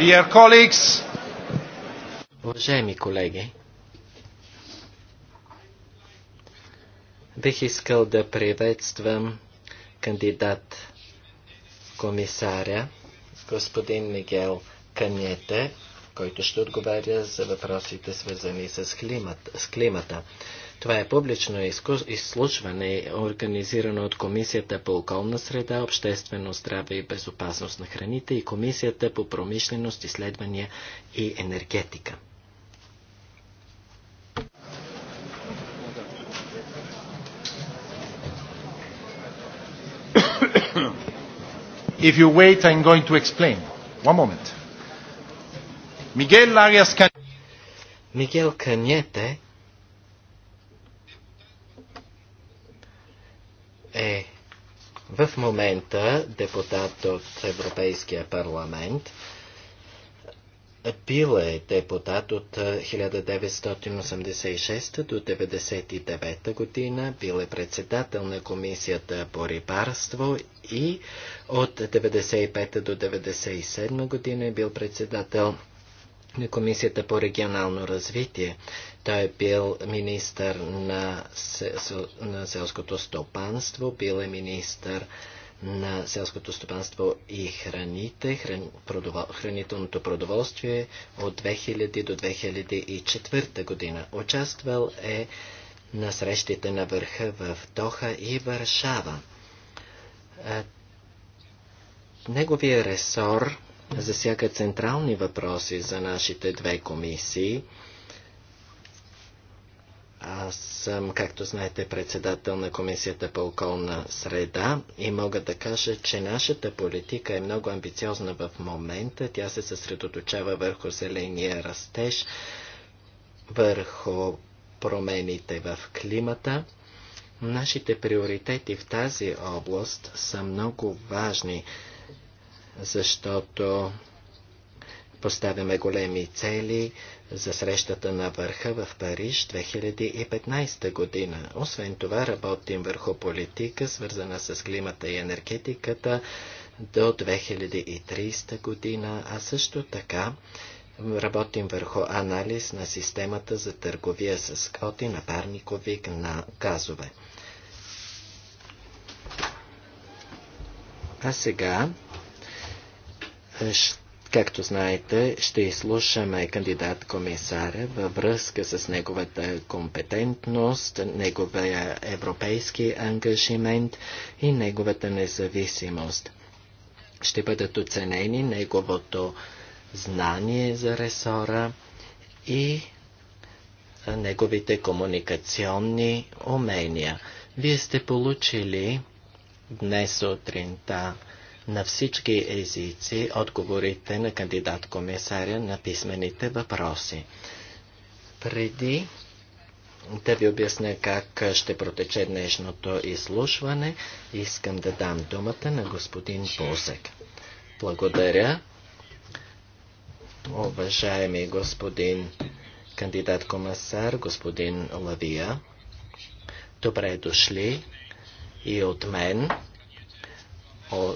Dear colleagues, Уважаеми колеги, бих искал да приветствам кандидат комисаря, господин Мигел Каньете, който ще отговаря за въпросите свързани с климата. С климата. Това е публично изслушване, организирано от Комисията по околна среда, обществено здраве и безопасност на храните и Комисията по промишленост, изследвания и енергетика. If you wait, I'm going to explain. One moment. Miguel Arias Can... Miguel Cañete е в момента депутат от Европейския парламент. Бил е депутат от 1986 до 1999 година, бил е председател на Комисията по рибарство и от 1995 до 1997 година е бил председател на Комисията по регионално развитие. Той е бил министър на, на селското стопанство, бил е министър на селското стопанство и храните, хран, продовол, хранителното продоволствие от 2000 до 2004 година. Участвал е на срещите на върха в Доха и Варшава. Е, неговия ресор засяга централни въпроси за нашите две комисии. Аз съм, както знаете, председател на Комисията по околна среда и мога да кажа, че нашата политика е много амбициозна в момента. Тя се съсредоточава върху зеления растеж, върху промените в климата. Нашите приоритети в тази област са много важни защото поставяме големи цели за срещата на върха в Париж 2015 година. Освен това работим върху политика, свързана с климата и енергетиката до 2030 година, а също така работим върху анализ на системата за търговия с коти на парникови на газове. А сега Както знаете, ще изслушаме кандидат-комисаря във връзка с неговата компетентност, неговия европейски ангажимент и неговата независимост. Ще бъдат оценени неговото знание за ресора и неговите комуникационни умения. Вие сте получили днес сутринта на всички езици отговорите на кандидат-комисаря на писмените въпроси. Преди да ви обясня как ще протече днешното изслушване, искам да дам думата на господин Бузек. Благодаря, уважаеми господин кандидат-комисар, господин Лавия. Добре дошли и от мен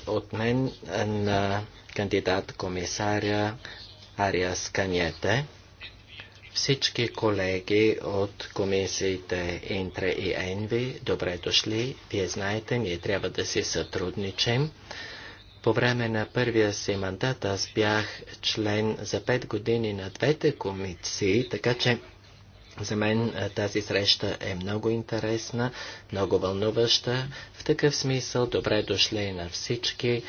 от мен на кандидат комисаря Ариас Каньете. Всички колеги от комисиите Интре и Енви, добре дошли. Вие знаете, ние трябва да си сътрудничим. По време на първия си мандат аз бях член за 5 години на двете комисии, така че за мен тази среща е много интересна, много вълнуваща. В такъв смисъл добре дошли на всички,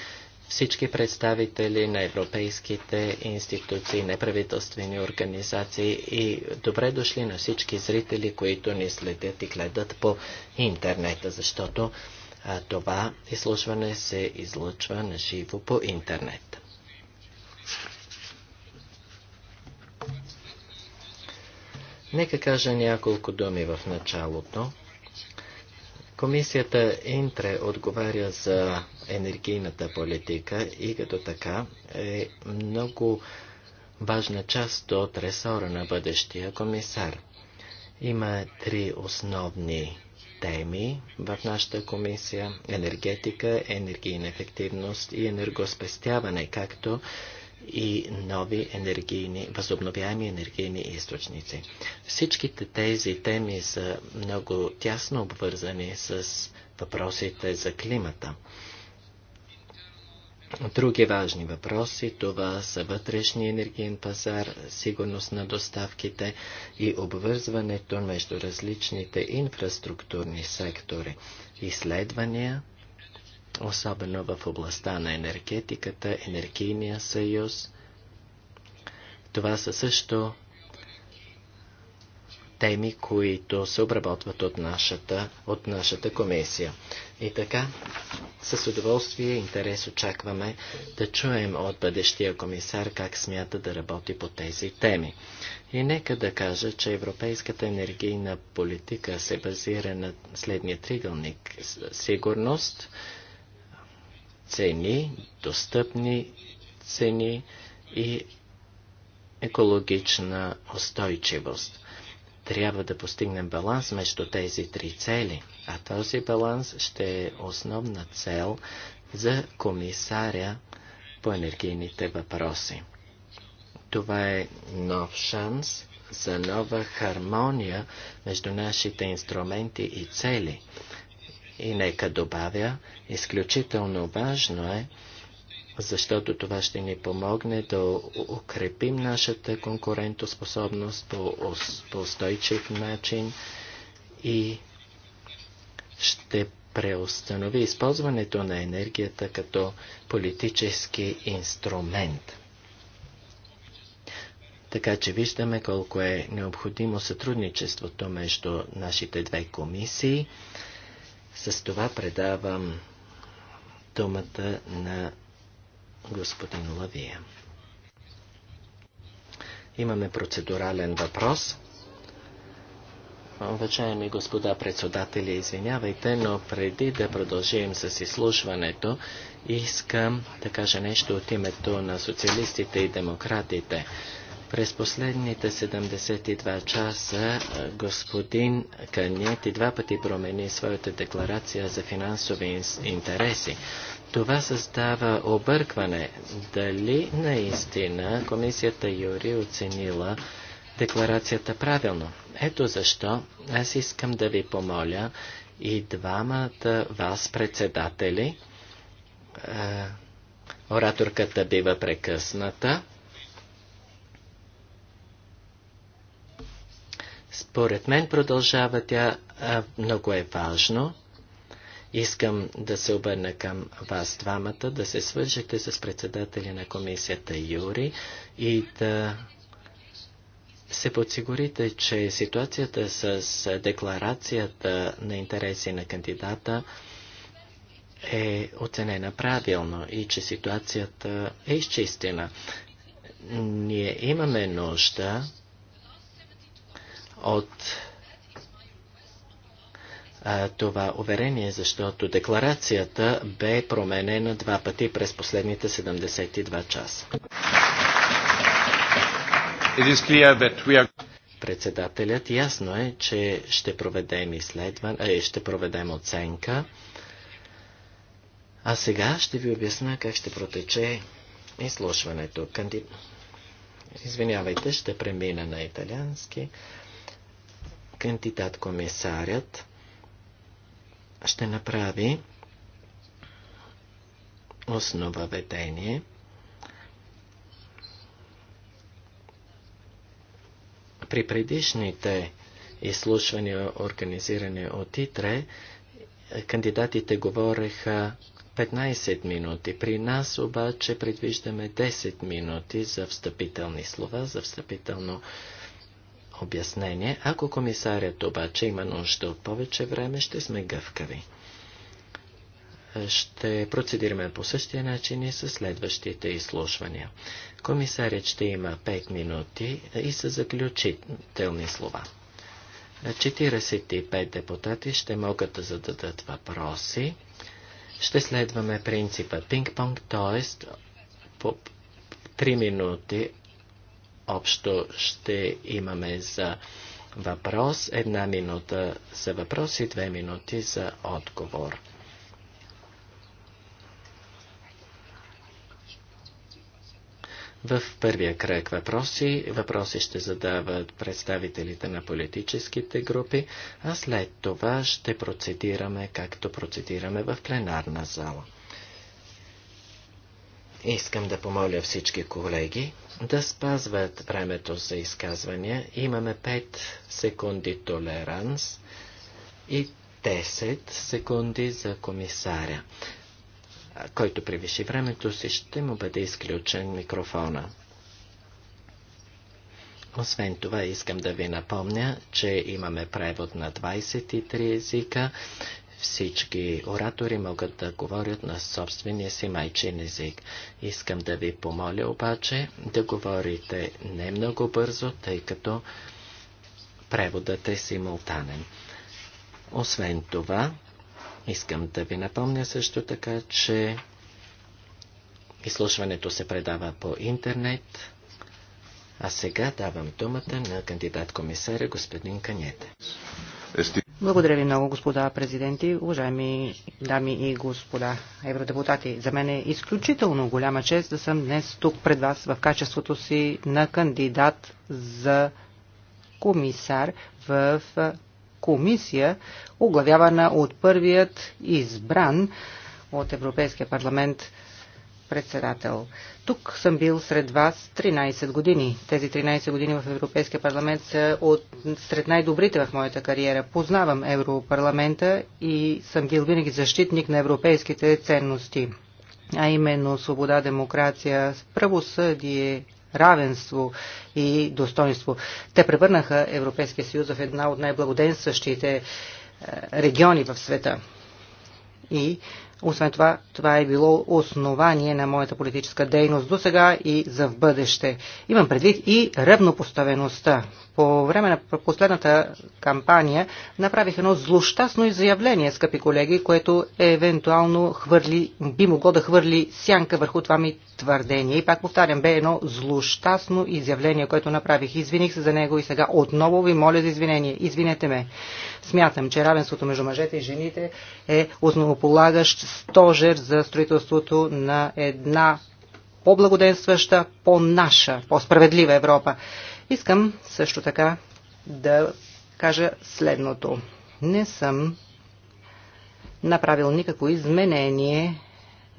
всички представители на европейските институции, неправителствени организации и добре дошли на всички зрители, които ни следят и гледат по интернета, защото а, това изслушване се излъчва на живо по интернет. Нека кажа няколко думи в началото. Комисията Интре отговаря за енергийната политика и като така е много важна част от ресора на бъдещия комисар. Има три основни теми в нашата комисия – енергетика, енергийна ефективност и енергоспестяване, както и нови енергийни, възобновяеми енергийни източници. Всичките тези теми са много тясно обвързани с въпросите за климата. Други важни въпроси това са вътрешния енергиен пазар, сигурност на доставките и обвързването между различните инфраструктурни сектори, изследвания, особено в областта на енергетиката, енергийния съюз. Това са също теми, които се обработват от нашата, от нашата комисия. И така, с удоволствие и интерес очакваме да чуем от бъдещия комисар как смята да работи по тези теми. И нека да кажа, че европейската енергийна политика се базира на следния тригълник – сигурност – цени, достъпни цени и екологична устойчивост. Трябва да постигнем баланс между тези три цели, а този баланс ще е основна цел за комисаря по енергийните въпроси. Това е нов шанс за нова хармония между нашите инструменти и цели. И нека добавя, изключително важно е, защото това ще ни помогне да укрепим нашата конкурентоспособност по, по устойчив начин и ще преустанови използването на енергията като политически инструмент. Така че виждаме колко е необходимо сътрудничеството между нашите две комисии. С това предавам думата на господин Лавия. Имаме процедурален въпрос. Уважаеми господа председатели, извинявайте, но преди да продължим с изслушването, искам да кажа нещо от името на социалистите и демократите. През последните 72 часа господин Канети два пъти промени своята декларация за финансови интереси. Това създава объркване дали наистина комисията Юри оценила декларацията правилно. Ето защо аз искам да ви помоля и двамата вас председатели. Ораторката бива прекъсната Според мен продължава тя, много е важно. Искам да се обърна към вас двамата, да се свържете с председателя на комисията Юри и да се подсигурите, че ситуацията с декларацията на интереси на кандидата е оценена правилно и че ситуацията е изчистена. Ние имаме нужда от а, това уверение, защото декларацията бе променена два пъти през последните 72 часа. Председателят ясно е, че ще проведем изследване, а, ще проведем оценка. А сега ще ви обясна как ще протече изслушването. Канди... Извинявайте, ще премина на италиански кандидат-комисарят ще направи основа ведение. при предишните изслушвания, организирани от ИТРЕ, кандидатите говореха 15 минути. При нас обаче предвиждаме 10 минути за встъпителни слова, за встъпително обяснение. Ако комисарят обаче има нужда от повече време, ще сме гъвкави. Ще процедираме по същия начин и със следващите изслушвания. Комисарят ще има 5 минути и са заключителни слова. 45 депутати ще могат да зададат въпроси. Ще следваме принципа пинг-понг, т.е. по 3 минути общо ще имаме за въпрос, една минута за въпрос и две минути за отговор. В първия кръг въпроси, въпроси ще задават представителите на политическите групи, а след това ще процедираме както процедираме в пленарна зала. Искам да помоля всички колеги да спазват времето за изказвания. Имаме 5 секунди толеранс и 10 секунди за комисаря. Който превиши времето си, ще му бъде изключен микрофона. Освен това, искам да ви напомня, че имаме превод на 23 езика. Всички оратори могат да говорят на собствения си майчин език. Искам да ви помоля обаче да говорите не много бързо, тъй като преводът е симултанен. Освен това, искам да ви напомня също така, че изслушването се предава по интернет. А сега давам думата на кандидат комисаря господин Канете. Благодаря ви много, господа президенти, уважаеми дами и господа евродепутати. За мен е изключително голяма чест да съм днес тук пред вас в качеството си на кандидат за комисар в комисия, оглавявана от първият избран от Европейския парламент председател. Тук съм бил сред вас 13 години. Тези 13 години в Европейския парламент са от, сред най-добрите в моята кариера. Познавам Европарламента и съм бил винаги защитник на европейските ценности, а именно свобода, демокрация, правосъдие, равенство и достоинство. Те превърнаха Европейския съюз в една от най-благоденстващите е, региони в света. И освен това, това е било основание на моята политическа дейност до сега и за в бъдеще. Имам предвид и ръбнопоставеността по време на последната кампания направих едно злощастно изявление, скъпи колеги, което евентуално хвърли, би могло да хвърли сянка върху това ми твърдение. И пак повтарям, бе едно злощастно изявление, което направих. Извиних се за него и сега отново ви моля за извинение. Извинете ме. Смятам, че равенството между мъжете и жените е основополагащ стожер за строителството на една по-благоденстваща, по-наша, по-справедлива Европа. Искам също така да кажа следното. Не съм направил никакво изменение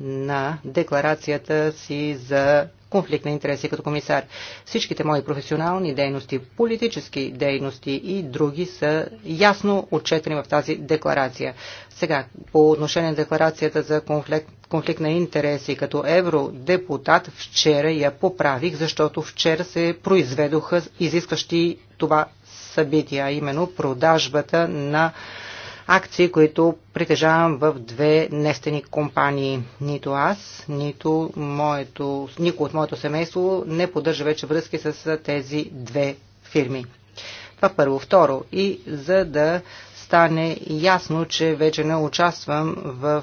на декларацията си за конфликт на интереси като комисар. Всичките мои професионални дейности, политически дейности и други са ясно отчетени в тази декларация. Сега, по отношение на декларацията за конфликт конфликт на интереси като евродепутат, вчера я поправих, защото вчера се произведоха изискващи това събитие, а именно продажбата на акции, които притежавам в две нестени компании. Нито аз, нито моето, никой от моето семейство не поддържа вече връзки с тези две фирми. Това първо. Второ, и за да стане ясно, че вече не участвам в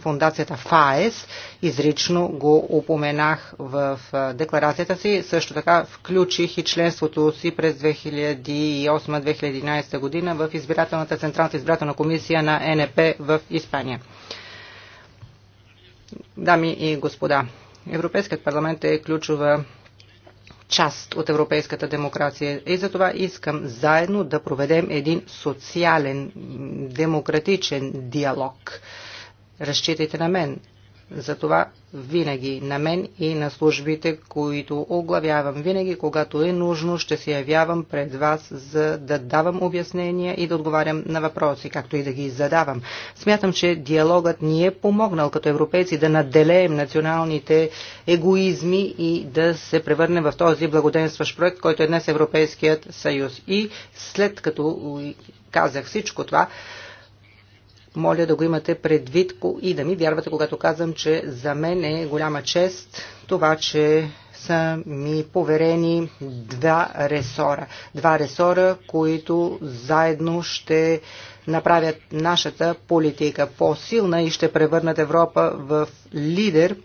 фундацията ФАЕС. Изрично го упоменах в декларацията си. Също така включих и членството си през 2008-2011 година в избирателната Централната избирателна комисия на НП в Испания. Дами и господа, Европейският парламент е ключова част от европейската демокрация. И за това искам заедно да проведем един социален, демократичен диалог. Разчитайте на мен. Затова винаги на мен и на службите, които оглавявам винаги, когато е нужно, ще се явявам пред вас, за да давам обяснения и да отговарям на въпроси, както и да ги задавам. Смятам, че диалогът ни е помогнал като европейци да наделеем националните егоизми и да се превърнем в този благоденстващ проект, който е днес Европейският съюз. И след като казах всичко това, моля да го имате предвид и да ми вярвате, когато казвам, че за мен е голяма чест това, че са ми поверени два ресора. Два ресора, които заедно ще направят нашата политика по-силна и ще превърнат Европа в лидер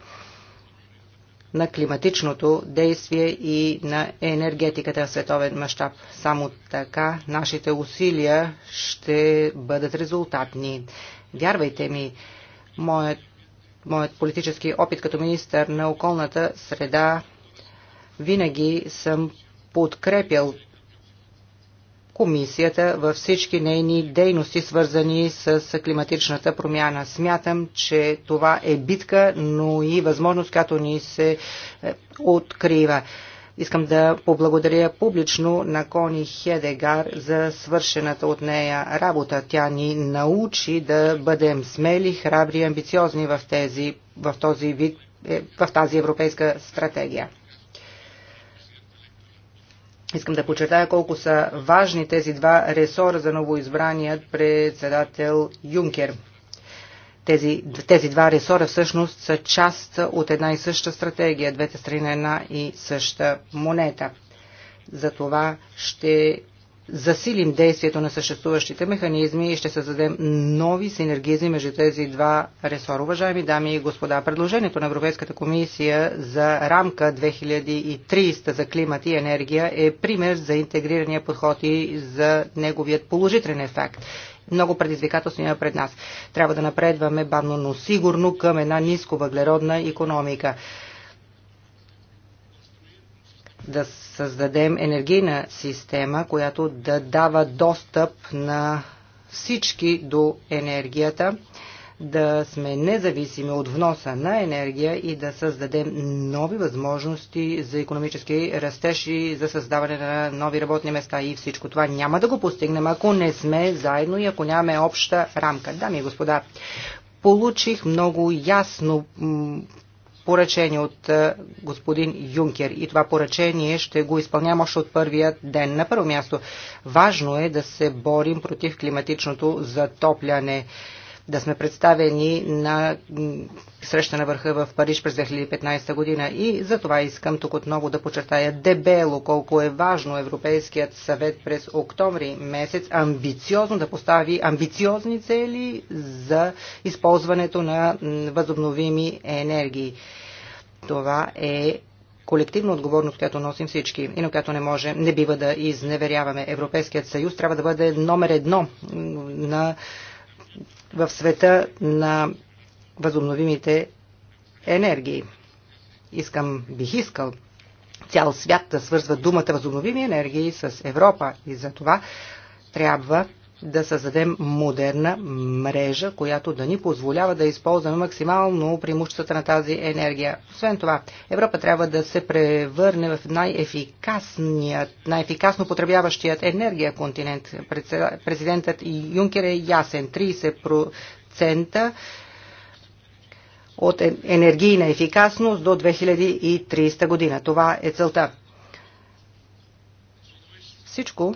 на климатичното действие и на енергетиката на световен мащаб. Само така нашите усилия ще бъдат резултатни. Вярвайте ми, моят, моят политически опит като министър на околната среда винаги съм подкрепял комисията във всички нейни дейности, свързани с климатичната промяна. Смятам, че това е битка, но и възможност, която ни се е, открива. Искам да поблагодаря публично на Кони Хедегар за свършената от нея работа. Тя ни научи да бъдем смели, храбри и амбициозни в, тези, в този вид е, в тази европейска стратегия. Искам да подчертая колко са важни тези два ресора за новоизбраният председател Юнкер. Тези, тези два ресора всъщност са част от една и съща стратегия, двете страни на една и съща монета. За това ще засилим действието на съществуващите механизми и ще създадем нови синергизми между тези два ресора. Уважаеми дами и господа, предложението на Европейската комисия за рамка 2030 за климат и енергия е пример за интегрирания подход и за неговият положителен ефект много предизвикателства има пред нас. Трябва да напредваме бавно, но сигурно към една ниско въглеродна економика да създадем енергийна система, която да дава достъп на всички до енергията, да сме независими от вноса на енергия и да създадем нови възможности за економически растеж и за създаване на нови работни места и всичко това няма да го постигнем, ако не сме заедно и ако нямаме обща рамка. Дами и господа, получих много ясно поръчение от е, господин Юнкер. И това поръчение ще го изпълнявам още от първия ден. На първо място, важно е да се борим против климатичното затопляне да сме представени на среща на върха в Париж през 2015 година. И за това искам тук отново да почертая дебело колко е важно Европейският съвет през октомври месец амбициозно да постави амбициозни цели за използването на възобновими енергии това е колективна отговорност, която носим всички и на която не може, не бива да изневеряваме. Европейският съюз трябва да бъде номер едно на, в света на възобновимите енергии. Искам, бих искал цял свят да свързва думата възобновими енергии с Европа и за това трябва да създадем модерна мрежа, която да ни позволява да използваме максимално преимуществата на тази енергия. Освен това, Европа трябва да се превърне в най-ефикасният, най-ефикасно потребяващият енергия континент. Президентът Юнкер е ясен. 30% от е- енергийна ефикасност до 2030 година. Това е целта. Всичко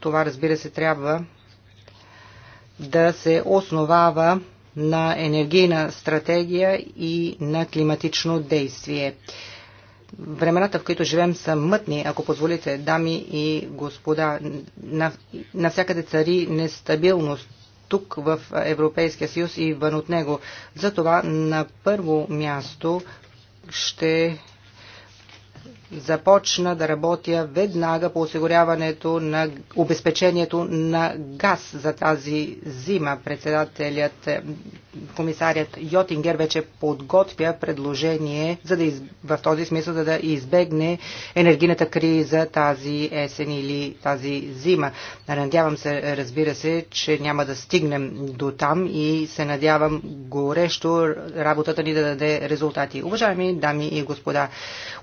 това разбира се трябва да се основава на енергийна стратегия и на климатично действие. Времената, в които живеем, са мътни, ако позволите, дами и господа. Навсякъде цари нестабилност тук в Европейския съюз и вън от него. Затова на първо място ще започна да работя веднага по осигуряването на обезпечението на газ за тази зима. Председателят, комисарят Йотингер вече подготвя предложение за да из... в този смисъл за да избегне енергийната криза тази есен или тази зима. Надявам се, разбира се, че няма да стигнем до там и се надявам горещо работата ни да даде резултати. Уважаеми дами и господа,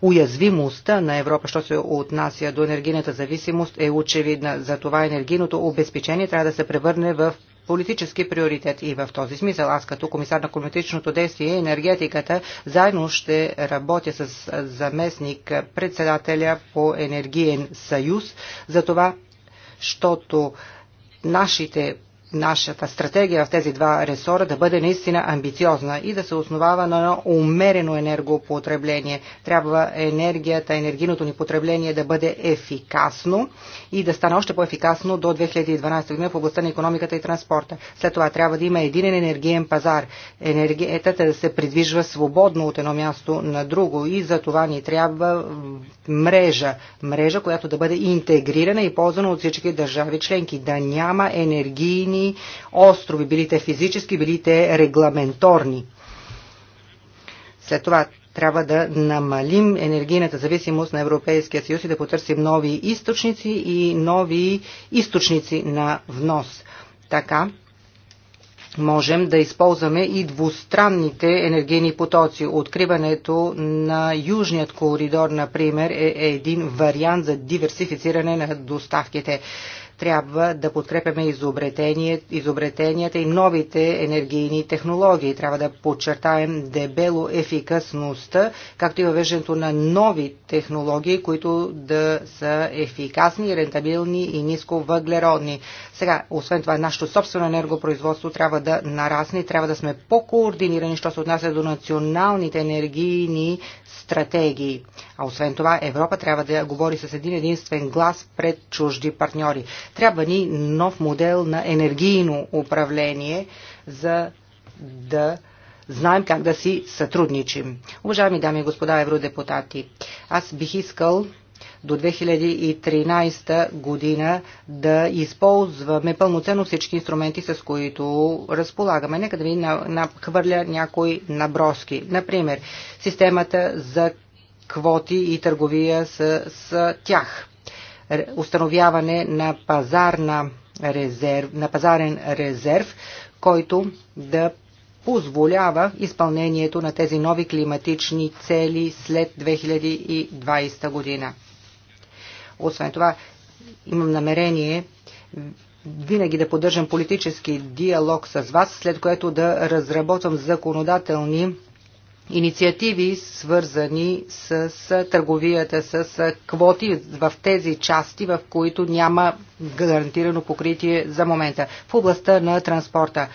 уязвимост Опасността на Европа, що се отнася до енергийната зависимост, е очевидна. Затова енергийното обезпечение трябва да се превърне в политически приоритет. И в този смисъл аз като комисар на комитетичното действие и енергетиката заедно ще работя с заместник председателя по енергиен съюз за това, защото нашите нашата стратегия в тези два ресора да бъде наистина амбициозна и да се основава на едно умерено енергопотребление. Трябва енергията, енергийното ни потребление да бъде ефикасно и да стане още по-ефикасно до 2012 година в областта на економиката и транспорта. След това трябва да има един енергиен пазар. Енергията да се придвижва свободно от едно място на друго и за това ни трябва мрежа. Мрежа, която да бъде интегрирана и ползвана от всички държави членки. Да няма енергийни отделни острови, били те физически, били те регламенторни. След това трябва да намалим енергийната зависимост на Европейския съюз и да потърсим нови източници и нови източници на внос. Така можем да използваме и двустранните енергийни потоци. Откриването на Южният коридор, например, е един вариант за диверсифициране на доставките. Трябва да подкрепяме изобретенията и новите енергийни технологии. Трябва да подчертаем дебело ефикасността, както и въвеждането на нови технологии, които да са ефикасни, рентабилни и нисковъглеродни. Сега, освен това, нашето собствено енергопроизводство трябва да нарасне, трябва да сме по-координирани, що се отнася до националните енергийни стратегии. А освен това, Европа трябва да говори с един единствен глас пред чужди партньори. Трябва ни нов модел на енергийно управление, за да знаем как да си сътрудничим. Уважаеми дами и господа евродепутати, аз бих искал до 2013 година да използваме пълноценно всички инструменти, с които разполагаме. Нека да ви нахвърля някои наброски. Например, системата за квоти и търговия с, с тях. Установяване на, резерв, на пазарен резерв, който да позволява изпълнението на тези нови климатични цели след 2020 година. Освен това, имам намерение винаги да поддържам политически диалог с вас, след което да разработвам законодателни инициативи, свързани с търговията с квоти в тези части, в които няма гарантирано покритие за момента. В областта на транспорта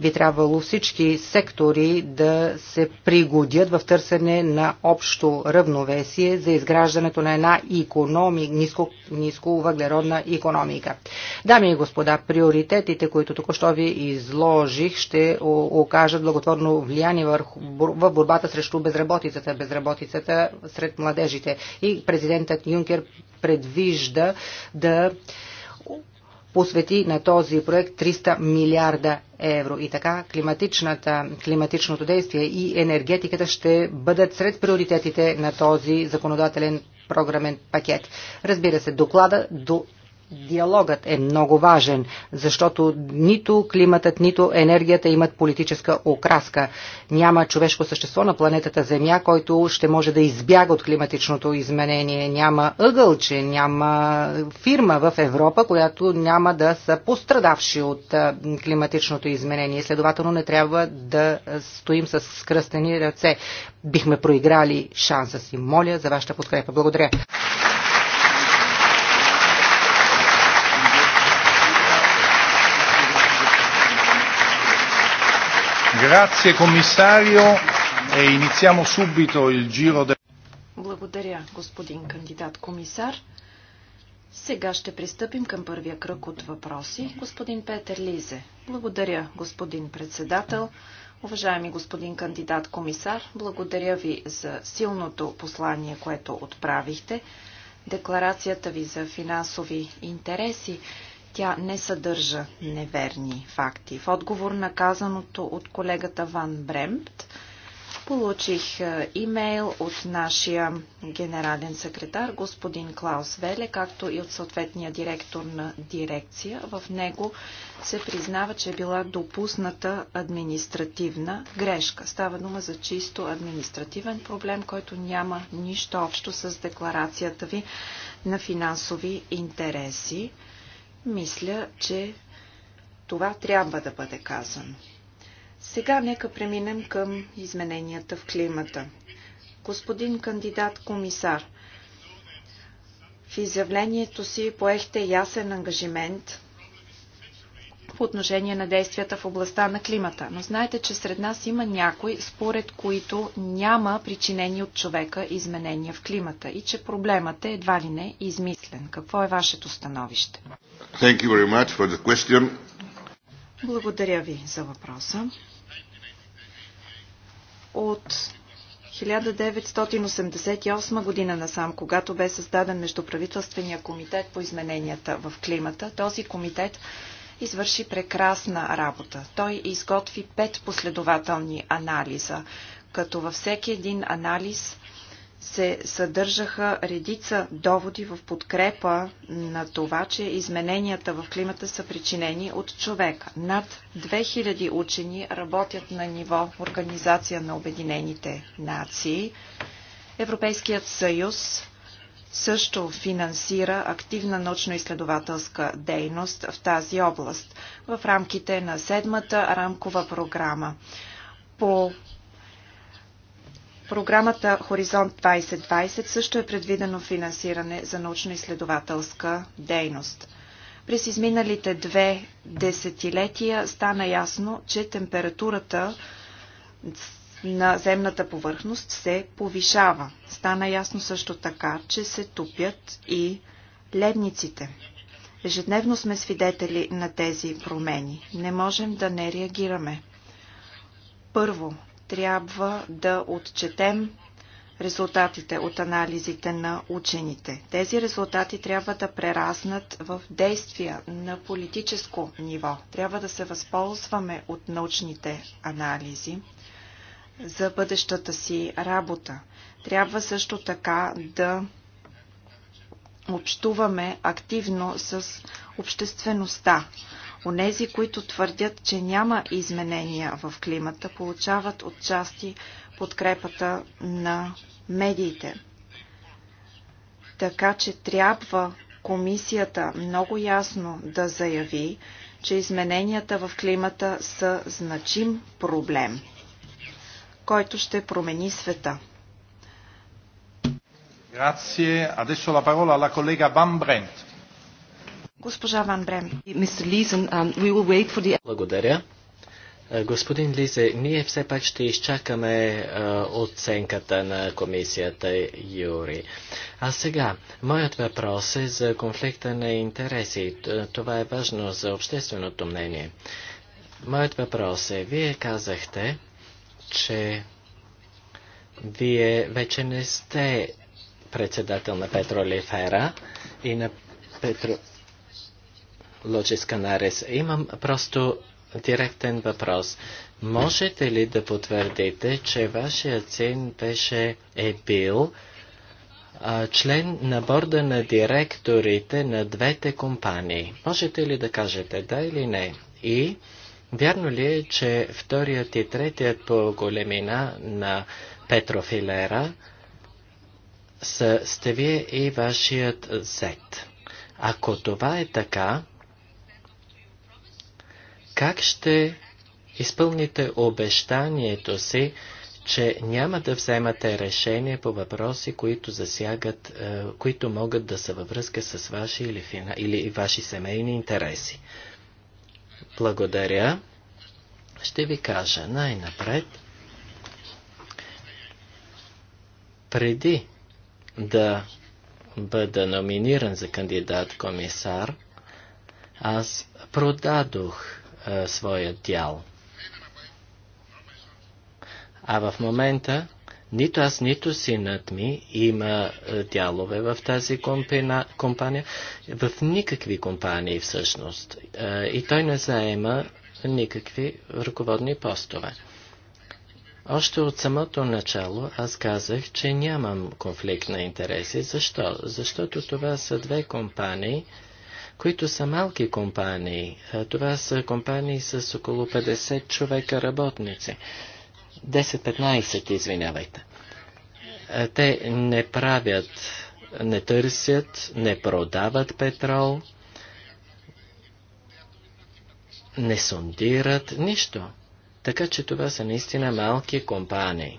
би трябвало всички сектори да се пригодят в търсене на общо равновесие за изграждането на една економи, ниско, ниско въглеродна економика. Дами и господа, приоритетите, които току-що ви изложих, ще окажат благотворно влияние върху, в борбата борбата срещу безработицата, безработицата сред младежите. И президентът Юнкер предвижда да посвети на този проект 300 милиарда евро. И така климатичното действие и енергетиката ще бъдат сред приоритетите на този законодателен програмен пакет. Разбира се, доклада до Диалогът е много важен, защото нито климатът, нито енергията имат политическа окраска. Няма човешко същество на планетата Земя, който ще може да избяга от климатичното изменение. Няма ъгълче, няма фирма в Европа, която няма да са пострадавши от климатичното изменение. Следователно не трябва да стоим с скръстени ръце. Бихме проиграли шанса си. Моля за вашата подкрепа. Благодаря. Grazie commissario e iniziamo subito il giro del... Благодаря, господин кандидат комисар. Сега ще пристъпим към първия кръг от въпроси. Господин Петър Лизе. Благодаря, господин председател. Уважаеми господин кандидат комисар, благодаря ви за силното послание, което отправихте. Декларацията ви за финансови интереси тя не съдържа неверни факти. В отговор на казаното от колегата Ван Бремт, получих е, имейл от нашия генерален секретар, господин Клаус Веле, както и от съответния директор на дирекция. В него се признава, че е била допусната административна грешка. Става дума за чисто административен проблем, който няма нищо общо с декларацията ви на финансови интереси. Мисля, че това трябва да бъде казано. Сега нека преминем към измененията в климата. Господин кандидат комисар, в изявлението си поехте ясен ангажимент по отношение на действията в областта на климата. Но знаете, че сред нас има някой, според които няма причинени от човека изменения в климата и че проблемът е едва ли не измислен. Какво е вашето становище? Thank you very much for the question. Благодаря ви за въпроса. От 1988 година насам, когато бе създаден Междуправителствения комитет по измененията в климата, този комитет извърши прекрасна работа. Той изготви пет последователни анализа, като във всеки един анализ се съдържаха редица доводи в подкрепа на това, че измененията в климата са причинени от човека. Над 2000 учени работят на ниво Организация на Обединените нации. Европейският съюз също финансира активна научно-изследователска дейност в тази област в рамките на седмата рамкова програма. По програмата Хоризонт 2020 също е предвидено финансиране за научно-изследователска дейност. През изминалите две десетилетия стана ясно, че температурата на земната повърхност се повишава. Стана ясно също така, че се тупят и ледниците. Ежедневно сме свидетели на тези промени. Не можем да не реагираме. Първо, трябва да отчетем резултатите от анализите на учените. Тези резултати трябва да прераснат в действия на политическо ниво. Трябва да се възползваме от научните анализи за бъдещата си работа. Трябва също така да общуваме активно с обществеността. Онези, които твърдят, че няма изменения в климата, получават отчасти подкрепата на медиите. Така че трябва комисията много ясно да заяви, че измененията в климата са значим проблем който ще промени света. Grazie. Adesso la parola alla collega Van Brent. Госпожа Ван Брем. Благодаря. Господин Лизе, ние все пак ще изчакаме оценката на комисията Юри. А сега, моят въпрос е за конфликта на интереси. Това е важно за общественото мнение. Моят въпрос е, вие казахте, че вие вече не сте председател на Лифера и на Петро... Лоджис Канарес. Имам просто директен въпрос. Можете ли да потвърдите, че вашият син беше е бил а, член на борда на директорите на двете компании? Можете ли да кажете да или не? И Вярно ли е, че вторият и третият по големина на Петрофилера са сте вие и вашият зет? Ако това е така, как ще изпълните обещанието си, че няма да вземате решение по въпроси, които засягат, е, които могат да са във връзка с ваши или, фина, или ваши семейни интереси? Благодаря. Ще ви кажа най-напред. Преди да бъда номиниран за кандидат-комисар, аз продадох своя дял. А в момента нито аз, нито синът ми има е, дялове в тази компания, в никакви компании всъщност. Е, и той не заема никакви ръководни постове. Още от самото начало аз казах, че нямам конфликт на интереси. Защо? Защото това са две компании, които са малки компании. Е, това са компании с около 50 човека работници. 10-15, извинявайте. Е, те не правят, не търсят, не продават петрол, не сондират нищо. Така че това са наистина малки компании.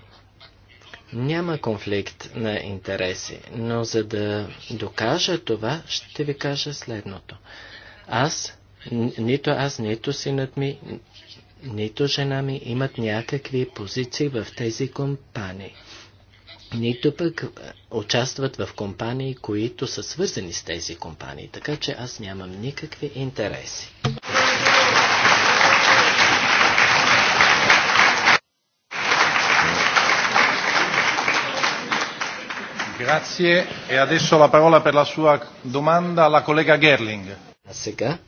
Няма конфликт на интереси, но за да докажа това, ще ви кажа следното. Аз, нито аз, нито синът ми нито жена ми имат някакви позиции в тези компании. Нито пък участват в компании, които са свързани с тези компании. Така че аз нямам никакви интереси. Grazie. E adesso la parola per la sua domanda alla collega Gerling. A сега,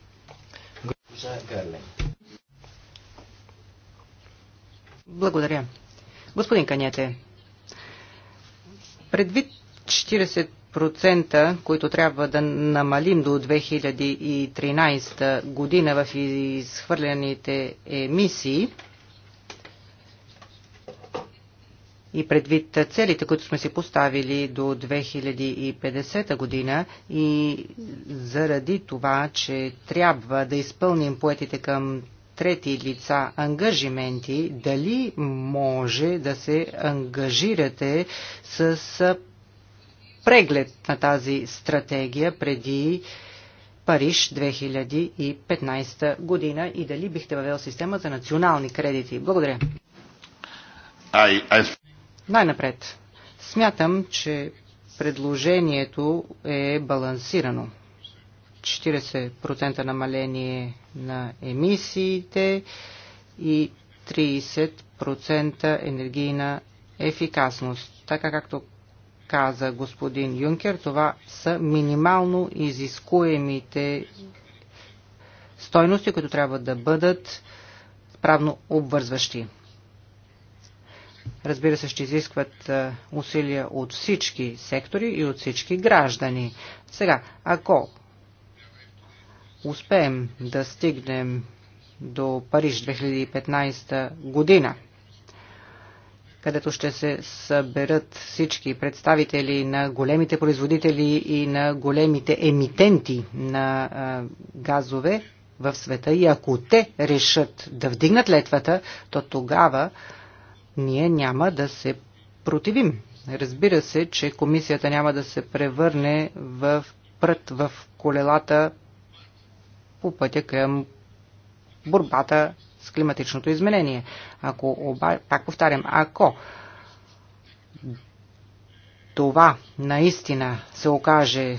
госпожа Gerling. Благодаря. Господин Канете, предвид 40%, които трябва да намалим до 2013 година в изхвърляните емисии, и предвид целите, които сме си поставили до 2050 година и заради това, че трябва да изпълним поетите към трети лица ангажименти, дали може да се ангажирате с преглед на тази стратегия преди Париж 2015 година и дали бихте въвел система за национални кредити. Благодаря. I... Най-напред. Смятам, че предложението е балансирано. 40% намаление на емисиите и 30% енергийна ефикасност. Така както каза господин Юнкер, това са минимално изискуемите стойности, които трябва да бъдат правно обвързващи. Разбира се, ще изискват усилия от всички сектори и от всички граждани. Сега, ако успеем да стигнем до Париж 2015 година, където ще се съберат всички представители на големите производители и на големите емитенти на а, газове в света. И ако те решат да вдигнат летвата, то тогава ние няма да се противим. Разбира се, че комисията няма да се превърне в прът в колелата по пътя към борбата с климатичното изменение. Ако, оба, пак повтарям, ако това наистина се окаже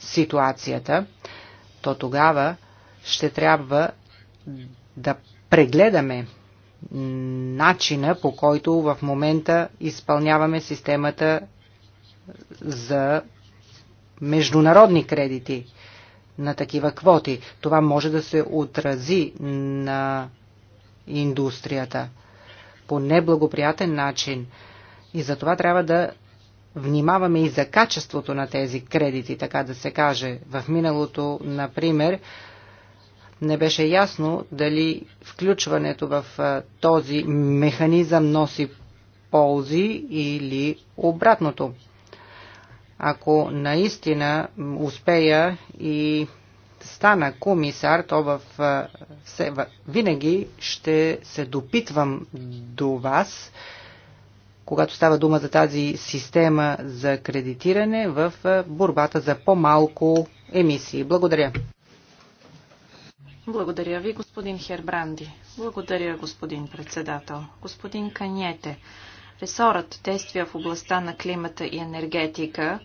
ситуацията, то тогава ще трябва да прегледаме начина по който в момента изпълняваме системата за международни кредити на такива квоти. Това може да се отрази на индустрията по неблагоприятен начин. И за това трябва да внимаваме и за качеството на тези кредити, така да се каже. В миналото, например, не беше ясно дали включването в този механизъм носи ползи или обратното. Ако наистина успея и стана комисар, то в, се, винаги ще се допитвам до вас, когато става дума за тази система за кредитиране в борбата за по-малко емисии. Благодаря. Благодаря ви, господин Хербранди. Благодаря, господин председател. Господин Каньете, ресорът действия в областта на климата и енергетика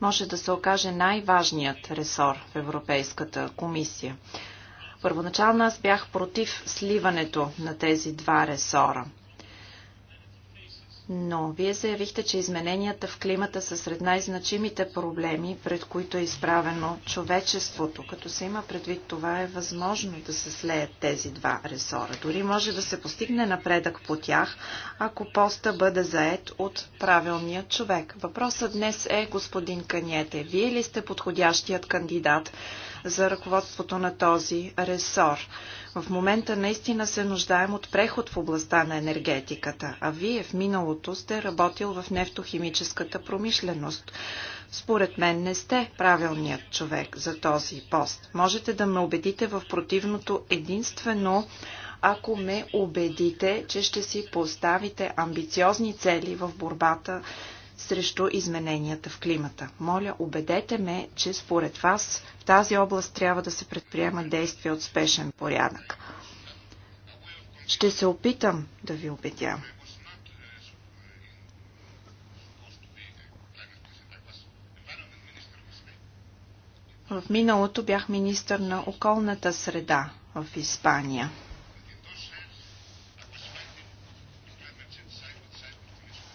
може да се окаже най-важният ресор в Европейската комисия. Първоначално аз бях против сливането на тези два ресора – но вие заявихте, че измененията в климата са сред най-значимите проблеми, пред които е изправено човечеството. Като се има предвид това, е възможно да се слеят тези два ресора. Дори може да се постигне напредък по тях, ако поста бъде заед от правилния човек. Въпросът днес е, господин Каниете, вие ли сте подходящият кандидат за ръководството на този ресор. В момента наистина се нуждаем от преход в областта на енергетиката, а вие в миналото сте работил в нефтохимическата промишленост. Според мен не сте правилният човек за този пост. Можете да ме убедите в противното единствено, ако ме убедите, че ще си поставите амбициозни цели в борбата срещу измененията в климата. Моля, убедете ме, че според вас в тази област трябва да се предприемат действия от спешен порядък. Ще се опитам да ви убедя. В миналото бях министър на околната среда в Испания.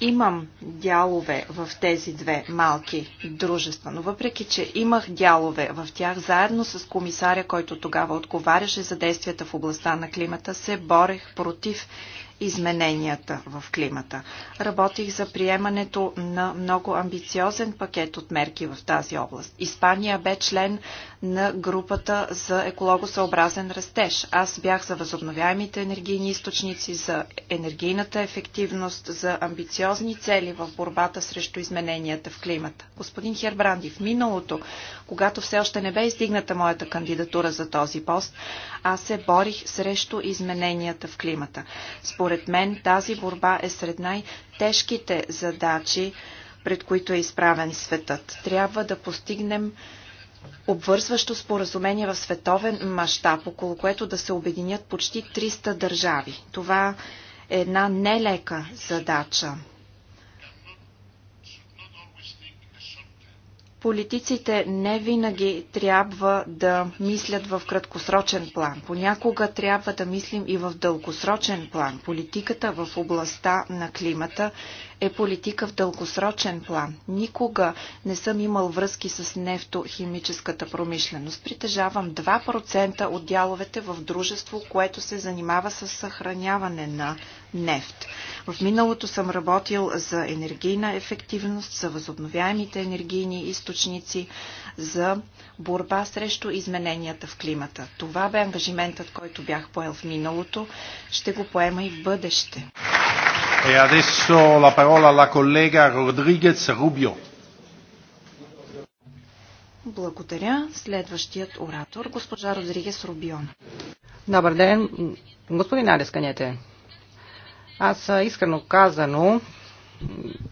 имам дялове в тези две малки дружества, но въпреки, че имах дялове в тях, заедно с комисаря, който тогава отговаряше за действията в областта на климата, се борех против измененията в климата. Работих за приемането на много амбициозен пакет от мерки в тази област. Испания бе член на групата за екологосъобразен растеж. Аз бях за възобновяемите енергийни източници, за енергийната ефективност, за амбициозни цели в борбата срещу измененията в климата. Господин Хербранди, в миналото, когато все още не бе издигната моята кандидатура за този пост, аз се борих срещу измененията в климата. Според мен тази борба е сред най-тежките задачи, пред които е изправен светът. Трябва да постигнем обвързващо споразумение в световен мащаб, около което да се обединят почти 300 държави. Това е една нелека задача. Политиците не винаги трябва да мислят в краткосрочен план. Понякога трябва да мислим и в дългосрочен план. Политиката в областта на климата е политика в дългосрочен план. Никога не съм имал връзки с нефтохимическата промишленост. Притежавам 2% от дяловете в дружество, което се занимава с съхраняване на нефт. В миналото съм работил за енергийна ефективност, за възобновяемите енергийни източници, за борба срещу измененията в климата. Това бе ангажиментът, който бях поел в миналото. Ще го поема и в бъдеще. E adesso la parola alla collega Rodriguez Rubio. Благодаря. Следващият оратор, госпожа Родригес Рубио. Добър ден, господин Алес Канете. Аз искрено казано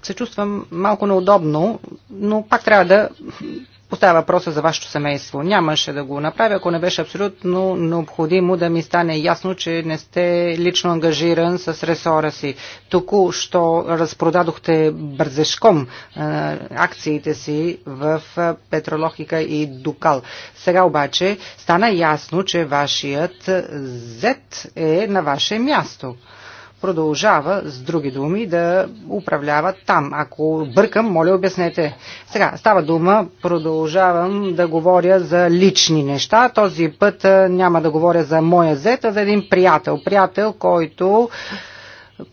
се чувствам малко неудобно, но пак трябва да поставя въпроса за вашето семейство. Нямаше да го направя, ако не беше абсолютно необходимо да ми стане ясно, че не сте лично ангажиран с ресора си. Току-що разпродадохте бързешком акциите си в Петролохика и Дукал. Сега обаче стана ясно, че вашият Z е на ваше място продължава, с други думи, да управлява там. Ако бъркам, моля, обяснете. Сега, става дума, продължавам да говоря за лични неща. Този път няма да говоря за моя зет, а за един приятел. Приятел, който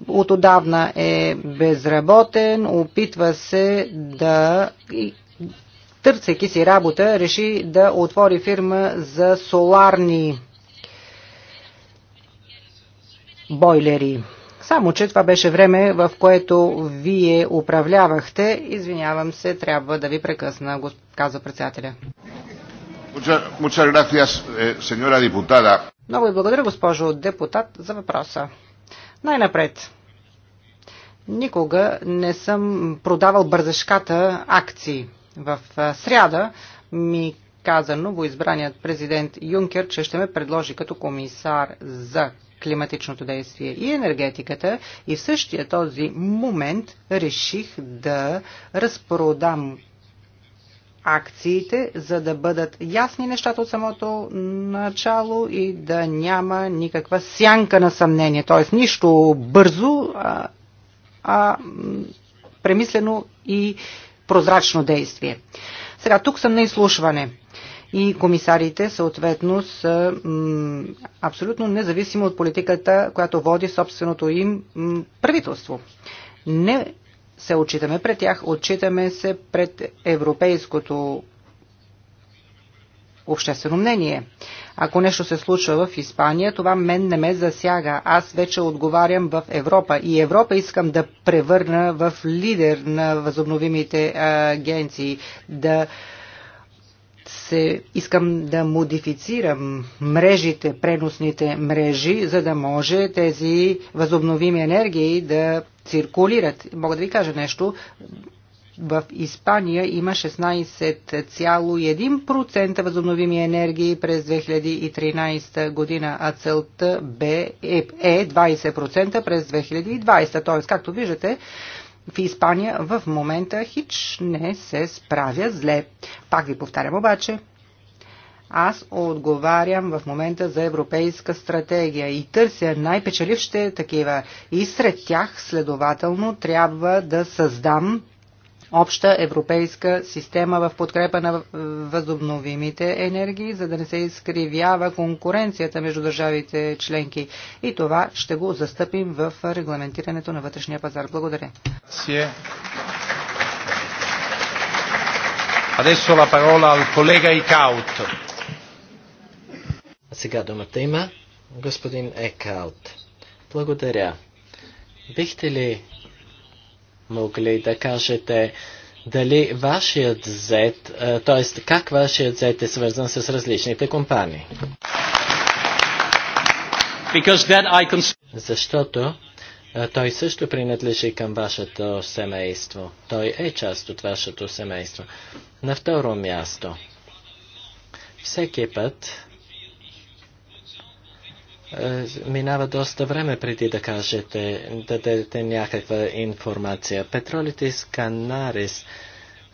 от отдавна е безработен, опитва се да търсейки си работа, реши да отвори фирма за соларни бойлери. Само, че това беше време, в което вие управлявахте. Извинявам се, трябва да ви прекъсна, каза председателя. Eh, Много ви благодаря, госпожо депутат, за въпроса. Най-напред. Никога не съм продавал бързашката акции. В сряда ми каза новоизбраният президент Юнкер, че ще ме предложи като комисар за климатичното действие и енергетиката и в същия този момент реших да разпродам акциите, за да бъдат ясни нещата от самото начало и да няма никаква сянка на съмнение. Т.е. нищо бързо, а, а премислено и прозрачно действие. Сега тук съм на изслушване и комисарите съответно са абсолютно независимо от политиката, която води собственото им правителство. Не се отчитаме пред тях, отчитаме се пред европейското обществено мнение. Ако нещо се случва в Испания, това мен не ме засяга. Аз вече отговарям в Европа и Европа искам да превърна в лидер на възобновимите агенции, да се, искам да модифицирам мрежите, преносните мрежи, за да може тези възобновими енергии да циркулират. Мога да ви кажа нещо. В Испания има 16,1% възобновими енергии през 2013 година, а целта бе, е 20% е през 2020. Тоест, както виждате, в Испания в момента хич не се справя зле. Пак ви повтарям обаче, аз отговарям в момента за европейска стратегия и търся най-печелившите такива. И сред тях, следователно, трябва да създам обща европейска система в подкрепа на възобновимите енергии, за да не се изкривява конкуренцията между държавите членки. И това ще го застъпим в регламентирането на вътрешния пазар. Благодаря. Adesso la parola al collega Icaut. Сега думата има господин Екаут. Благодаря. Бихте ли могли да кажете дали вашият зет, т.е. как вашият зет е свързан с различните компании. Can... Защото е, той също принадлежи към вашето семейство. Той е част от вашето семейство. На второ място. Всеки път, е, минава доста време преди да кажете, да дадете някаква информация. Петролитис Канарис,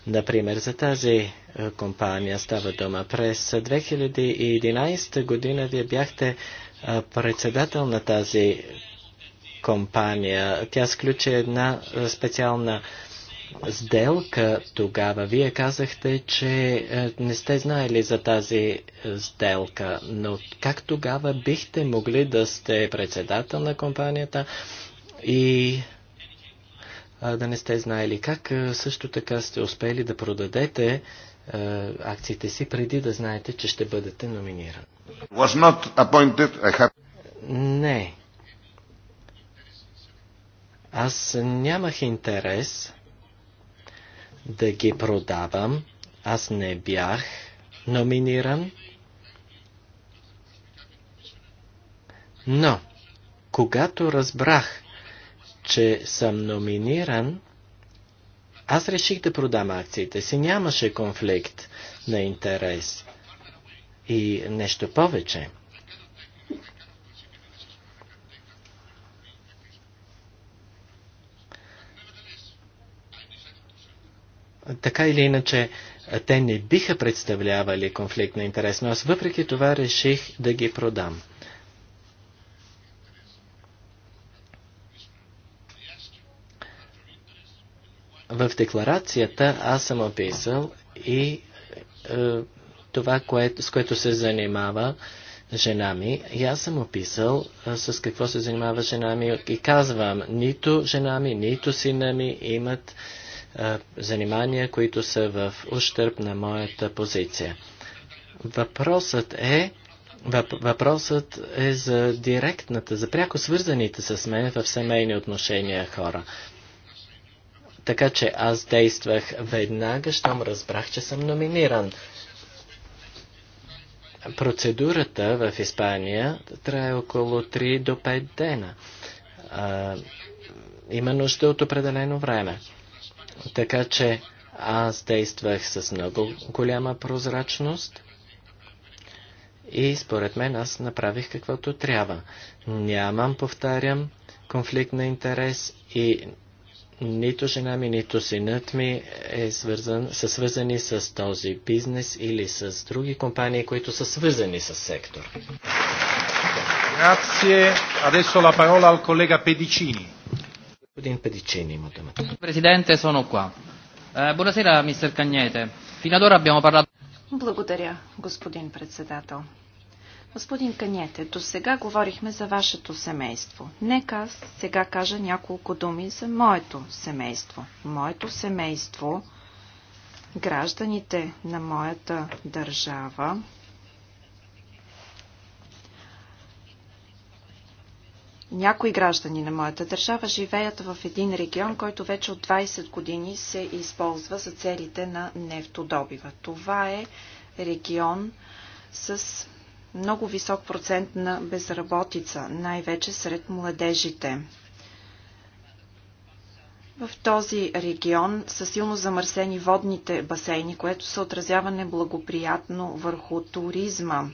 например, за тази е, компания става дума. През 2011 година вие бяхте е, председател на тази компания. Тя сключи една специална сделка тогава. Вие казахте, че е, не сте знаели за тази е, сделка, но как тогава бихте могли да сте председател на компанията и е, да не сте знаели как също така сте успели да продадете акциите си преди да знаете, че ще бъдете номиниран? Have... Не. Аз нямах интерес да ги продавам. Аз не бях номиниран. Но, когато разбрах, че съм номиниран, аз реших да продам акциите си. Нямаше конфликт на интерес. И нещо повече. така или иначе те не биха представлявали конфликт на интерес, но аз въпреки това реших да ги продам. В декларацията аз съм описал и е, това, което, с което се занимава жена ми. И аз съм описал е, с какво се занимава жена ми и казвам, нито жена ми, нито сина ми имат е, занимания, които са в ущърп на моята позиция. Въпросът е, въпросът е за директната, за пряко свързаните с мен в семейни отношения хора. Така че аз действах веднага, щом разбрах, че съм номиниран. Процедурата в Испания трае около 3 до 5 дена. А, има нужда от определено време. Така че аз действах с много голяма прозрачност и според мен аз направих каквото трябва. Нямам, повтарям, конфликт на интерес и нито жена ми, нито синът ми е свързан, са свързани с този бизнес или с други компании, които са свързани с сектор. Grazie. Adesso la parola al collega Pedicini. Господин Педичени има думата. Президенте, sono qua. Е, buonasera, мистер Каньете. Fino ad ora abbiamo parlato... Благодаря, господин председател. Господин Каньете, до сега говорихме за вашето семейство. Нека аз сега кажа няколко думи за моето семейство. Моето семейство, гражданите на моята държава, Някои граждани на моята държава живеят в един регион, който вече от 20 години се използва за целите на нефтодобива. Това е регион с много висок процент на безработица, най-вече сред младежите. В този регион са силно замърсени водните басейни, което се отразява неблагоприятно върху туризма.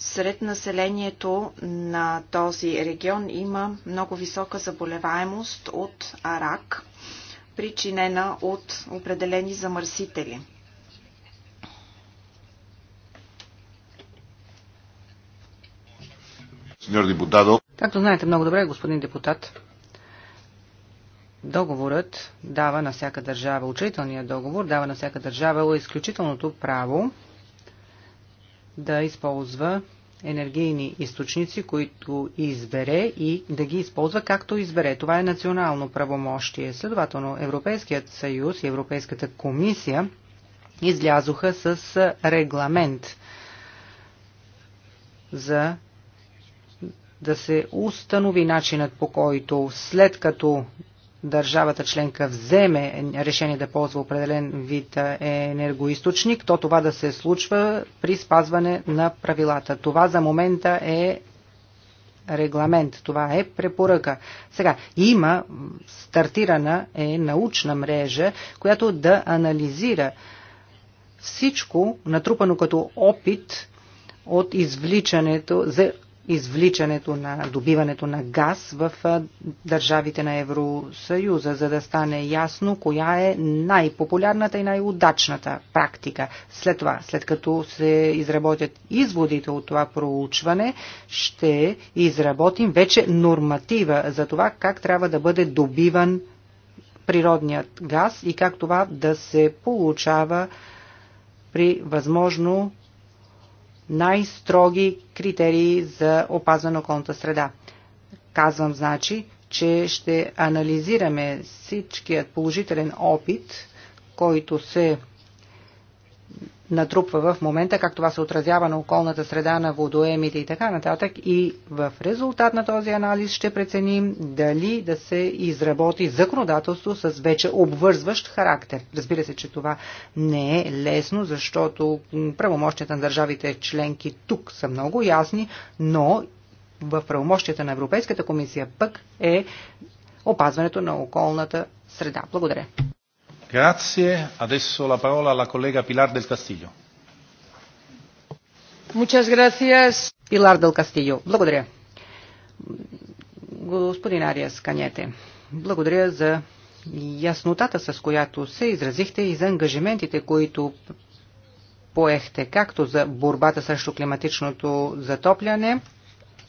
Сред населението на този регион има много висока заболеваемост от арак, причинена от определени замърсители. Както знаете много добре, господин депутат, договорът дава на всяка държава, учителният договор дава на всяка държава изключителното право да използва енергийни източници, които избере и да ги използва както избере. Това е национално правомощие. Следователно, Европейският съюз и Европейската комисия излязоха с регламент за да се установи начинът по който след като държавата членка вземе решение да ползва определен вид енергоисточник, то това да се случва при спазване на правилата. Това за момента е регламент. Това е препоръка. Сега, има стартирана е научна мрежа, която да анализира всичко натрупано като опит от извличането, за извличането на добиването на газ в държавите на Евросъюза, за да стане ясно коя е най-популярната и най-удачната практика. След това, след като се изработят изводите от това проучване, ще изработим вече норматива за това как трябва да бъде добиван природният газ и как това да се получава при възможно най-строги критерии за опазване на околната среда. Казвам, значи, че ще анализираме всичкият положителен опит, който се натрупва в момента, как това се отразява на околната среда, на водоемите и така нататък. И в резултат на този анализ ще преценим дали да се изработи законодателство с вече обвързващ характер. Разбира се, че това не е лесно, защото правомощията на държавите членки тук са много ясни, но в правомощията на Европейската комисия пък е опазването на околната среда. Благодаря. Grazie. Adesso la parola alla collega Pilar del Castillo. Muchas gracias. Пилар Дел Благодаря. Господин Ариас Канете, благодаря за яснотата, с която се изразихте и за ангажиментите, които поехте, както за борбата срещу климатичното затопляне,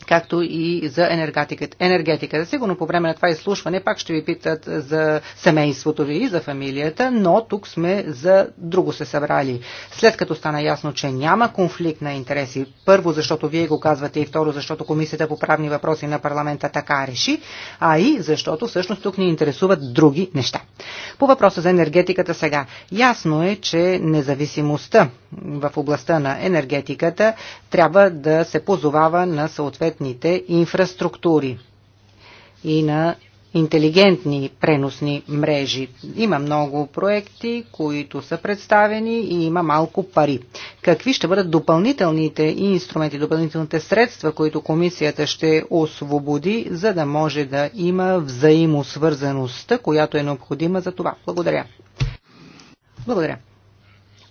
както и за енергетиката. енергетиката. Сигурно по време на това изслушване пак ще ви питат за семейството ви и за фамилията, но тук сме за друго се събрали. След като стана ясно, че няма конфликт на интереси, първо защото вие го казвате и второ защото Комисията по правни въпроси на парламента така реши, а и защото всъщност тук ни интересуват други неща. По въпроса за енергетиката сега. Ясно е, че независимостта в областта на енергетиката трябва да се позовава на съответно съответните инфраструктури и на интелигентни преносни мрежи. Има много проекти, които са представени и има малко пари. Какви ще бъдат допълнителните инструменти, допълнителните средства, които комисията ще освободи, за да може да има взаимосвързаността, която е необходима за това? Благодаря. Благодаря.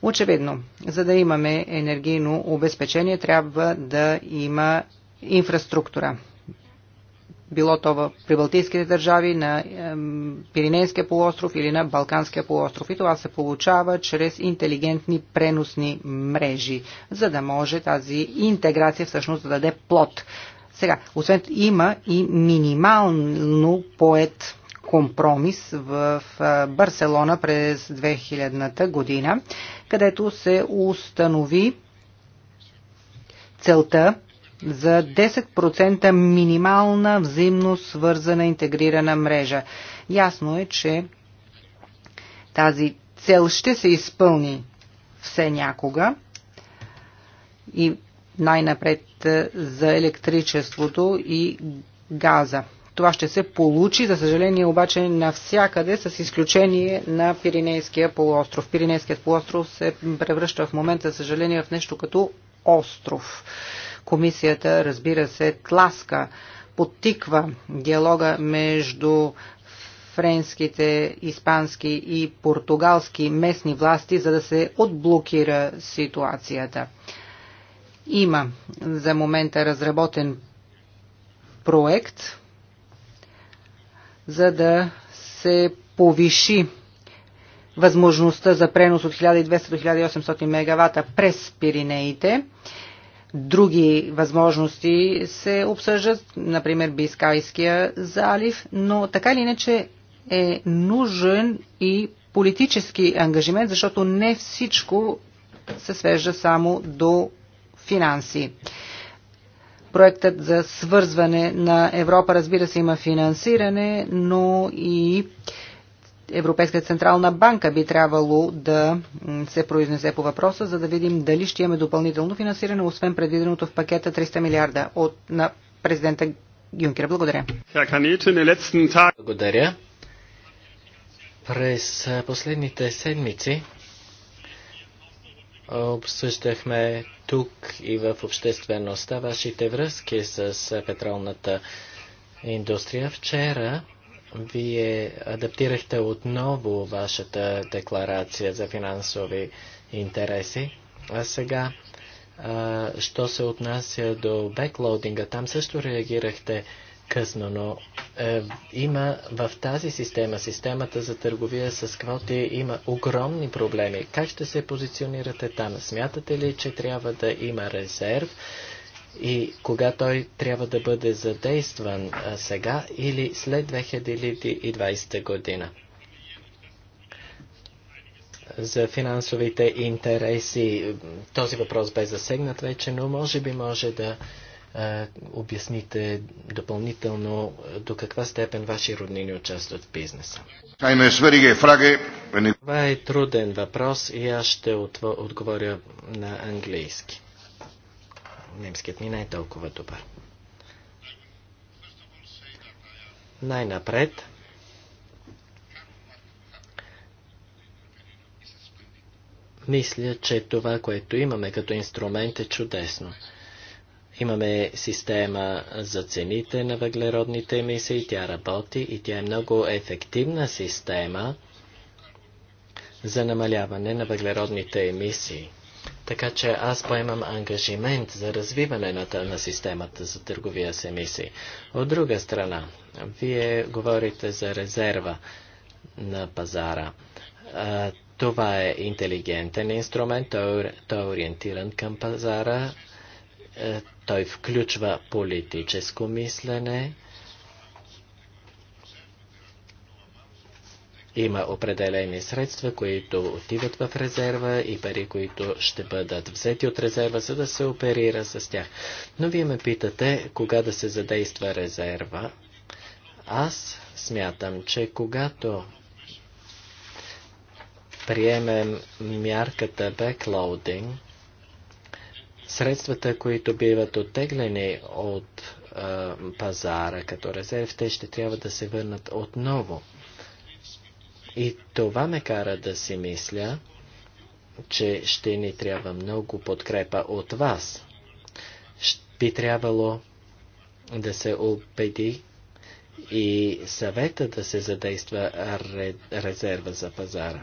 Очевидно, за да имаме енергийно обезпечение, трябва да има инфраструктура. Било то в прибалтийските държави, на Пиринейския полуостров или на Балканския полуостров. И това се получава чрез интелигентни преносни мрежи, за да може тази интеграция всъщност да даде плод. Сега, освен има и минимално поет компромис в е, Барселона през 2000-та година, където се установи целта за 10% минимална взаимно свързана интегрирана мрежа. Ясно е, че тази цел ще се изпълни все някога и най-напред е, за електричеството и газа. Това ще се получи, за съжаление обаче навсякъде, с изключение на Пиринейския полуостров. Пиринейският полуостров се превръща в момента, за съжаление, в нещо като остров. Комисията, разбира се, тласка, подтиква диалога между френските, испански и португалски местни власти, за да се отблокира ситуацията. Има за момента разработен проект, за да се повиши възможността за пренос от 1200 до 1800 мегавата през Пиринеите Други възможности се обсъждат, например Бискайския залив, но така или иначе е нужен и политически ангажимент, защото не всичко се свежда само до финанси. Проектът за свързване на Европа, разбира се, има финансиране, но и Европейска централна банка би трябвало да се произнесе по въпроса, за да видим дали ще имаме допълнително финансиране, освен предвиденото в пакета 300 милиарда от, на президента Юнкер. Благодаря. Благодаря. През последните седмици обсъждахме тук и в обществеността вашите връзки с петролната индустрия. Вчера вие адаптирахте отново вашата декларация за финансови интереси, а сега а, що се отнася до беклоудинга, там също реагирахте късно, но е, има в тази система, системата за търговия с квоти, има огромни проблеми. Как ще се позиционирате там? Смятате ли, че трябва да има резерв и кога той трябва да бъде задействан сега или след 2020 година. За финансовите интереси този въпрос бе засегнат вече, но може би може да а, обясните допълнително до каква степен ваши роднини участват в бизнеса. Това е труден въпрос и аз ще отговоря на английски немският ми не е толкова добър. Най-напред мисля, че това, което имаме като инструмент е чудесно. Имаме система за цените на въглеродните емисии, тя работи и тя е много ефективна система за намаляване на въглеродните емисии. Така че аз поемам ангажимент за развиване на, на системата за търговия с емисии. От друга страна, вие говорите за резерва на пазара. А, това е интелигентен инструмент, той, той е ориентиран към пазара, е, той включва политическо мислене, Има определени средства, които отиват в резерва и пари, които ще бъдат взети от резерва, за да се оперира с тях. Но вие ме питате кога да се задейства резерва. Аз смятам, че когато приемем мярката backloading, средствата, които биват оттеглени от пазара като резерв, те ще трябва да се върнат отново и това ме кара да си мисля, че ще ни трябва много подкрепа от вас. Би трябвало да се убеди и съвета да се задейства резерва за пазара,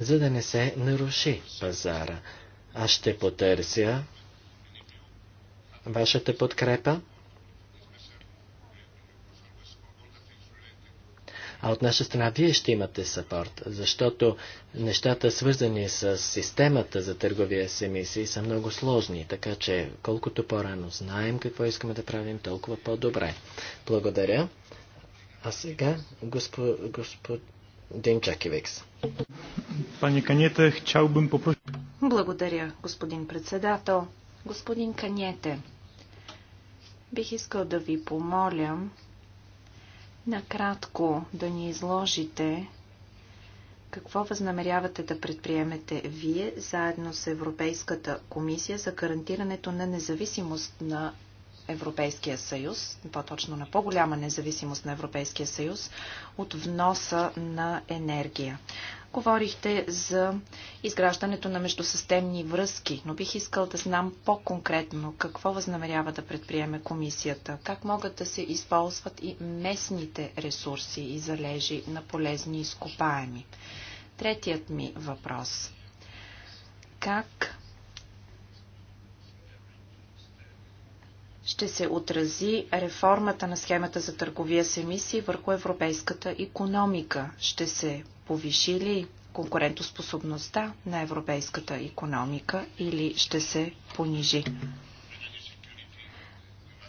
за да не се наруши пазара. Аз ще потърся вашата подкрепа а от наша страна вие ще имате сапорт, защото нещата свързани с системата за търговия с емисии са много сложни, така че колкото по-рано знаем какво искаме да правим, толкова по-добре. Благодаря. А сега госпо, господин Чакивекс. Пани Канета, бъм попросить... Благодаря, господин председател. Господин Канете, бих искал да ви помоля накратко да ни изложите какво възнамерявате да предприемете вие заедно с Европейската комисия за гарантирането на независимост на Европейския съюз, по-точно на по-голяма независимост на Европейския съюз от вноса на енергия. Говорихте за изграждането на междусистемни връзки, но бих искал да знам по-конкретно какво възнамерява да предприеме комисията, как могат да се използват и местните ресурси и залежи на полезни изкопаеми. Третият ми въпрос. Как ще се отрази реформата на схемата за търговия с емисии върху европейската економика? Ще се Повиши ли конкурентоспособността на европейската економика или ще се понижи.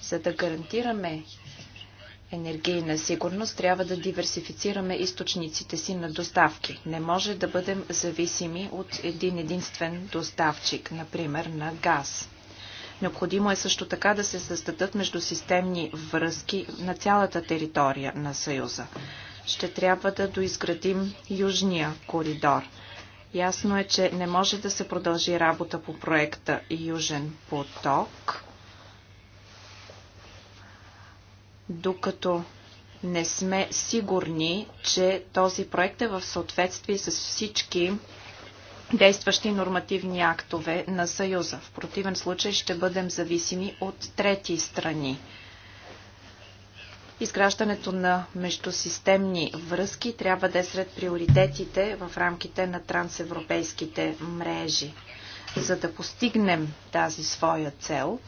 За да гарантираме енергийна сигурност, трябва да диверсифицираме източниците си на доставки. Не може да бъдем зависими от един единствен доставчик, например на газ. Необходимо е също така да се създадат междусистемни връзки на цялата територия на Съюза ще трябва да доизградим Южния коридор. Ясно е, че не може да се продължи работа по проекта Южен поток, докато не сме сигурни, че този проект е в съответствие с всички действащи нормативни актове на Съюза. В противен случай ще бъдем зависими от трети страни. Изграждането на междусистемни връзки трябва да е сред приоритетите в рамките на трансевропейските мрежи. За да постигнем тази своя цел,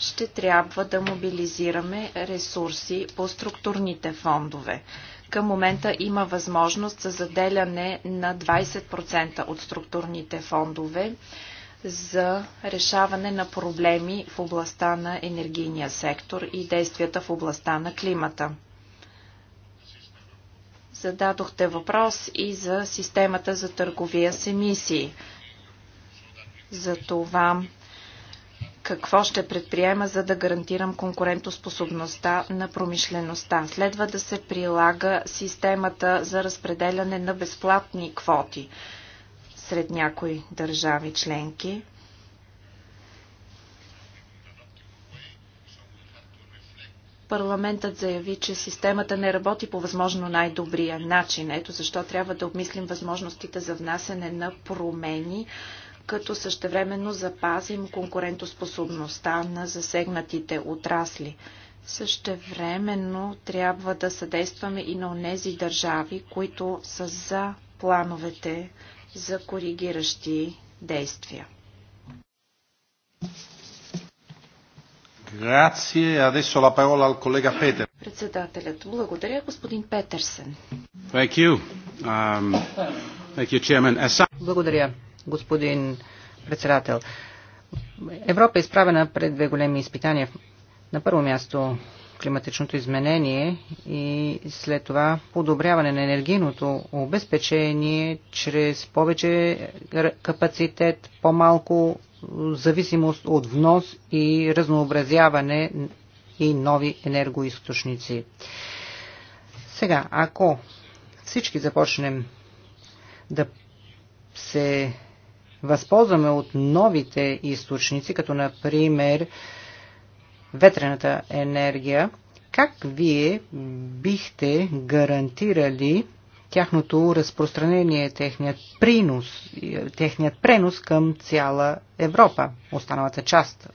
ще трябва да мобилизираме ресурси по структурните фондове. Към момента има възможност за заделяне на 20% от структурните фондове за решаване на проблеми в областта на енергийния сектор и действията в областта на климата. Зададохте въпрос и за системата за търговия с емисии. За това какво ще предприема, за да гарантирам конкурентоспособността на промишлеността. Следва да се прилага системата за разпределяне на безплатни квоти сред някои държави членки. Парламентът заяви, че системата не работи по възможно най-добрия начин. Ето защо трябва да обмислим възможностите за внасене на промени, като същевременно запазим конкурентоспособността на засегнатите отрасли. Същевременно трябва да съдействаме и на онези държави, които са за плановете за коригиращи действия. Grazie. Adesso la parola al collega Peter. Председателят, благодаря, господин Петерсен. Thank you. Um, thank you, Chairman. благодаря, господин председател. Европа е изправена пред две големи изпитания. На първо място климатичното изменение и след това подобряване на енергийното обезпечение чрез повече капацитет, по-малко зависимост от внос и разнообразяване и нови енергоисточници. Сега, ако всички започнем да се възползваме от новите източници, като например ветрената енергия, как вие бихте гарантирали тяхното разпространение, техният принос, техният пренос към цяла Европа, останалата част?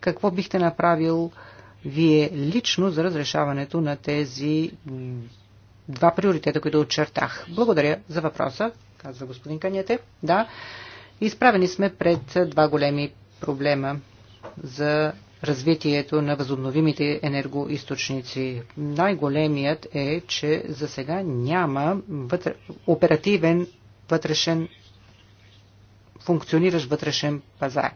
Какво бихте направил вие лично за разрешаването на тези два приоритета, които очертах? Благодаря за въпроса, казва господин Каняте. Да, изправени сме пред два големи проблема за развитието на възобновимите енергоисточници. Най-големият е, че за сега няма вътре, оперативен вътрешен функциониращ вътрешен пазар.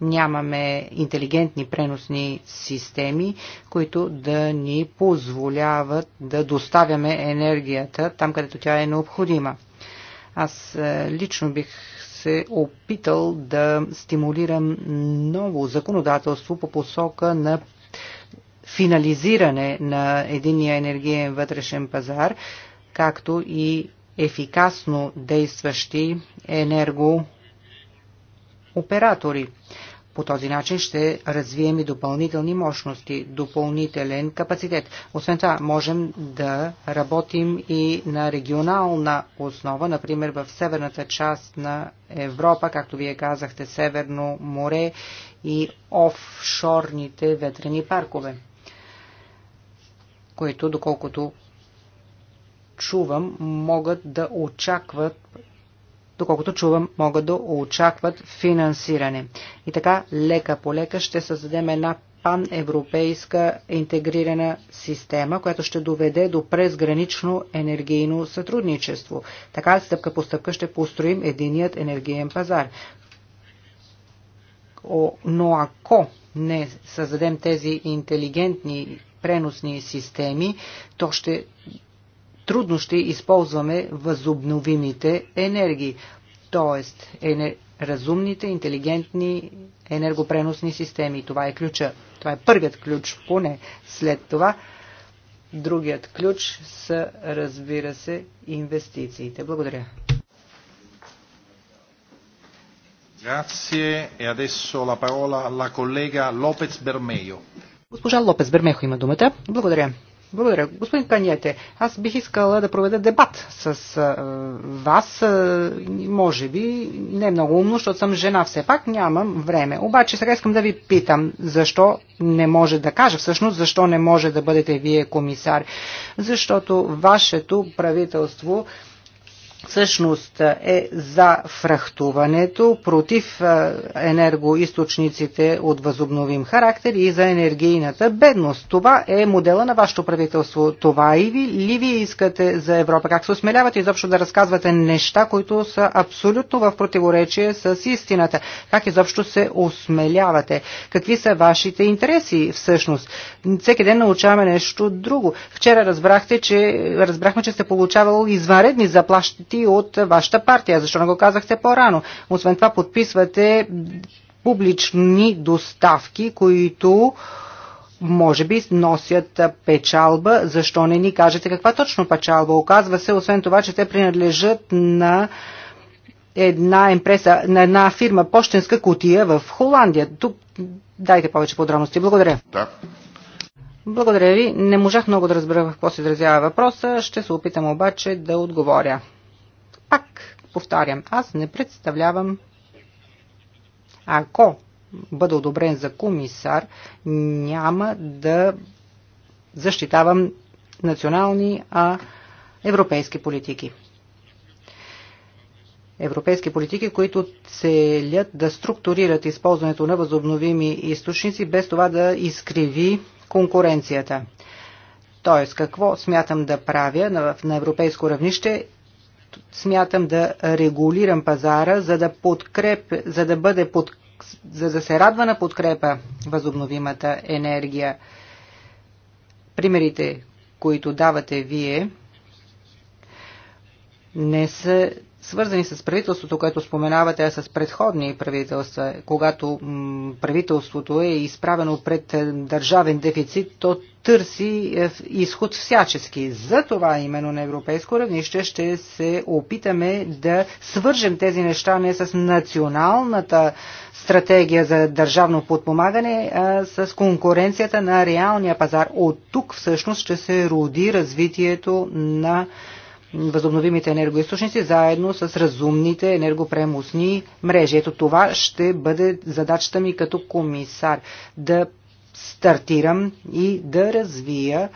Нямаме интелигентни преносни системи, които да ни позволяват да доставяме енергията там, където тя е необходима. Аз е, лично бих се опитал да стимулирам ново законодателство по посока на финализиране на единия енергиен вътрешен пазар, както и ефикасно действащи енергооператори. По този начин ще развием и допълнителни мощности, допълнителен капацитет. Освен това, можем да работим и на регионална основа, например в северната част на Европа, както вие казахте, Северно море и офшорните ветрени паркове, които, доколкото чувам, могат да очакват доколкото чувам, могат да очакват финансиране. И така, лека по лека ще създадем една паневропейска интегрирана система, която ще доведе до презгранично енергийно сътрудничество. Така, стъпка по стъпка ще построим единият енергиен пазар. О, но ако не създадем тези интелигентни преносни системи, то ще трудно ще използваме възобновимите енергии, т.е. Енер... разумните, интелигентни енергопреносни системи. Това е ключа. Това е първият ключ, поне след това. Другият ключ са, разбира се, инвестициите. Благодаря. Grazie e adesso la parola alla collega Lopez Bermejo. Госпожа Лопес Бермехо има думата. Благодаря. Благодаря. Господин Каняте, аз бих искала да проведа дебат с а, вас. А, може би не е много умно, защото съм жена все пак, нямам време. Обаче сега искам да ви питам, защо не може да кажа всъщност, защо не може да бъдете вие комисар. Защото вашето правителство всъщност е за фрахтуването, против енергоисточниците от възобновим характер и за енергийната бедност. Това е модела на вашето правителство. Това и ви, ли вие искате за Европа? Как се осмелявате изобщо да разказвате неща, които са абсолютно в противоречие с истината? Как изобщо се осмелявате? Какви са вашите интереси всъщност? Всеки ден научаваме нещо друго. Вчера разбрахте, че, разбрахме, че сте получавало извънредни заплащи депутати от вашата партия. Защо не го казахте по-рано? Освен това подписвате публични доставки, които може би носят печалба. Защо не ни кажете каква точно печалба? Оказва се, освен това, че те принадлежат на една импреса, на една фирма Пощенска кутия в Холандия. Тук дайте повече подробности. Благодаря. Да. Благодаря ви. Не можах много да разбера в какво се изразява въпроса. Ще се опитам обаче да отговоря повтарям, аз не представлявам, ако бъда одобрен за комисар, няма да защитавам национални, а европейски политики. Европейски политики, които целят да структурират използването на възобновими източници, без това да изкриви конкуренцията. Тоест, какво смятам да правя на, на европейско равнище смятам да регулирам пазара, за да, подкреп, за да, бъде под, за да се радва на подкрепа възобновимата енергия. Примерите, които давате вие, не са свързани с правителството, което споменавате, а с предходни правителства. Когато правителството е изправено пред е, държавен дефицит, то търси е, изход всячески. За това именно на европейско равнище ще се опитаме да свържем тези неща не с националната стратегия за държавно подпомагане, а с конкуренцията на реалния пазар. От тук всъщност ще се роди развитието на възобновимите енергоисточници заедно с разумните енергопремусни мрежи. Ето това ще бъде задачата ми като комисар да стартирам и да развия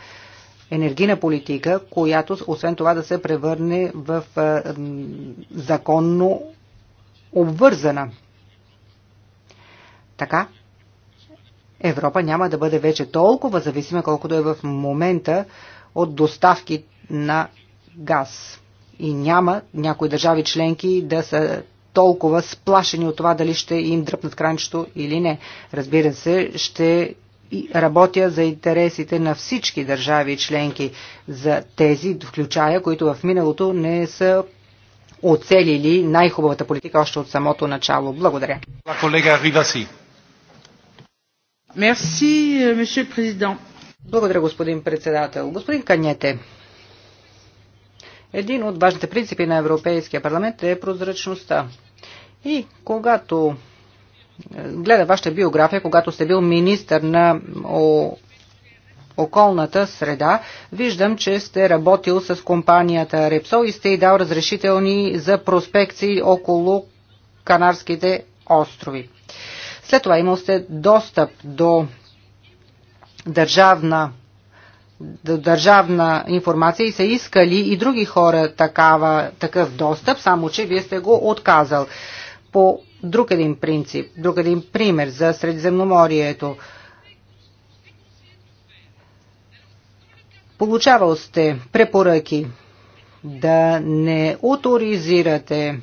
енергийна политика, която освен това да се превърне в законно обвързана. Така, Европа няма да бъде вече толкова зависима, колкото е в момента от доставки на газ. И няма някои държави членки да са толкова сплашени от това дали ще им дръпнат кранчето или не. Разбира се, ще работя за интересите на всички държави членки, за тези, включая, които в миналото не са оцелили най-хубавата политика още от самото начало. Благодаря. Колега Риваси. Мерси, Благодаря, господин председател. Господин Канете, един от важните принципи на Европейския парламент е прозрачността. И когато е, гледа вашата биография, когато сте бил министър на о, околната среда, виждам, че сте работил с компанията Репсо и сте й дал разрешителни за проспекции около Канарските острови. След това имал сте достъп до държавна държавна информация и са искали и други хора такава, такъв достъп, само че вие сте го отказал. По друг един принцип, друг един пример за Средиземноморието. Получавал сте препоръки да не авторизирате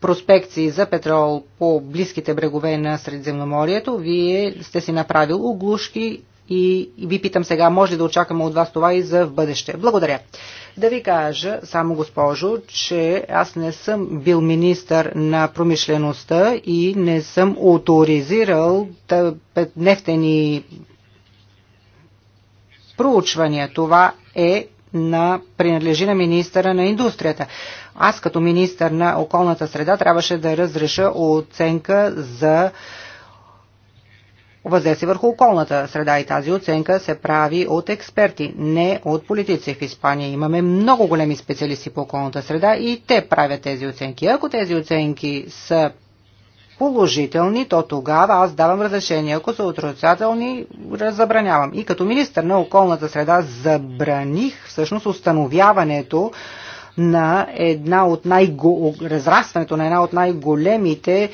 проспекции за петрол по близките брегове на Средиземноморието, вие сте си направил оглушки и ви питам сега, може ли да очакаме от вас това и за в бъдеще? Благодаря. Да ви кажа, само госпожо, че аз не съм бил министър на промишлеността и не съм авторизирал нефтени проучвания. Това е на, принадлежи на министъра на индустрията. Аз като министър на околната среда трябваше да разреша оценка за въздействие върху околната среда и тази оценка се прави от експерти, не от политици. В Испания имаме много големи специалисти по околната среда и те правят тези оценки. Ако тези оценки са положителни, то тогава аз давам разрешение. Ако са отрицателни, забранявам. И като министър на околната среда забраних всъщност установяването на една от най разрастването на една от най-големите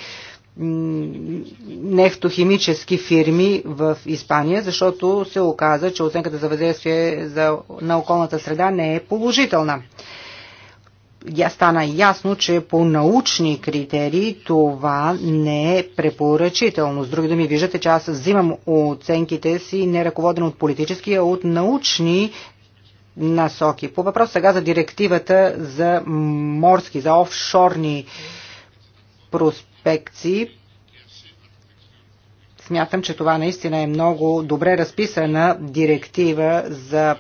нефтохимически фирми в Испания, защото се оказа, че оценката за въздействие на околната среда не е положителна. Я стана ясно, че по научни критерии това не е препоръчително. С други думи, виждате, че аз взимам оценките си не ръководен от политически, а от научни насоки. По въпрос сега за директивата за морски, за офшорни проспекти инспекции. Смятам, че това наистина е много добре разписана директива за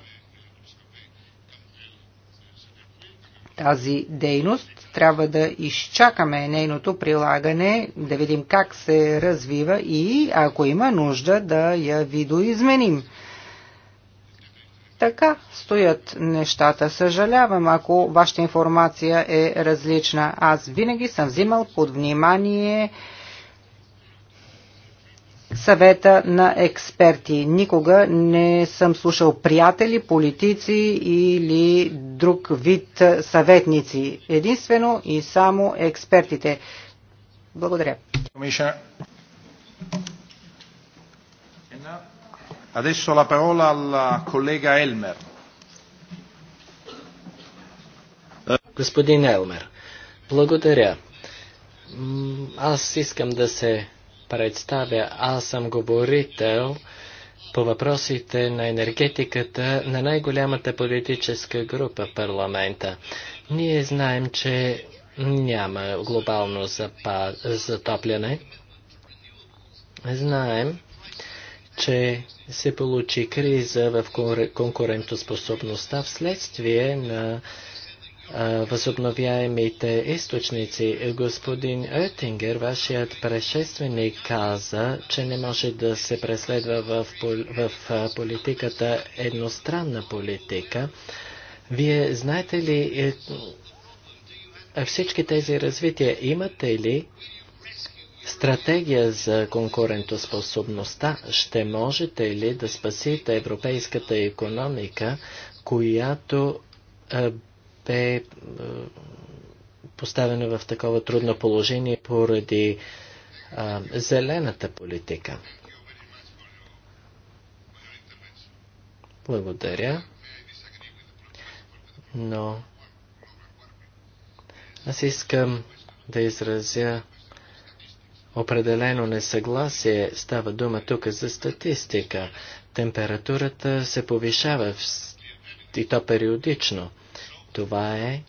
тази дейност. Трябва да изчакаме нейното прилагане, да видим как се развива и ако има нужда да я видоизменим. Така стоят нещата. Съжалявам, ако вашата информация е различна. Аз винаги съм взимал под внимание съвета на експерти. Никога не съм слушал приятели, политици или друг вид съветници. Единствено и само експертите. Благодаря. Adesso la parola al collega Elmer. Господин Елмер, благодаря. Аз искам да се представя. Аз съм говорител по въпросите на енергетиката на най-голямата политическа група парламента. Ние знаем, че няма глобално затопляне. Знаем, че се получи криза в конкурентоспособността вследствие на възобновяемите източници. Господин Оетингер, вашият предшественик, каза, че не може да се преследва в, в политиката едностранна политика. Вие знаете ли е, всички тези развития? Имате ли стратегия за конкурентоспособността, ще можете ли да спасите европейската економика, която е, бе е, поставена в такова трудно положение поради е, зелената политика? Благодаря. Но аз искам да изразя определено несъгласие. Става дума тук за статистика. Температурата се повишава в... и то периодично. Това е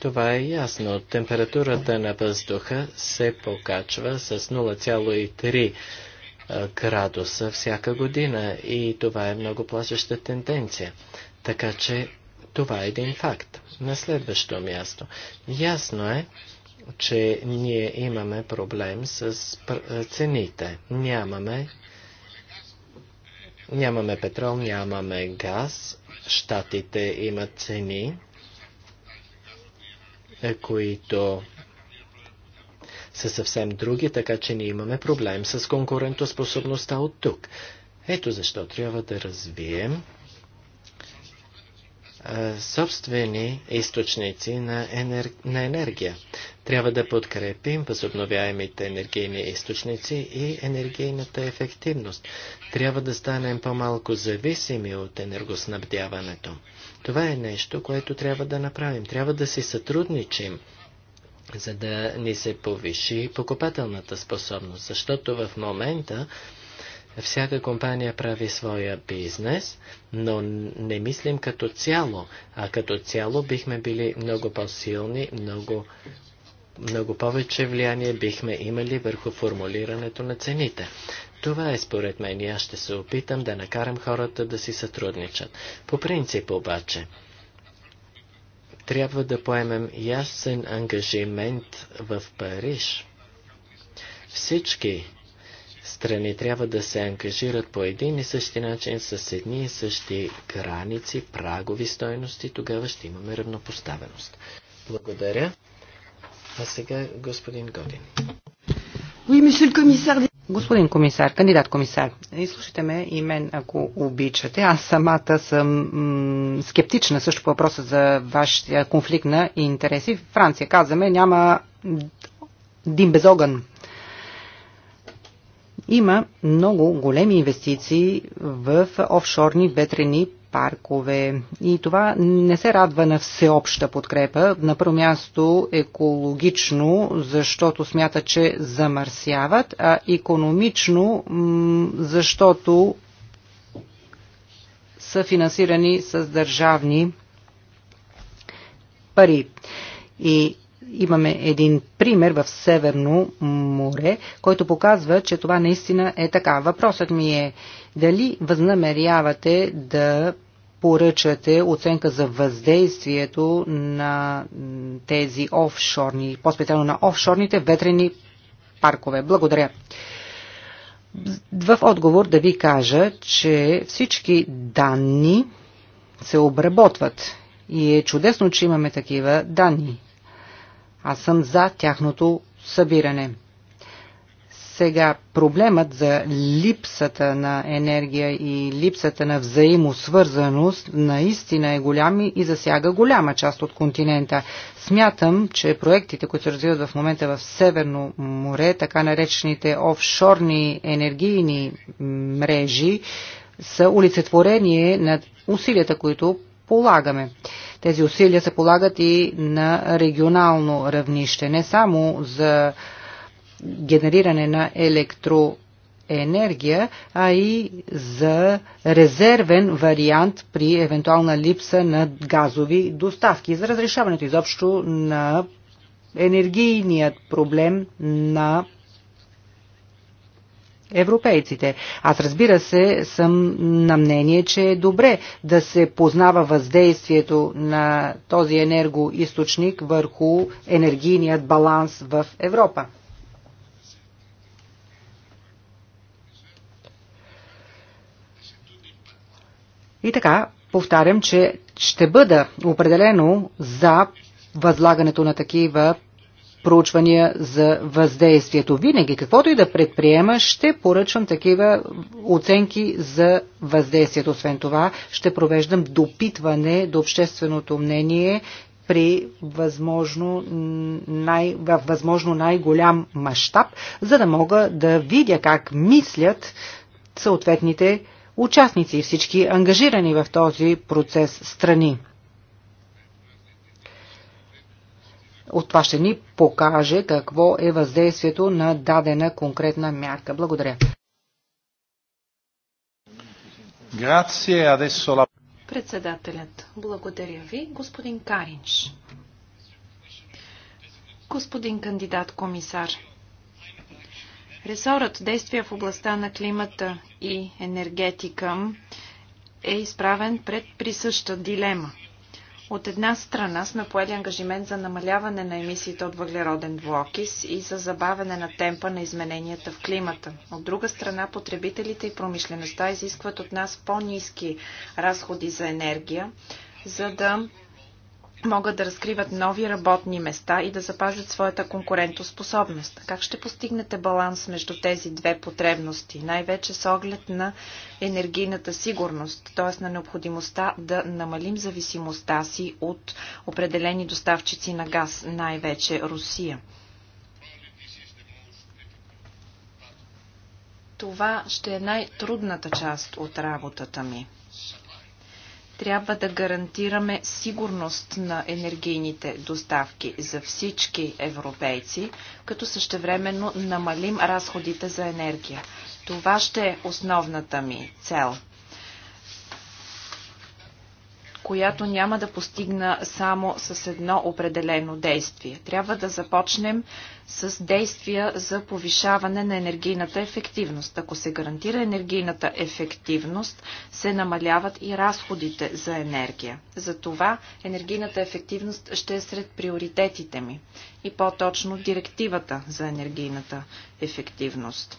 това е ясно. Температурата на въздуха се покачва с 0,3 градуса всяка година и това е много плашеща тенденция. Така че това е един факт. На следващо място. Ясно е, че ние имаме проблем с е, цените. Нямаме, нямаме петрол, нямаме газ. Штатите имат цени, е, които са съвсем други, така че ние имаме проблем с конкурентоспособността от тук. Ето защо трябва да развием собствени източници на, енер... на енергия. Трябва да подкрепим възобновяемите енергийни източници и енергийната ефективност. Трябва да станем по-малко зависими от енергоснабдяването. Това е нещо, което трябва да направим. Трябва да си сътрудничим за да ни се повиши покупателната способност, защото в момента всяка компания прави своя бизнес, но не мислим като цяло, а като цяло бихме били много по-силни, много, много повече влияние бихме имали върху формулирането на цените. Това е според мен и аз ще се опитам да накарам хората да си сътрудничат. По принцип обаче, трябва да поемем ясен ангажимент в Париж. Всички страни трябва да се ангажират по един и същи начин с едни и същи граници, прагови стойности, тогава ще имаме равнопоставеност. Благодаря. А сега господин Годин. Господин комисар, кандидат комисар, изслушайте ме и мен, ако обичате. Аз самата съм скептична също по въпроса за вашия конфликт на интереси. В Франция казваме няма дим без огън, има много големи инвестиции в офшорни ветрени паркове. И това не се радва на всеобща подкрепа. На първо място екологично, защото смята, че замърсяват, а економично, защото са финансирани с държавни пари. И имаме един пример в Северно море, който показва, че това наистина е така. Въпросът ми е дали възнамерявате да поръчате оценка за въздействието на тези офшорни, по-специално на офшорните ветрени паркове. Благодаря. В отговор да ви кажа, че всички данни се обработват и е чудесно, че имаме такива данни. Аз съм за тяхното събиране. Сега проблемът за липсата на енергия и липсата на взаимосвързаност наистина е голям и засяга голяма част от континента. Смятам, че проектите, които се развиват в момента в Северно море, така наречените офшорни енергийни мрежи, са олицетворение на усилията, които полагаме. Тези усилия се полагат и на регионално равнище, не само за генериране на електро енергия, а и за резервен вариант при евентуална липса на газови доставки, за разрешаването изобщо на енергийният проблем на европейците. Аз разбира се съм на мнение, че е добре да се познава въздействието на този енергоисточник върху енергийният баланс в Европа. И така, повтарям, че ще бъда определено за възлагането на такива проучвания за въздействието. Винаги, каквото и да предприема, ще поръчвам такива оценки за въздействието. Освен това, ще провеждам допитване до общественото мнение при възможно най, във възможно най-голям мащаб, за да мога да видя как мислят съответните участници и всички ангажирани в този процес страни. От това ще ни покаже какво е въздействието на дадена конкретна мярка. Благодаря. Председателят, благодаря ви. Господин Каринч. Господин кандидат комисар, ресорът действия в областта на климата и енергетика е изправен пред присъща дилема – от една страна сме поели ангажимент за намаляване на емисиите от въглероден двуокис и за забавяне на темпа на измененията в климата. От друга страна потребителите и промишлеността изискват от нас по-низки разходи за енергия, за да могат да разкриват нови работни места и да запазят своята конкурентоспособност. Как ще постигнете баланс между тези две потребности, най-вече с оглед на енергийната сигурност, т.е. на необходимостта да намалим зависимостта си от определени доставчици на газ, най-вече Русия? Това ще е най-трудната част от работата ми трябва да гарантираме сигурност на енергийните доставки за всички европейци, като същевременно намалим разходите за енергия. Това ще е основната ми цел – която няма да постигна само с едно определено действие. Трябва да започнем с действия за повишаване на енергийната ефективност. Ако се гарантира енергийната ефективност, се намаляват и разходите за енергия. Затова енергийната ефективност ще е сред приоритетите ми и по-точно директивата за енергийната ефективност.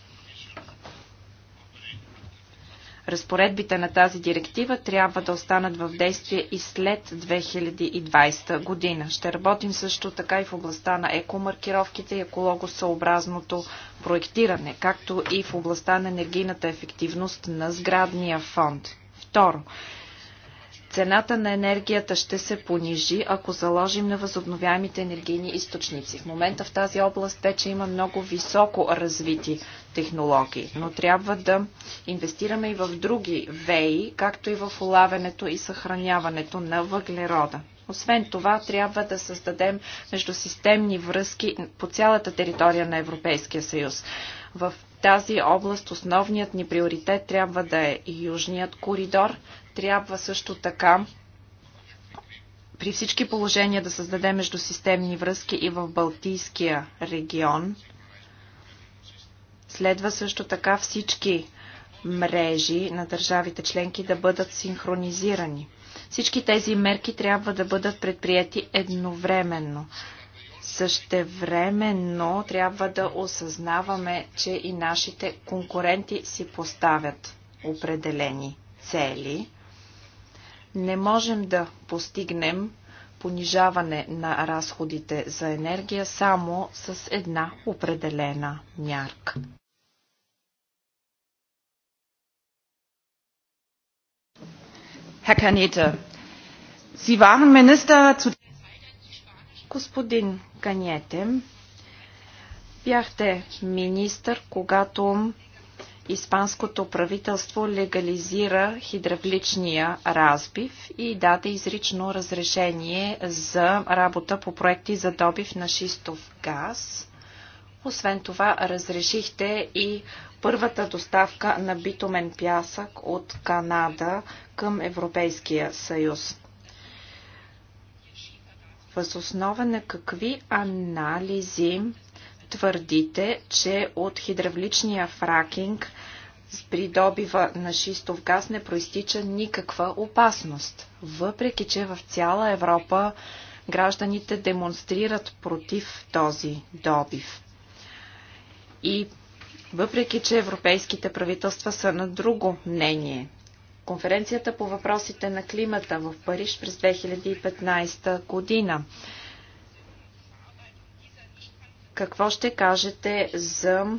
Разпоредбите на тази директива трябва да останат в действие и след 2020 година. Ще работим също така и в областта на екомаркировките и екологосъобразното проектиране, както и в областта на енергийната ефективност на сградния фонд. Второ, цената на енергията ще се понижи, ако заложим на възобновяемите енергийни източници. В момента в тази област вече има много високо развити технологии, но трябва да инвестираме и в други веи, както и в улавянето и съхраняването на въглерода. Освен това, трябва да създадем междусистемни връзки по цялата територия на Европейския съюз. В тази област основният ни приоритет трябва да е Южният коридор. Трябва също така при всички положения да създадем междусистемни връзки и в Балтийския регион. Следва също така всички мрежи на държавите членки да бъдат синхронизирани. Всички тези мерки трябва да бъдат предприяти едновременно. Същевременно трябва да осъзнаваме, че и нашите конкуренти си поставят определени цели. Не можем да постигнем понижаване на разходите за енергия само с една определена мярка. Herr caete Sie waren Minister zu Господин Каньете, бяхте министър, когато испанското правителство легализира хидравличния разбив и даде изрично разрешение за работа по проекти за добив на шистов газ. Освен това, разрешихте и първата доставка на битумен пясък от Канада към Европейския съюз. Възоснова на какви анализи твърдите, че от хидравличния фракинг с придобива на шистов газ не проистича никаква опасност, въпреки че в цяла Европа гражданите демонстрират против този добив. И въпреки, че европейските правителства са на друго мнение, конференцията по въпросите на климата в Париж през 2015 година. Какво ще кажете за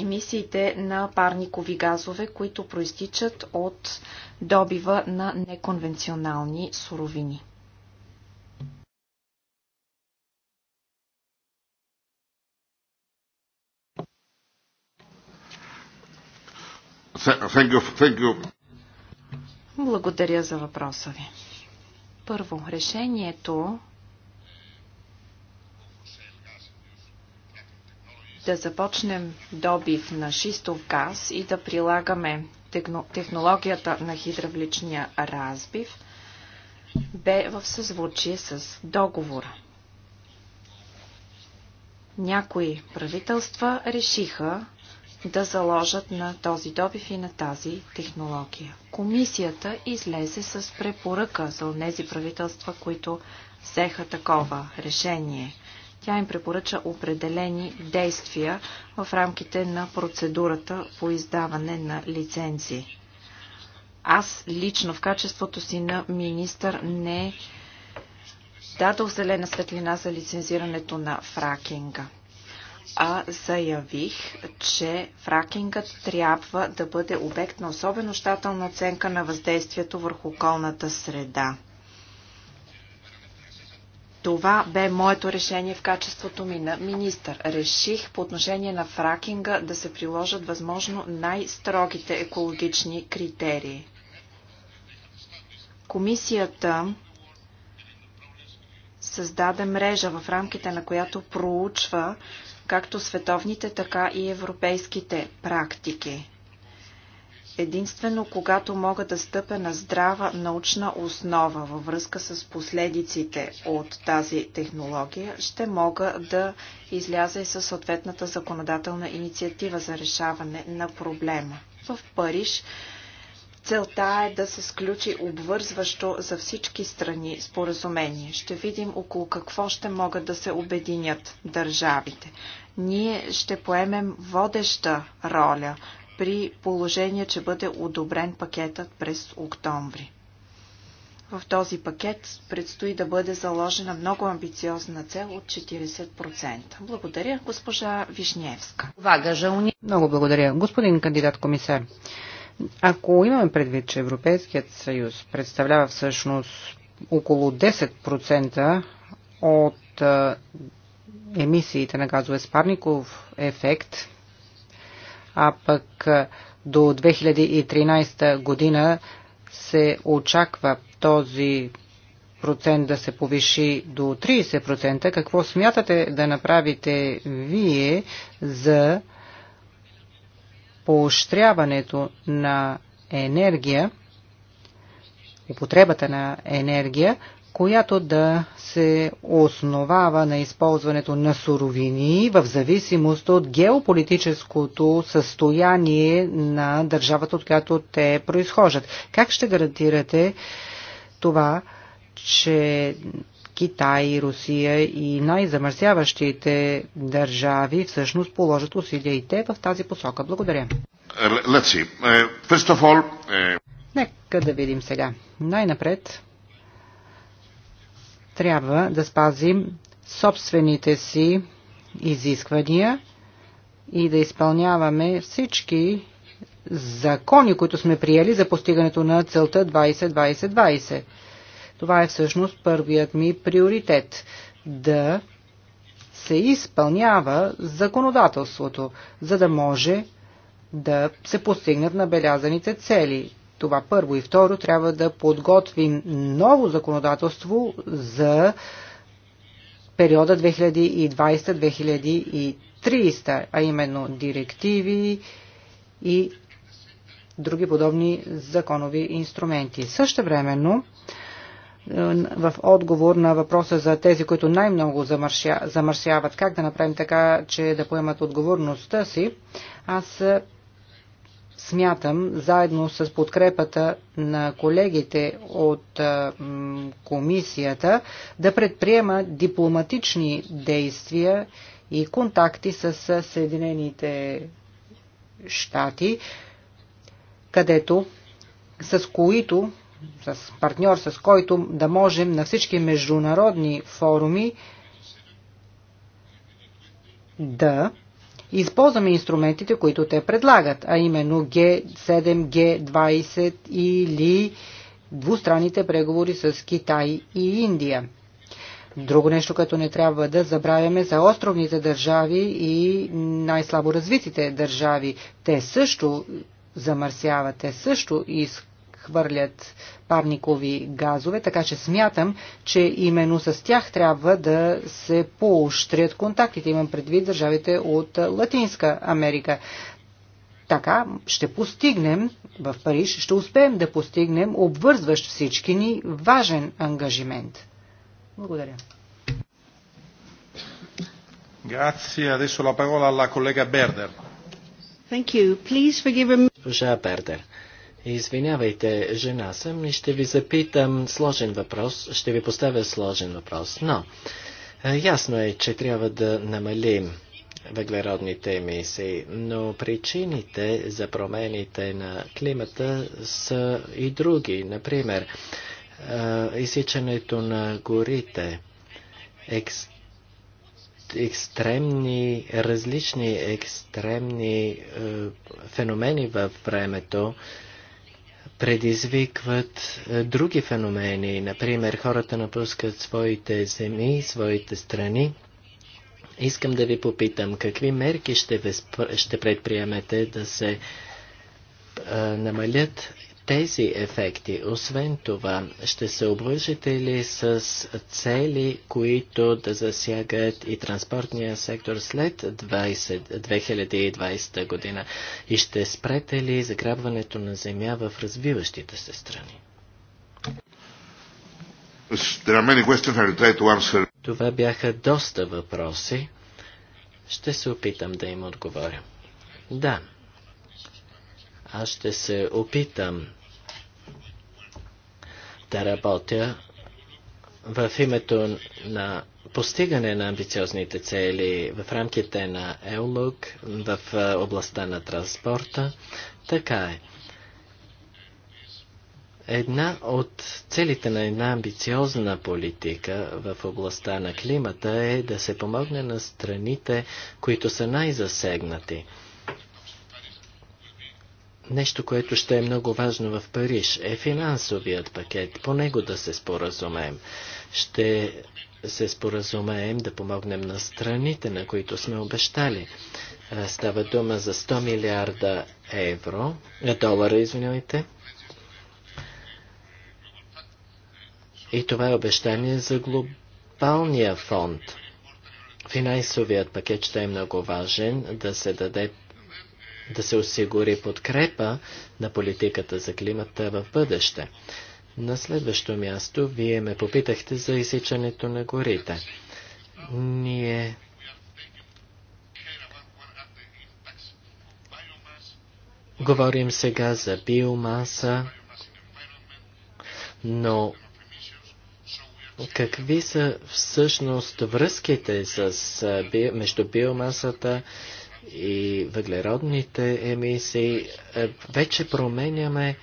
емисиите на парникови газове, които проистичат от добива на неконвенционални суровини? Thank you, thank you. Благодаря за въпроса ви. Първо, решението да започнем добив на шистов газ и да прилагаме технологията на хидравличния разбив бе в съзвучие с договора. Някои правителства решиха да заложат на този добив и на тази технология. Комисията излезе с препоръка за тези правителства, които взеха такова решение. Тя им препоръча определени действия в рамките на процедурата по издаване на лицензи. Аз лично в качеството си на министър не е дадох зелена светлина за лицензирането на фракинга а заявих, че фракингът трябва да бъде обект на особено щателна оценка на въздействието върху околната среда. Това бе моето решение в качеството ми на министър. Реших по отношение на фракинга да се приложат възможно най-строгите екологични критерии. Комисията създаде мрежа, в рамките на която проучва както световните, така и европейските практики. Единствено, когато мога да стъпя на здрава научна основа във връзка с последиците от тази технология, ще мога да изляза и със съответната законодателна инициатива за решаване на проблема. В Париж Целта е да се сключи обвързващо за всички страни споразумение. Ще видим около какво ще могат да се обединят държавите. Ние ще поемем водеща роля при положение, че бъде одобрен пакетът през октомври. В този пакет предстои да бъде заложена много амбициозна цел от 40%. Благодаря, госпожа Вишневска. Много благодаря. Господин кандидат комисар, ако имаме предвид, че Европейският съюз представлява всъщност около 10% от емисиите на газове с парников ефект, а пък до 2013 година се очаква този процент да се повиши до 30%. Какво смятате да направите вие за поощряването на енергия, употребата на енергия, която да се основава на използването на суровини в зависимост от геополитическото състояние на държавата, от която те произхождат. Как ще гарантирате това, че Китай, Русия и най-замърсяващите държави всъщност положат усилия и те в тази посока. Благодаря. Е, е, all... Е, Нека да видим сега. Най-напред трябва да спазим собствените си изисквания и да изпълняваме всички закони, които сме приели за постигането на целта 2020 20 това е всъщност първият ми приоритет да се изпълнява законодателството, за да може да се постигнат набелязаните цели. Това първо и второ трябва да подготвим ново законодателство за периода 2020-2030, а именно директиви и други подобни законови инструменти. Също времено в отговор на въпроса за тези, които най-много замърсяват, как да направим така, че да поемат отговорността си, аз смятам, заедно с подкрепата на колегите от комисията, да предприема дипломатични действия и контакти с Съединените щати, където с които с партньор, с който да можем на всички международни форуми да използваме инструментите, които те предлагат, а именно G7, G20 или двустранните преговори с Китай и Индия. Друго нещо, като не трябва да забравяме за островните държави и най-слабо развитите държави. Те също замърсяват, те също искат хвърлят парникови газове, така че смятам, че именно с тях трябва да се поощрят контактите. Имам предвид държавите от Латинска Америка. Така ще постигнем в Париж, ще успеем да постигнем обвързващ всички ни важен ангажимент. Благодаря. Grazie, adesso la parola alla collega Berder. Thank you. Please forgive me. Berder. Извинявайте, жена съм и ще ви запитам сложен въпрос, ще ви поставя сложен въпрос, но е, ясно е, че трябва да намалим въглеродните емисии, но причините за промените на климата са и други. Например, е, изсичането на горите, екс, екстремни, различни екстремни е, феномени във времето, предизвикват е, други феномени. Например, хората напускат своите земи, своите страни. Искам да ви попитам, какви мерки ще, ще предприемете да се е, намалят тези ефекти? Освен това, ще се обвържете ли с цели, които да засягат и транспортния сектор след 20, 2020 година? И ще спрете ли заграбването на земя в развиващите се страни? Това бяха доста въпроси. Ще се опитам да им отговоря. Да, аз ще се опитам да работя в името на постигане на амбициозните цели в рамките на ЕЛУК в областта на транспорта. Така е. Една от целите на една амбициозна политика в областта на климата е да се помогне на страните, които са най-засегнати. Нещо, което ще е много важно в Париж, е финансовият пакет. По него да се споразумеем. Ще се споразумеем да помогнем на страните, на които сме обещали. Става дума за 100 милиарда евро, е, долара, извинявайте. И това е обещание за глобалния фонд. Финансовият пакет ще е много важен да се даде да се осигури подкрепа на политиката за климата в бъдеще. На следващо място, вие ме попитахте за изсичането на горите. Ние говорим сега за биомаса, но какви са всъщност връзките с, между биомасата и и въглеродните емисии, е, вече променяме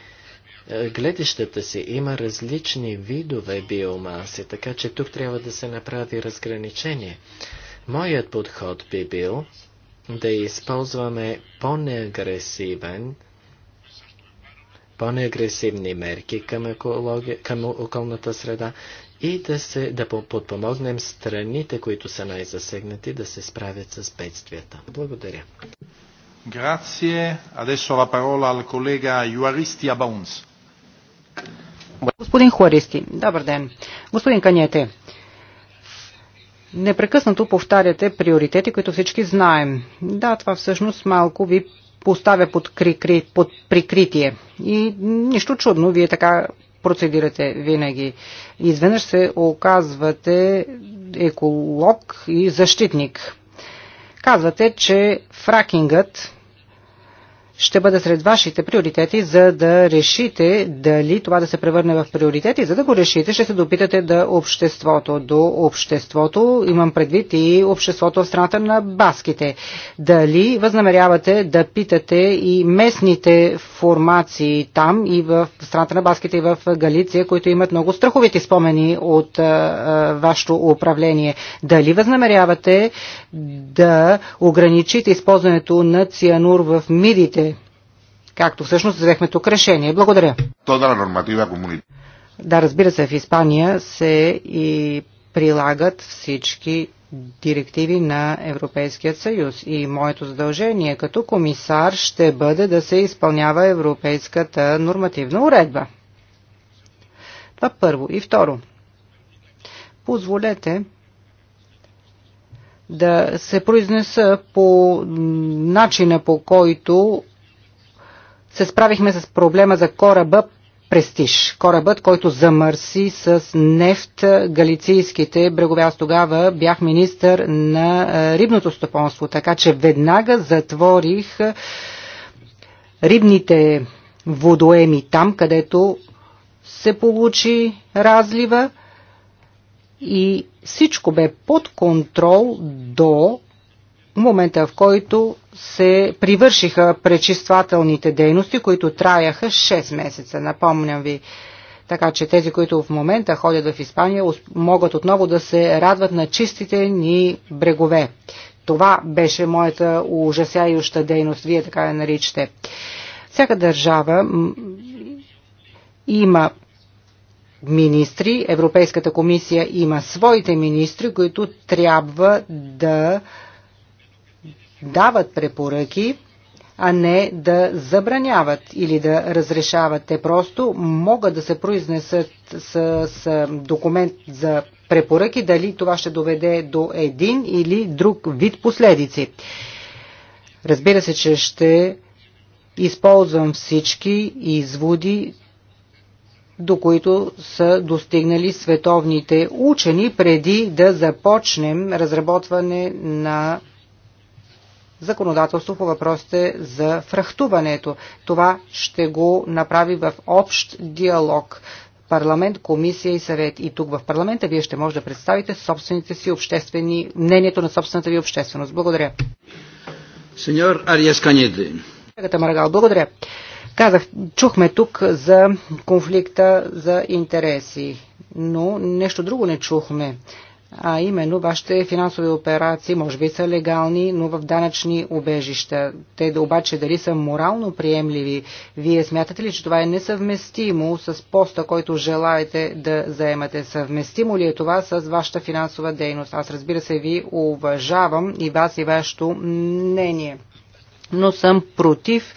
е, гледащата си. Има различни видове биомаси, така че тук трябва да се направи разграничение. Моят подход би бил да използваме по-неагресивен по-неагресивни мерки към, екология, към околната среда и да, се, да подпомогнем страните, които са най-засегнати, да се справят с бедствията. Благодаря. Grazie. Adesso la parola al collega Juaristi Abons. Господин Хуаристи, добър ден. Господин Каняте, непрекъснато повтаряте приоритети, които всички знаем. Да, това всъщност малко ви поставя под, кри, под прикритие. И нищо чудно, вие така процедирате винаги. Изведнъж се оказвате еколог и защитник. Казвате, че фракингът ще бъде сред вашите приоритети, за да решите дали това да се превърне в приоритети. За да го решите, ще се допитате до обществото. До обществото имам предвид и обществото в страната на баските. Дали възнамерявате да питате и местните формации там и в страната на баските и в Галиция, които имат много страховити спомени от а, вашето управление. Дали възнамерявате да ограничите използването на цианур в мидите както всъщност взехме тук решение. Благодаря. Да, разбира се, в Испания се и прилагат всички директиви на Европейският съюз. И моето задължение като комисар ще бъде да се изпълнява европейската нормативна уредба. Това първо. И второ. Позволете да се произнеса по начина по който се справихме с проблема за кораба Престиж, корабът, който замърси с нефт галицийските брегове. Аз тогава бях министър на рибното стопонство, така че веднага затворих рибните водоеми там, където се получи разлива и всичко бе под контрол до момента, в който се привършиха пречиствателните дейности, които траяха 6 месеца. Напомням ви, така че тези, които в момента ходят в Испания, могат отново да се радват на чистите ни брегове. Това беше моята ужасяюща дейност, вие така я наричате. Всяка държава има министри, Европейската комисия има своите министри, които трябва да дават препоръки, а не да забраняват или да разрешават. Те просто могат да се произнесат с, с документ за препоръки, дали това ще доведе до един или друг вид последици. Разбира се, че ще използвам всички изводи, до които са достигнали световните учени преди да започнем разработване на законодателство по въпросите за фрахтуването. Това ще го направи в общ диалог парламент, комисия и съвет. И тук в парламента вие ще може да представите собствените си обществени, мнението на собствената ви общественост. Благодаря. Сеньор Ариас Канеде. благодаря. Казах, чухме тук за конфликта за интереси, но нещо друго не чухме а именно вашите финансови операции може би са легални, но в данъчни убежища. Те да обаче дали са морално приемливи, вие смятате ли, че това е несъвместимо с поста, който желаете да заемате? Съвместимо ли е това с вашата финансова дейност? Аз разбира се ви уважавам и вас и вашето мнение, но съм против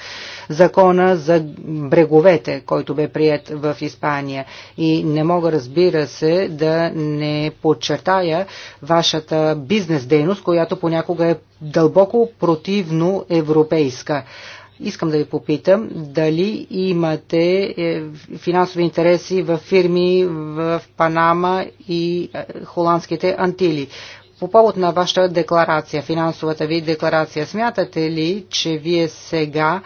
закона за бреговете, който бе прият в Испания. И не мога, разбира се, да не подчертая вашата бизнес дейност, която понякога е дълбоко противно европейска. Искам да ви попитам дали имате е, финансови интереси в фирми в Панама и е, холандските антили. По повод на вашата декларация, финансовата ви декларация, смятате ли, че вие сега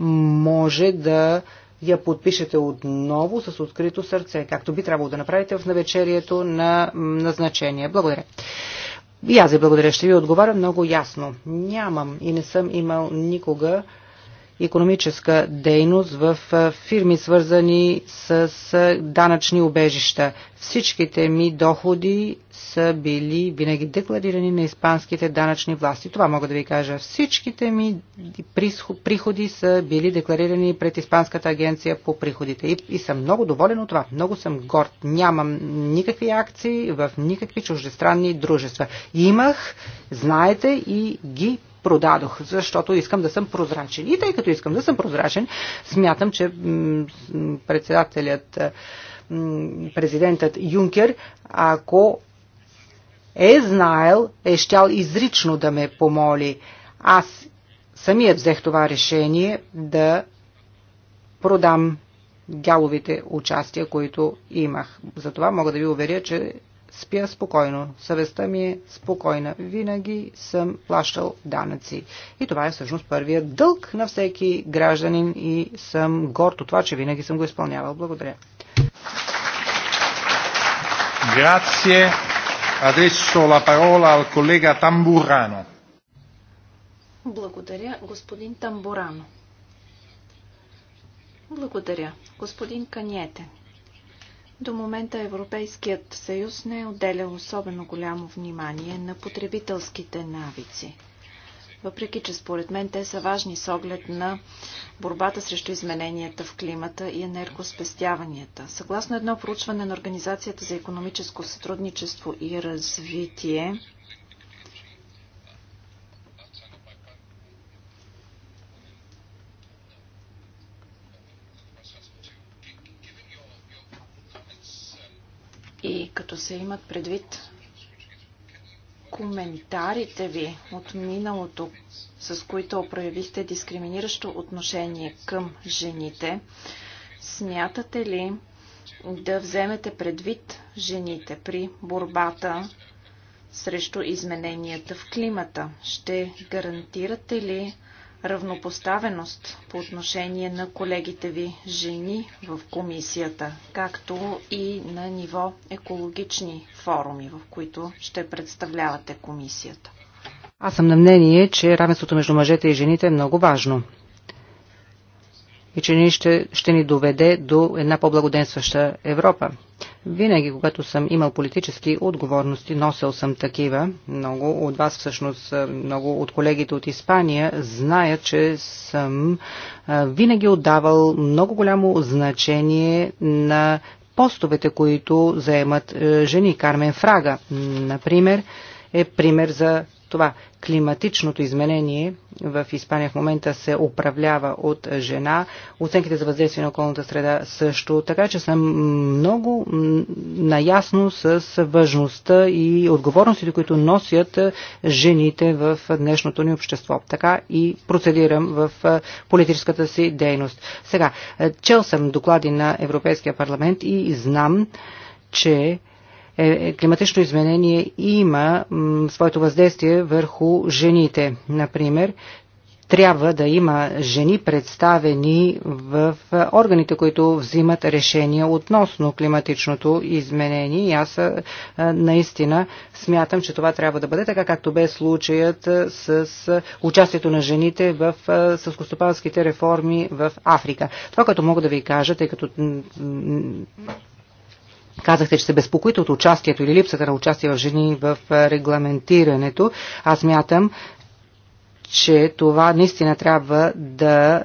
може да я подпишете отново с открито сърце, както би трябвало да направите в навечерието на назначение. Благодаря. И аз ви благодаря, ще ви отговаря много ясно. Нямам и не съм имал никога економическа дейност в фирми, свързани с данъчни обежища. Всичките ми доходи са били винаги декларирани на испанските данъчни власти. Това мога да ви кажа. Всичките ми приходи са били декларирани пред Испанската агенция по приходите. И, и съм много доволен от това. Много съм горд. Нямам никакви акции в никакви чуждестранни дружества. Имах, знаете, и ги продадох, защото искам да съм прозрачен. И тъй като искам да съм прозрачен, смятам, че председателят, президентът Юнкер, ако е знаел, е щял изрично да ме помоли. Аз самия взех това решение да продам дяловите участия, които имах. Затова мога да ви уверя, че спя спокойно. Съвестта ми е спокойна. Винаги съм плащал данъци. И това е всъщност първият дълг на всеки гражданин и съм горд от това, че винаги съм го изпълнявал. Благодаря. Grazie. Adesso la parola al collega Tamburano. Благодаря, господин Тамбурано. Благодаря, господин Каньете. До момента Европейският съюз не е отделял особено голямо внимание на потребителските навици. Въпреки, че според мен те са важни с оглед на борбата срещу измененията в климата и енергоспестяванията. Съгласно едно проучване на Организацията за економическо сътрудничество и развитие, И като се имат предвид коментарите ви от миналото, с които проявихте дискриминиращо отношение към жените, смятате ли да вземете предвид жените при борбата срещу измененията в климата? Ще гарантирате ли равнопоставеност по отношение на колегите ви жени в комисията, както и на ниво екологични форуми, в които ще представлявате комисията. Аз съм на мнение, че равенството между мъжете и жените е много важно и че ни ще, ще ни доведе до една по-благоденстваща Европа. Винаги, когато съм имал политически отговорности, носил съм такива. Много от вас, всъщност, много от колегите от Испания знаят, че съм винаги отдавал много голямо значение на постовете, които заемат жени. Кармен Фрага, например, е пример за това климатичното изменение в Испания в момента се управлява от жена. Оценките за въздействие на околната среда също. Така че съм много наясно с важността и отговорностите, които носят жените в днешното ни общество. Така и процедирам в политическата си дейност. Сега, чел съм доклади на Европейския парламент и знам, че е, е, климатично изменение има своето въздействие върху жените. Например, трябва да има жени представени в органите, които взимат решения относно климатичното изменение. И аз наистина смятам, че това трябва да бъде така, както бе случаят с участието на жените в съскостопанските реформи в Африка. Това, като мога да ви кажа, тъй като Казахте, че се безпокоите от участието или липсата на участие в жени в регламентирането. Аз мятам, че това наистина трябва да,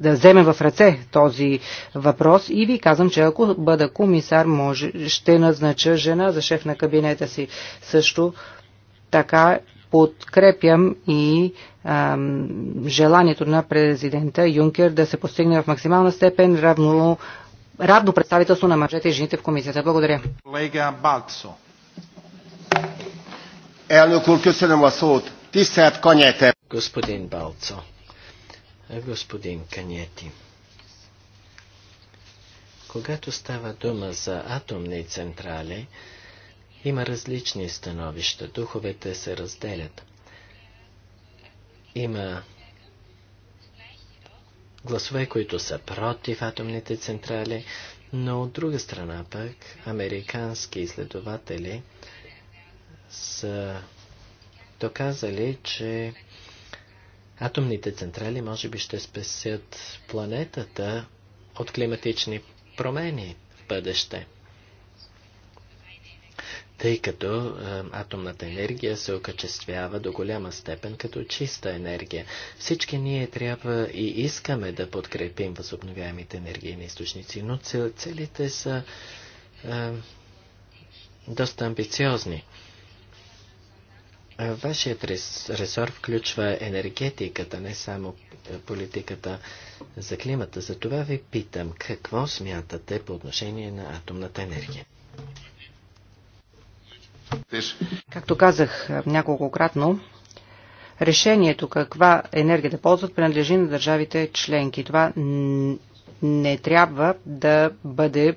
да вземе в ръце този въпрос и ви казвам, че ако бъда комисар, може, ще назнача жена за шеф на кабинета си. Също така подкрепям и ам, желанието на президента Юнкер да се постигне в максимална степен равно, равно представителство на мъжете и жените в комисията. Благодаря. Колега Балцо. Elnök úr, köszönöm a szót. Tisztelt Господин Балцо, господин Канети, когато става дума за атомни централи, има различни становища, духовете се разделят. Има гласове, които са против атомните централи, но от друга страна пък американски изследователи са доказали, че атомните централи може би ще спасят планетата от климатични промени в бъдеще тъй като е, атомната енергия се окачествява до голяма степен като чиста енергия. Всички ние трябва и искаме да подкрепим възобновяемите енергийни източници, но целите са е, доста амбициозни. Е, вашият ресор включва енергетиката, не само е, политиката за климата. За това ви питам, какво смятате по отношение на атомната енергия? Както казах е, няколкократно, решението каква енергия да ползват принадлежи на държавите членки. Това не трябва да бъде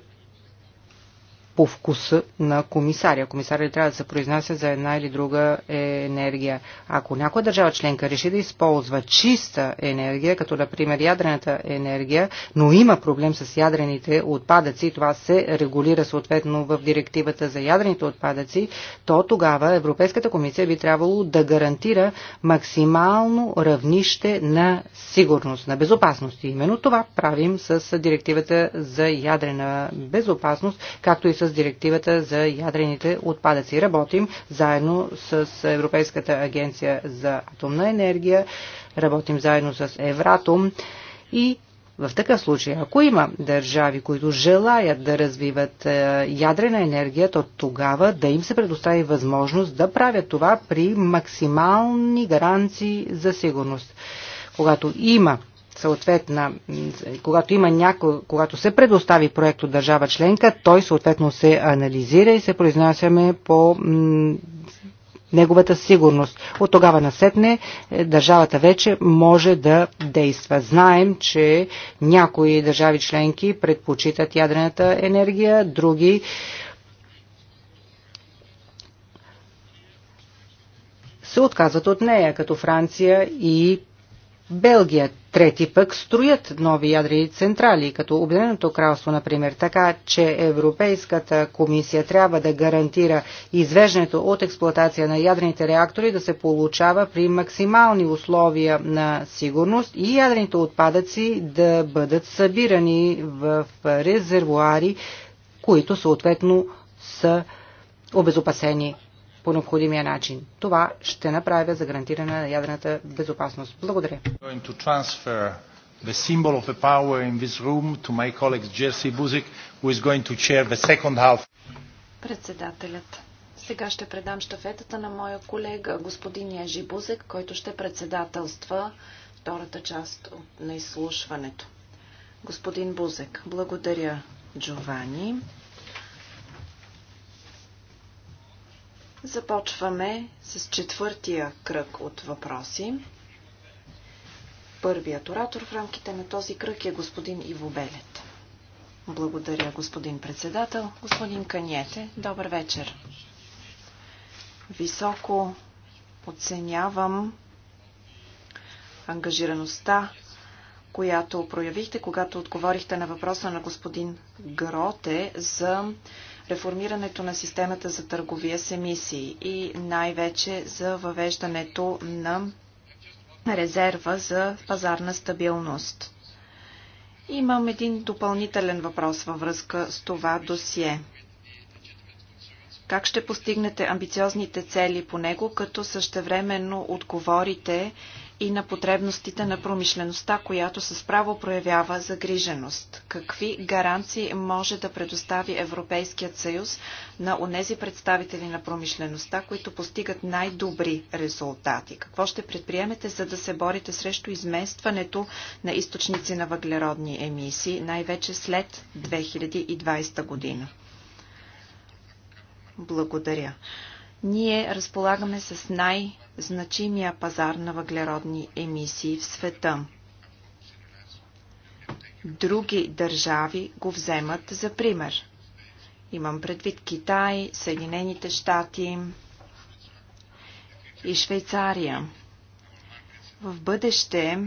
по вкуса на комисаря. Комисаря трябва да се произнася за една или друга енергия. Ако някоя държава членка реши да използва чиста енергия, като например ядрената енергия, но има проблем с ядрените отпадъци, това се регулира съответно в директивата за ядрените отпадъци, то тогава Европейската комисия би трябвало да гарантира максимално равнище на сигурност, на безопасност. И именно това правим с директивата за ядрена безопасност, както и с с директивата за ядрените отпадъци. Работим заедно с Европейската агенция за атомна енергия, работим заедно с Евратом и в такъв случай, ако има държави, които желаят да развиват е, ядрена енергия, то тогава да им се предостави възможност да правят това при максимални гаранции за сигурност. Когато има съответна, когато има някой, когато се предостави проект от държава членка, той съответно се анализира и се произнасяме по неговата сигурност. От тогава насетне е, държавата вече може да действа. Знаем, че някои държави членки предпочитат ядрената енергия, други се отказват от нея, като Франция и Белгия. Трети пък строят нови ядрени централи, като Обединеното кралство, например, така че Европейската комисия трябва да гарантира извеждането от експлоатация на ядрените реактори да се получава при максимални условия на сигурност и ядрените отпадъци да бъдат събирани в резервуари, които съответно са обезопасени по необходимия начин. Това ще направя за гарантиране на ядрената безопасност. Благодаря. The symbol of the power in this room to my colleague Jesse Buzik, who is going to chair the second half. Председателят. Сега ще предам штафетата на моя колега, господин Ежи Бузек, който ще председателства втората част на изслушването. Господин Бузек, благодаря, Джовани. Започваме с четвъртия кръг от въпроси. Първият оратор в рамките на този кръг е господин Иво Белет. Благодаря, господин председател. Господин Каниете, добър вечер. Високо оценявам ангажираността, която проявихте, когато отговорихте на въпроса на господин Гроте за реформирането на системата за търговия с емисии и най-вече за въвеждането на резерва за пазарна стабилност. Имам един допълнителен въпрос във връзка с това досие. Как ще постигнете амбициозните цели по него, като същевременно отговорите и на потребностите на промишлеността, която с право проявява загриженост. Какви гаранции може да предостави Европейският съюз на онези представители на промишлеността, които постигат най-добри резултати? Какво ще предприемете, за да се борите срещу изместването на източници на въглеродни емисии, най-вече след 2020 година? Благодаря. Ние разполагаме с най- значимия пазар на въглеродни емисии в света. Други държави го вземат за пример. Имам предвид Китай, Съединените щати и Швейцария. В бъдеще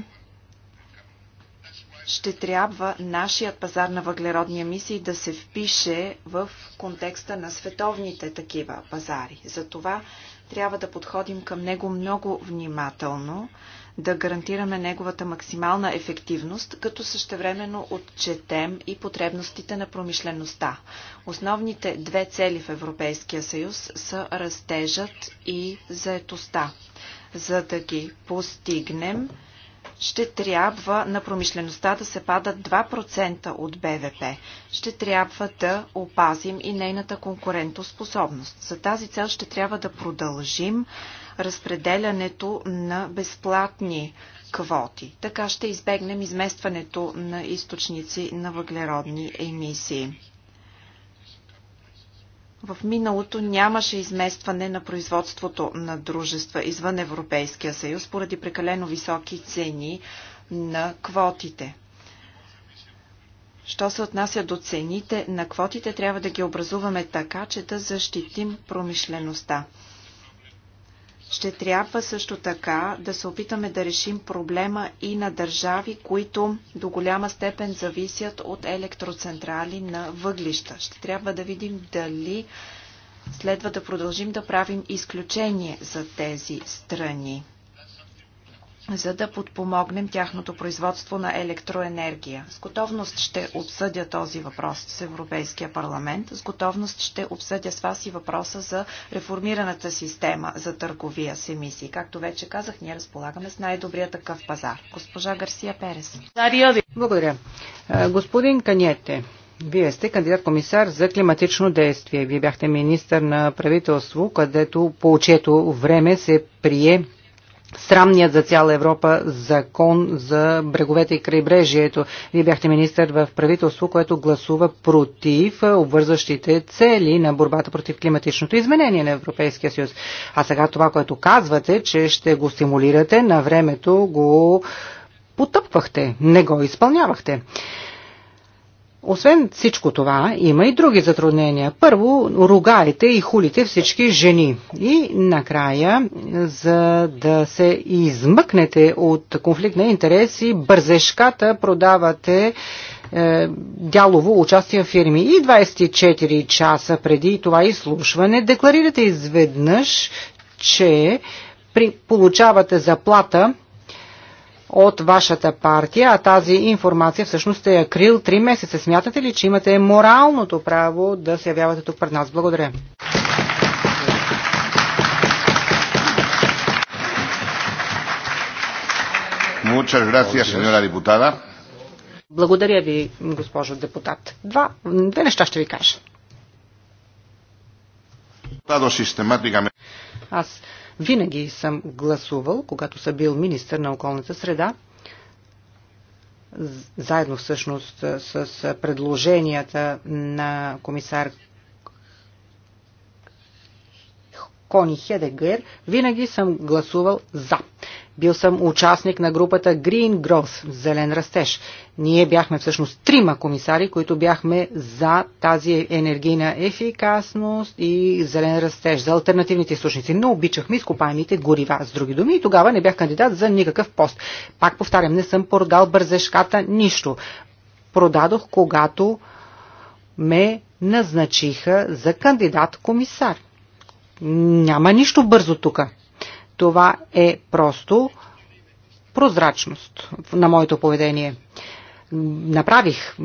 ще трябва нашият пазар на въглеродни емисии да се впише в контекста на световните такива пазари. Затова трябва да подходим към него много внимателно, да гарантираме неговата максимална ефективност, като същевременно отчетем и потребностите на промишлеността. Основните две цели в Европейския съюз са растежът и заетостта. За да ги постигнем, ще трябва на промишлеността да се падат 2% от БВП. Ще трябва да опазим и нейната конкурентоспособност. За тази цел ще трябва да продължим разпределянето на безплатни квоти. Така ще избегнем изместването на източници на въглеродни емисии. В миналото нямаше изместване на производството на дружества извън Европейския съюз поради прекалено високи цени на квотите. Що се отнася до цените на квотите, трябва да ги образуваме така, че да защитим промишлеността. Ще трябва също така да се опитаме да решим проблема и на държави, които до голяма степен зависят от електроцентрали на въглища. Ще трябва да видим дали следва да продължим да правим изключение за тези страни за да подпомогнем тяхното производство на електроенергия. С готовност ще обсъдя този въпрос с Европейския парламент. С готовност ще обсъдя с вас и въпроса за реформираната система за търговия с емисии. Както вече казах, ние разполагаме с най-добрия такъв пазар. Госпожа Гарсия Перес. Благодаря. Господин Каньете, вие сте кандидат-комисар за климатично действие. Вие бяхте министър на правителство, където по чето време се прие срамният за цяла Европа закон за бреговете и крайбрежието. Вие бяхте министър в правителство, което гласува против обвързващите цели на борбата против климатичното изменение на Европейския съюз. А сега това, което казвате, че ще го стимулирате, на времето го потъпвахте, не го изпълнявахте. Освен всичко това, има и други затруднения. Първо, ругаете и хулите всички жени. И накрая, за да се измъкнете от конфликт на интереси, бързешката продавате е, дялово участие в фирми. И 24 часа преди това изслушване декларирате изведнъж, че при, получавате заплата от вашата партия, а тази информация всъщност е крил 3 месеца. Смятате ли, че имате моралното право да се явявате тук пред нас? Благодаря. Благодаря ви, госпожо депутат. Два, две неща ще ви кажа. Аз винаги съм гласувал, когато съм бил министър на околната среда, заедно всъщност с предложенията на комисар Кони Хедегер, винаги съм гласувал за. Бил съм участник на групата Green Growth, зелен растеж. Ние бяхме всъщност трима комисари, които бяхме за тази енергийна ефикасност и зелен растеж, за альтернативните източници. Но обичахме изкопаемите горива, с други думи, и тогава не бях кандидат за никакъв пост. Пак повтарям, не съм продал бързешката нищо. Продадох, когато ме назначиха за кандидат комисар. Няма нищо бързо тук. Това е просто прозрачност на моето поведение направих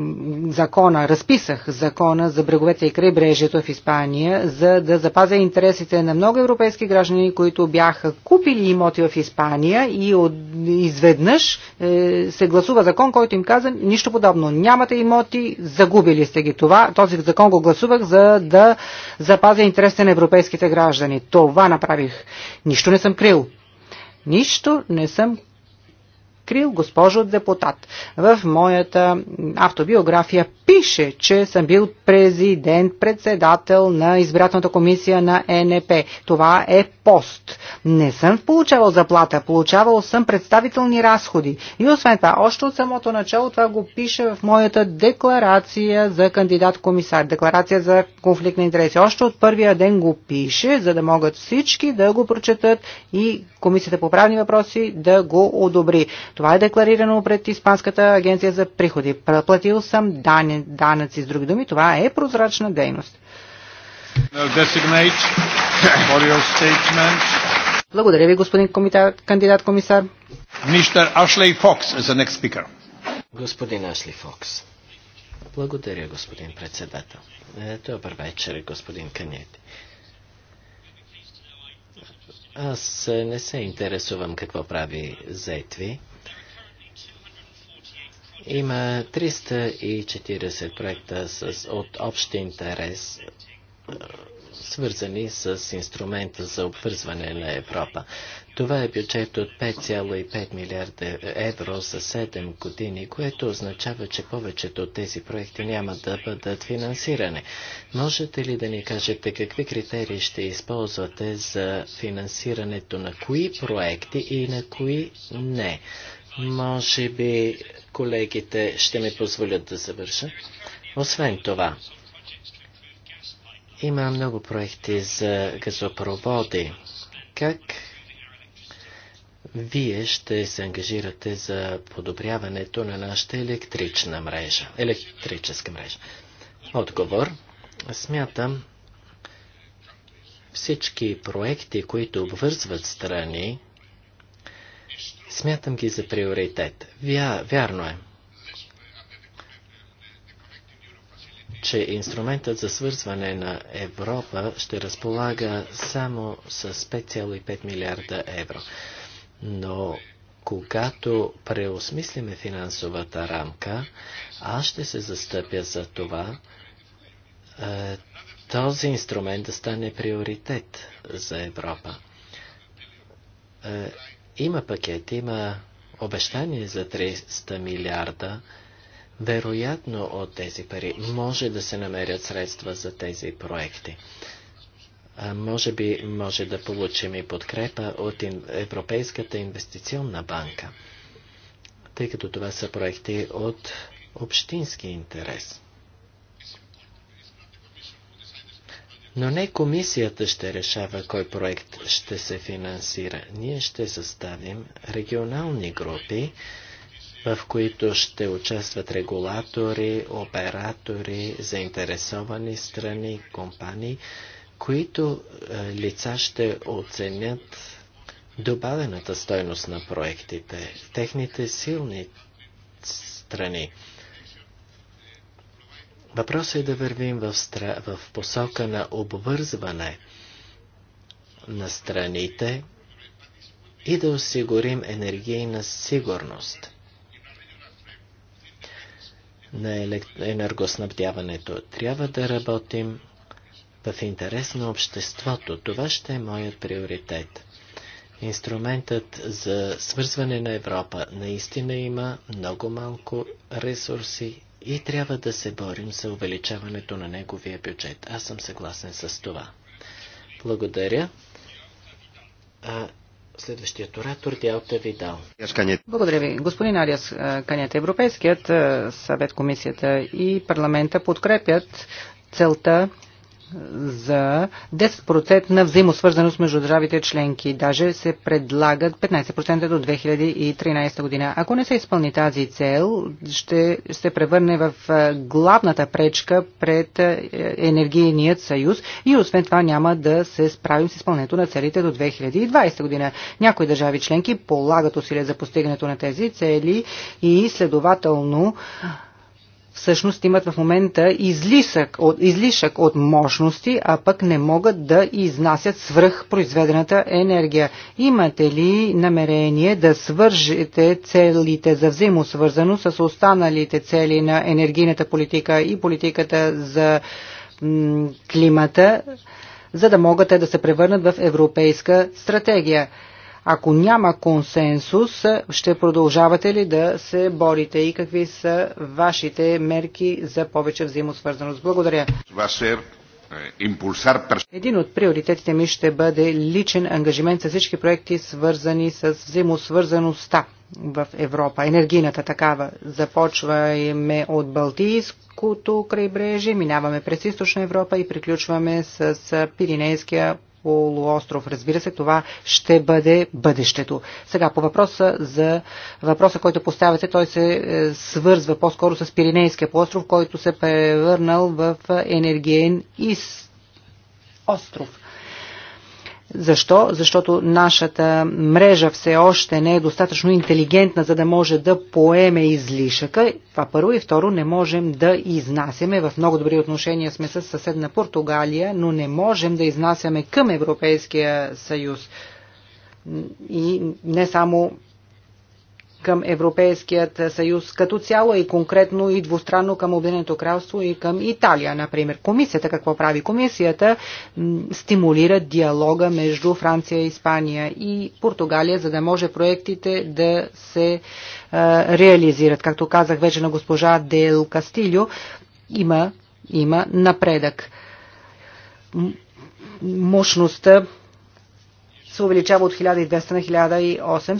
закона, разписах закона за бреговете и крайбрежието в Испания, за да запазя интересите на много европейски граждани, които бяха купили имоти в Испания и от, изведнъж е, се гласува закон, който им каза нищо подобно. Нямате имоти, загубили сте ги това. Този закон го гласувах, за да запазя интересите на европейските граждани. Това направих. Нищо не съм крил. Нищо не съм открил, госпожо депутат. В моята автобиография пише, че съм бил президент, председател на избирателната комисия на е НП. Това е пост. Не съм получавал заплата, получавал съм представителни разходи. И освен това, още от самото начало това го пише в моята декларация за кандидат-комисар, декларация за конфликт на интереси. Още от първия ден го пише, за да могат всички да го прочетат и Комисията по правни въпроси да го одобри. Това е декларирано пред Испанската агенция за приходи. Платил съм дан... данъци. С други думи, това е прозрачна дейност. Благодаря ви, господин кандидат комисар. Мистер Ашли Фокс е the next speaker. Господин Ашли Фокс. Благодаря, господин председател. Е, добър вечер, господин Канети. Аз не се интересувам какво прави Зетви. Има 340 проекта с, от общ интерес, свързани с инструмента за обвързване на Европа. Това е бюджет от 5,5 милиарда евро за 7 години, което означава, че повечето от тези проекти няма да бъдат финансирани. Можете ли да ни кажете какви критерии ще използвате за финансирането на кои проекти и на кои не? Може би колегите ще ми позволят да завърша. Освен това, има много проекти за газопроводи. Как вие ще се ангажирате за подобряването на нашата електрична мрежа, електрическа мрежа? Отговор. Смятам всички проекти, които обвързват страни, Смятам ги за приоритет. Вя, вярно е, че инструментът за свързване на Европа ще разполага само с 5,5 милиарда евро. Но когато преосмислиме финансовата рамка, аз ще се застъпя за това е, този инструмент да стане приоритет за Европа. Е, има пакет, има обещание за 300 милиарда. Вероятно от тези пари може да се намерят средства за тези проекти. А може би може да получим и подкрепа от Европейската инвестиционна банка, тъй като това са проекти от общински интерес. Но не комисията ще решава кой проект ще се финансира. Ние ще съставим регионални групи, в които ще участват регулатори, оператори, заинтересовани страни, компании, които е, лица ще оценят добавената стойност на проектите, техните силни страни. Въпросът е да вървим в, стра... в посока на обвързване на страните и да осигурим енергийна сигурност на енергоснабдяването. Трябва да работим в интерес на обществото. Това ще е моят приоритет. Инструментът за свързване на Европа наистина има много малко ресурси и трябва да се борим за увеличаването на неговия бюджет. Аз съм съгласен с това. Благодаря. А, следващият оратор Диалта Видал. Благодаря ви. Господин Ариас Канет, Европейският съвет, комисията и парламента подкрепят целта за 10% на взаимосвързаност между държавите членки. Даже се предлагат 15% до 2013 година. Ако не се изпълни тази цел, ще се превърне в главната пречка пред енергийният съюз и освен това няма да се справим с изпълнението на целите до 2020 година. Някои държави членки полагат усилия за постигането на тези цели и следователно всъщност имат в момента излишък от, излишък от мощности, а пък не могат да изнасят свръх произведената енергия. Имате ли намерение да свържете целите за взаимосвързано с останалите цели на енергийната политика и политиката за климата, за да могат да се превърнат в европейска стратегия? Ако няма консенсус, ще продължавате ли да се борите и какви са вашите мерки за повече взаимосвързаност? Благодаря. Eh, Един от приоритетите ми ще бъде личен ангажимент с всички проекти, свързани с взаимосвързаността в Европа, енергийната такава. Започваме от Балтийското крайбрежие, минаваме през Източна Европа и приключваме с Пиринейския полуостров. Разбира се, това ще бъде бъдещето. Сега по въпроса за въпроса, който поставяте, той се е, свързва по-скоро с Пиринейския полуостров, който се превърнал в е, енергиен из... остров. Защо? Защото нашата мрежа все още не е достатъчно интелигентна, за да може да поеме излишъка. Това първо и второ не можем да изнасяме. В много добри отношения сме с съседна Португалия, но не можем да изнасяме към Европейския съюз. И не само към Европейският съюз като цяло и конкретно и двустранно към Обединеното кралство и към Италия, например. Комисията какво прави? Комисията стимулира диалога между Франция, Испания и Португалия, за да може проектите да се а, реализират. Както казах вече на госпожа Дел Кастилю, има, има напредък. Мощността се увеличава от 1200 на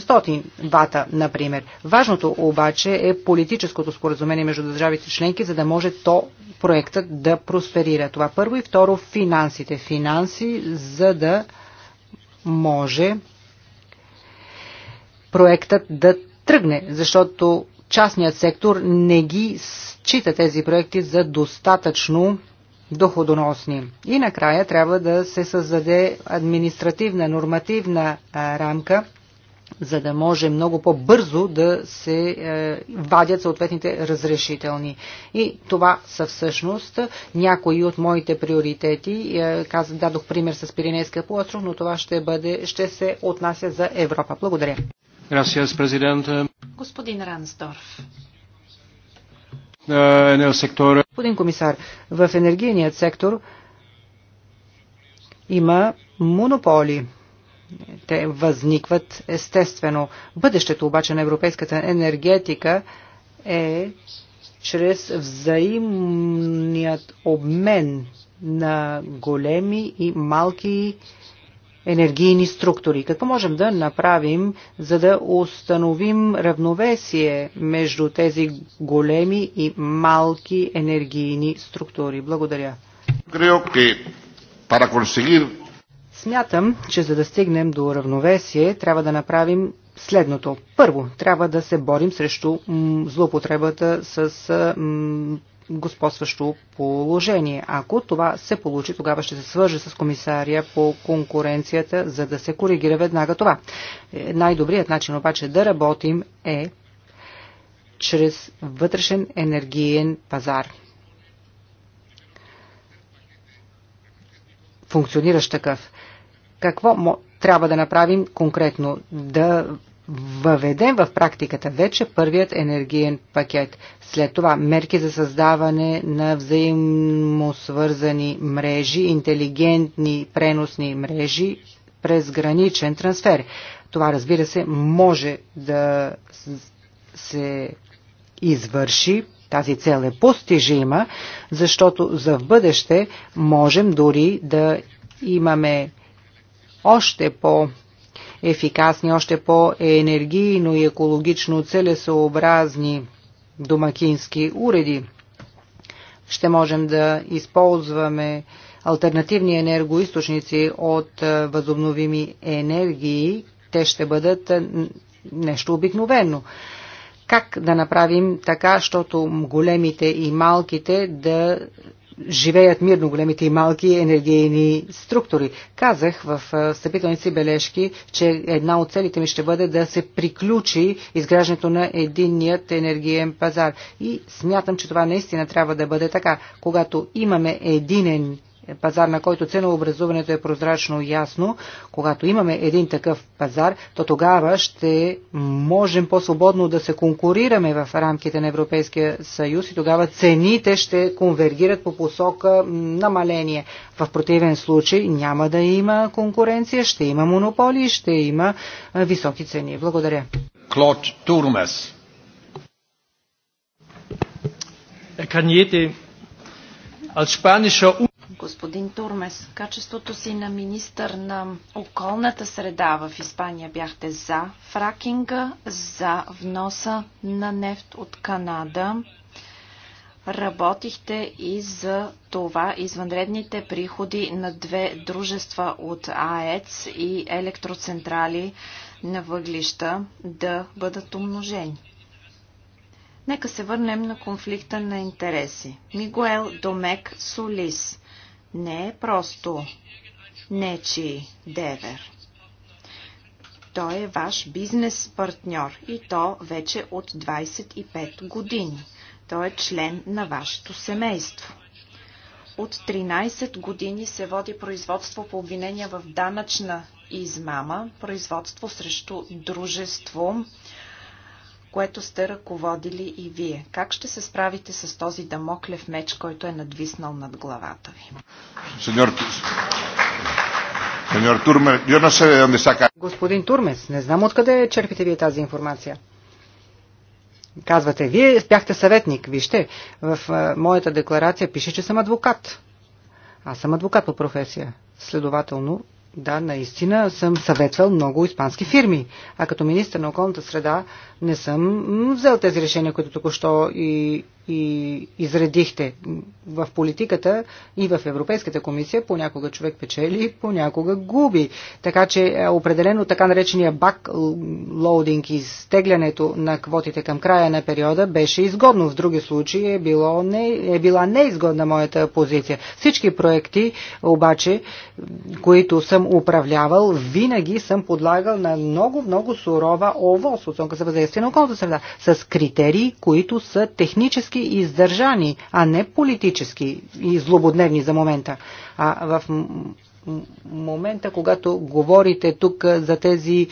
1800 вата, например. Важното обаче е политическото споразумение между държавите членки, за да може то проектът да просперира. Това първо и второ финансите. Финанси, за да може проектът да тръгне, защото частният сектор не ги счита тези проекти за достатъчно доходоносни. И накрая трябва да се създаде административна, нормативна рамка, за да може много по-бързо да се е, вадят съответните разрешителни. И това са всъщност някои от моите приоритети. Е, каз, дадох пример с Пиринейския полуостров, но това ще, бъде, ще се отнася за Европа. Благодаря. Gracias, президента. Господин Рансдорф. Е, сектора Господин комисар, в енергийният сектор има монополи. Те възникват естествено. Бъдещето обаче на европейската енергетика е чрез взаимният обмен на големи и малки енергийни структури. Какво можем да направим, за да установим равновесие между тези големи и малки енергийни структури? Благодаря. Смятам, че за да стигнем до равновесие, трябва да направим следното. Първо, трябва да се борим срещу злоупотребата с господстващо положение. Ако това се получи, тогава ще се свърже с комисария по конкуренцията, за да се коригира веднага това. Е, най-добрият начин обаче да работим е чрез вътрешен енергиен пазар. Функциониращ такъв. Какво трябва да направим конкретно? Да въведен в практиката вече първият енергиен пакет. След това мерки за създаване на взаимосвързани мрежи, интелигентни преносни мрежи през граничен трансфер. Това разбира се може да се извърши тази цел е постижима, защото за в бъдеще можем дори да имаме още по ефикасни още по-енергийно и екологично целесообразни домакински уреди. Ще можем да използваме альтернативни енергоисточници от е, възобновими енергии. Те ще бъдат е, нещо обикновено как да направим така, защото големите и малките да живеят мирно големите и малки енергийни структури. Казах в встъпителните си бележки, че една от целите ми ще бъде да се приключи изграждането на единният енергиен пазар. И смятам, че това наистина трябва да бъде така. Когато имаме единен пазар, на който ценообразуването е прозрачно и ясно, когато имаме един такъв пазар, то тогава ще можем по-свободно да се конкурираме в рамките на Европейския съюз и тогава цените ще конвергират по посока намаление. В противен случай няма да има конкуренция, ще има монополи, ще има високи цени. Благодаря. Клод Турмес. Каниете, er als spanischer господин Турмес. В качеството си на министър на околната среда в Испания бяхте за фракинга, за вноса на нефт от Канада. Работихте и за това извънредните приходи на две дружества от АЕЦ и електроцентрали на въглища да бъдат умножени. Нека се върнем на конфликта на интереси. Мигуел Домек Солис не е просто нечи девер. Той е ваш бизнес партньор и то вече от 25 години. Той е член на вашето семейство. От 13 години се води производство по обвинения в данъчна измама, производство срещу дружество, което сте ръководили и вие. Как ще се справите с този дамоклев меч, който е надвиснал над главата ви? Сеньор, сеньор Турмес, не ами Господин Турмес, не знам откъде черпите вие тази информация. Казвате, вие бяхте съветник, вижте, в моята декларация пише, че съм адвокат. Аз съм адвокат по професия. Следователно, да, наистина съм съветвал много испански фирми, а като министр на околната среда не съм взел тези решения, които току-що и и изредихте в политиката и в Европейската комисия, понякога човек печели, понякога губи. Така че е, определено така наречения баклоудинг, изтеглянето на квотите към края на периода беше изгодно. В други случаи е, било не, е била неизгодна моята позиция. Всички проекти, обаче, които съм управлявал, винаги съм подлагал на много-много сурова ОВОС, оценка за въздействие на околната среда, с критерии, които са технически политически издържани, а не политически и злободневни за момента. А в момента, когато говорите тук за тези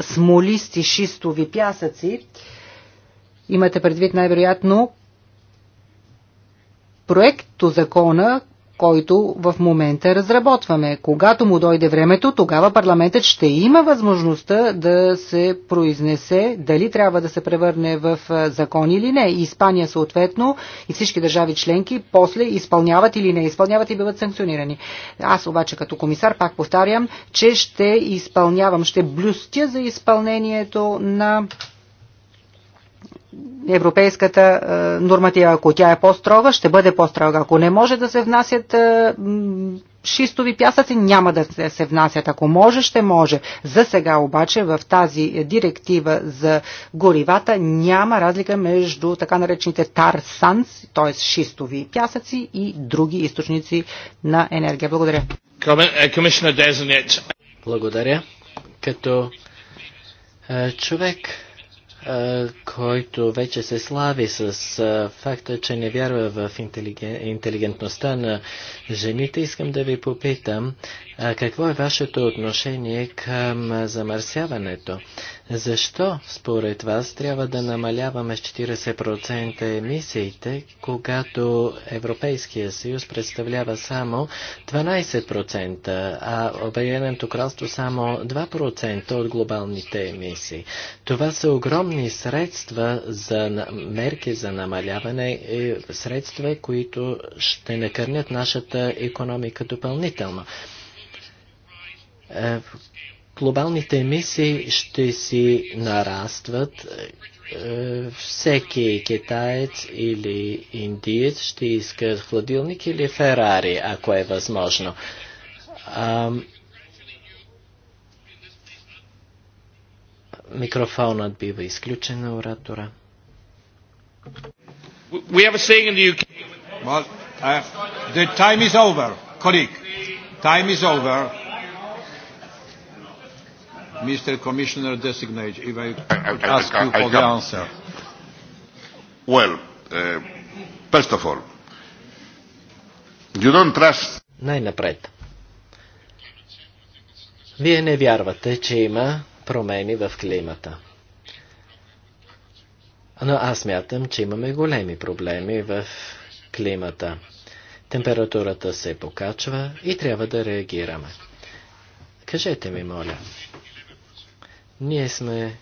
смолисти, шистови пясъци, имате предвид най-вероятно проекто закона, който в момента разработваме. Когато му дойде времето, тогава парламентът ще има възможността да се произнесе дали трябва да се превърне в закон или не. И Испания съответно и всички държави членки после изпълняват или не изпълняват и биват санкционирани. Аз обаче като комисар пак повтарям, че ще изпълнявам, ще блюстя за изпълнението на европейската е, норматива. Ако тя е по-строга, ще бъде по-строга. Ако не може да се внасят е, шистови пясъци, няма да се внасят. Ако може, ще може. За сега обаче в тази директива за горивата няма разлика между така наречените тарсанс, т.е. шистови пясъци и други източници на енергия. Благодаря. Uh, Благодаря. Като е, човек, който вече се слави с факта, че не вярва в интелиген... интелигентността на жените, искам да ви попитам какво е вашето отношение към замърсяването. Защо според вас трябва да намаляваме с 40% емисиите, когато Европейския съюз представлява само 12%, а Обединеното кралство само 2% от глобалните емисии? Това са огромни огромни средства за мерки за намаляване и средства, които ще накърнят нашата економика допълнително. Е, глобалните емисии ще си нарастват. Е, всеки китаец или индиец ще иска хладилник или Ферари, ако е възможно. Микрофонът бива изключен на оратора. We have a saying in the UK. Well, uh, the time is over, colleague. Time is over. Mr. Commissioner designate, if I, I, I ask I, I, you for I the answer. Well, uh, first of all, you don't trust. Най-напред. Вие не вярвате, че има промени в климата. Но аз мятам, че имаме големи проблеми в климата. Температурата се покачва и трябва да реагираме. Кажете ми, моля. Ние сме...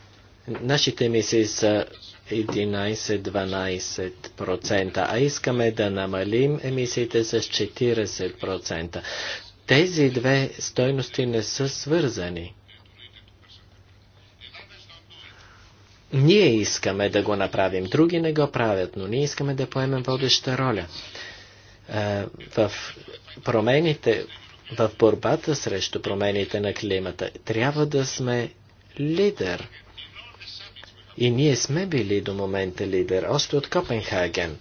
Нашите емисии са 11-12%, а искаме да намалим емисиите с 40%. Тези две стойности не са свързани. Ние искаме да го направим, други не го правят, но ние искаме да поемем водеща роля. Е, в промените, в борбата срещу промените на климата, трябва да сме лидер. И ние сме били до момента лидер, още от Копенхаген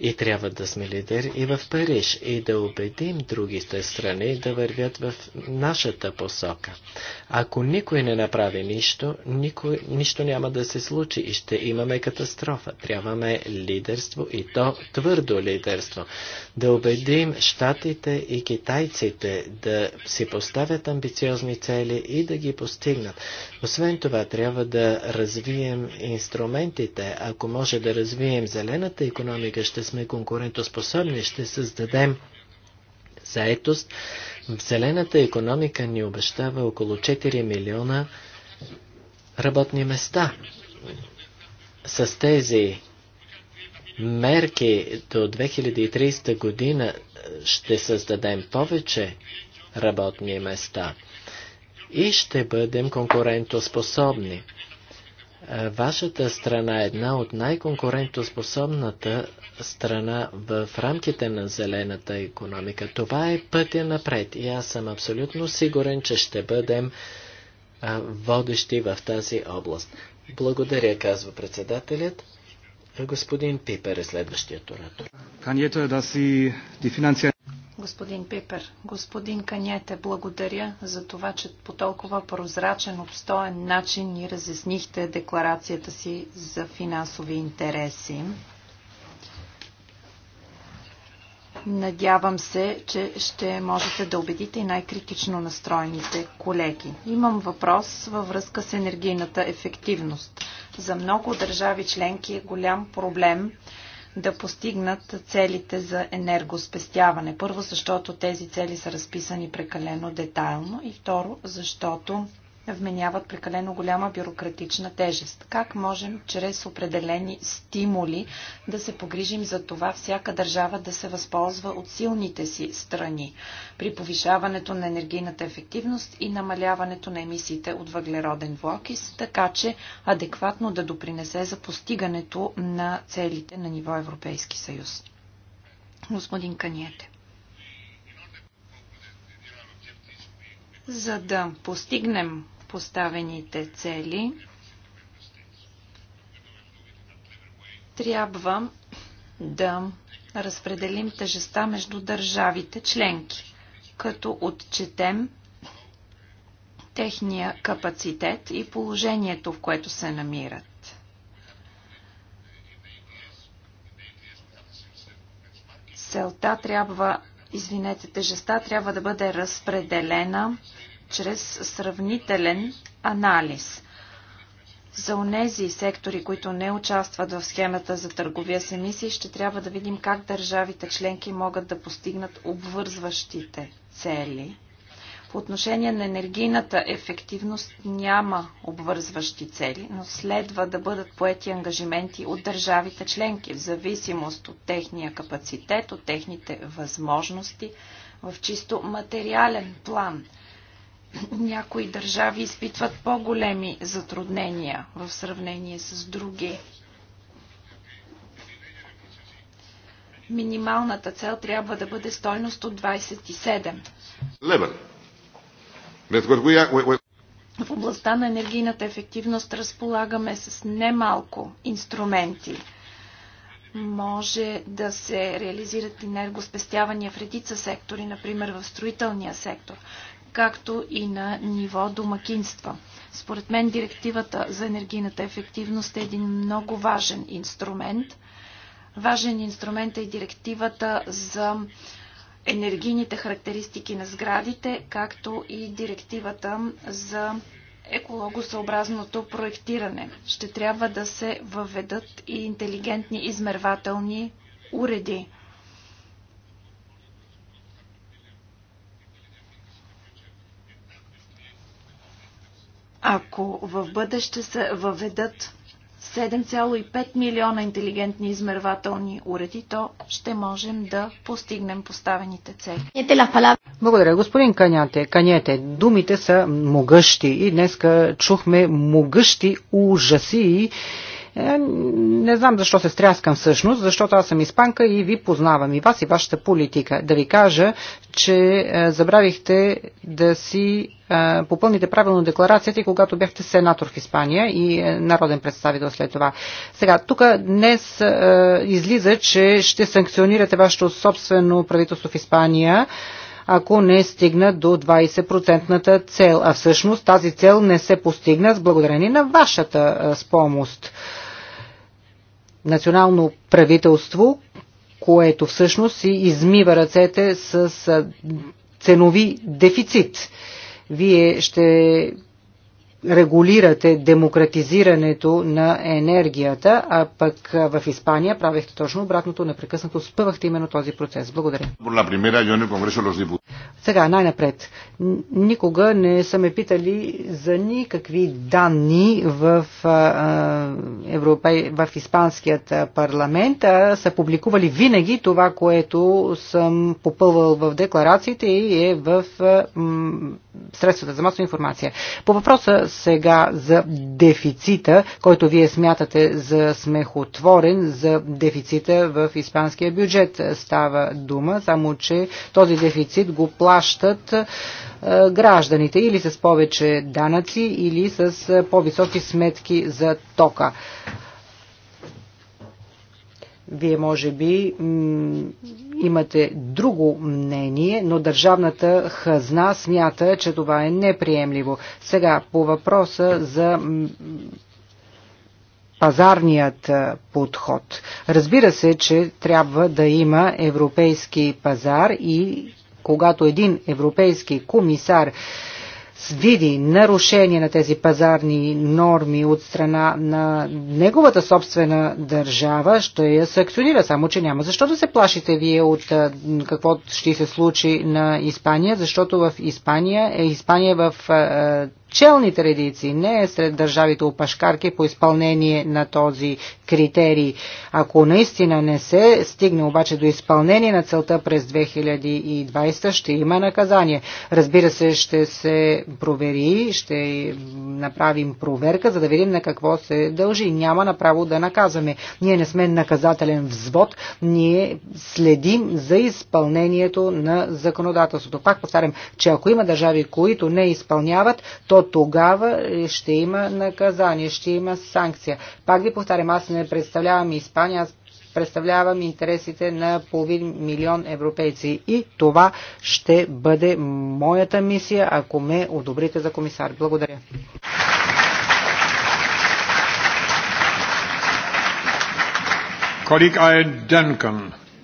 и трябва да сме лидер и в Париж и да убедим другите страни да вървят в нашата посока. Ако никой не направи нищо, никой, нищо няма да се случи и ще имаме катастрофа. Трябваме лидерство и то твърдо лидерство. Да убедим щатите и китайците да си поставят амбициозни цели и да ги постигнат. Освен това, трябва да развием инструментите. Ако може да развием зелената економика, ще сме конкурентоспособни, ще създадем заетост. Зелената економика ни обещава около 4 милиона работни места. С тези мерки до 2030 година ще създадем повече работни места и ще бъдем конкурентоспособни. Е, вашата страна е една от най-конкурентоспособната страна в рамките на зелената економика. Това е пътя напред и аз съм абсолютно сигурен, че ще бъдем е, водещи в тази област. Благодаря, казва председателят. Господин Пипер е следващият оратор. Господин Пипер, господин Каняте, благодаря за това, че по толкова прозрачен, обстоен начин ни разяснихте декларацията си за финансови интереси. Надявам се, че ще можете да убедите и най-критично настроените колеги. Имам въпрос във връзка с енергийната ефективност. За много държави членки е голям проблем да постигнат целите за енергоспестяване. Първо, защото тези цели са разписани прекалено детайлно и второ, защото вменяват прекалено голяма бюрократична тежест. Как можем чрез определени стимули да се погрижим за това всяка държава да се възползва от силните си страни при повишаването на енергийната ефективност и намаляването на емисиите от въглероден двуокис, така че адекватно да допринесе за постигането на целите на ниво Европейски съюз? Господин Каниете. За да постигнем поставените цели, трябва да разпределим тежеста между държавите членки, като отчетем техния капацитет и положението, в което се намират. Целта трябва, извинете, тежеста трябва да бъде разпределена чрез сравнителен анализ. За онези сектори, които не участват в схемата за търговия с емисии, ще трябва да видим как държавите членки могат да постигнат обвързващите цели. По отношение на енергийната ефективност няма обвързващи цели, но следва да бъдат поети ангажименти от държавите членки в зависимост от техния капацитет, от техните възможности в чисто материален план – някои държави изпитват по-големи затруднения в сравнение с други. Минималната цел трябва да бъде стойност от 27. В областта на енергийната ефективност разполагаме с немалко инструменти може да се реализират енергоспестявания в редица сектори, например в строителния сектор както и на ниво домакинства. Според мен директивата за енергийната ефективност е един много важен инструмент. Важен инструмент е и директивата за енергийните характеристики на сградите, както и директивата за екологосъобразното проектиране. Ще трябва да се въведат и интелигентни измервателни уреди. Ако в бъдеще се въведат 7,5 милиона интелигентни измервателни уреди, то ще можем да постигнем поставените цели. Благодаря, господин Каняте. Каняте, думите са могъщи и днеска чухме могъщи ужаси е, не знам защо се стряскам всъщност, защото аз съм испанка и ви познавам и вас и вашата политика. Да ви кажа, че е, забравихте да си е, попълните правилно декларацията и когато бяхте сенатор в Испания и е, народен представител след това. Сега, тук днес е, излиза, че ще санкционирате вашето собствено правителство в Испания ако не стигна до 20 цел. А всъщност тази цел не се постигна с благодарение на вашата е, спомост национално правителство, което всъщност си измива ръцете с ценови дефицит. Вие ще регулирате демократизирането на енергията, а пък в Испания правехте точно обратното, непрекъснато спъвахте именно този процес. Благодаря. Сега, най-напред. Никога не са ме питали за никакви данни в, европей, в Испанският парламент, а са публикували винаги това, което съм попълвал в декларациите и е в средствата за масова информация. По въпроса сега за дефицита, който вие смятате за смехотворен, за дефицита в испанския бюджет става дума, само че този дефицит го плащат е, гражданите или с повече данъци, или с е, по-високи сметки за тока. Вие може би имате друго мнение, но държавната хазна смята, че това е неприемливо. Сега по въпроса за пазарният подход. Разбира се, че трябва да има европейски пазар и когато един европейски комисар с види нарушение на тези пазарни норми от страна на неговата собствена държава, ще я санкционира, само че няма. Защо да се плашите вие от какво ще се случи на Испания? Защото в Испания, е, Испания е в Челни традиции не е сред държавите опашкарки по изпълнение на този критерий. Ако наистина не се стигне обаче до изпълнение на целта през 2020, ще има наказание. Разбира се, ще се провери, ще направим проверка, за да видим на какво се дължи. Няма направо да наказваме. Ние не сме наказателен взвод, ние следим за изпълнението на законодателството. Пак повтарям, че ако има държави, които не изпълняват, то тогава ще има наказание, ще има санкция. Пак ви повтарям, аз не представлявам Испания, аз представлявам интересите на половин милион европейци. И това ще бъде моята мисия, ако ме одобрите за комисар. Благодаря.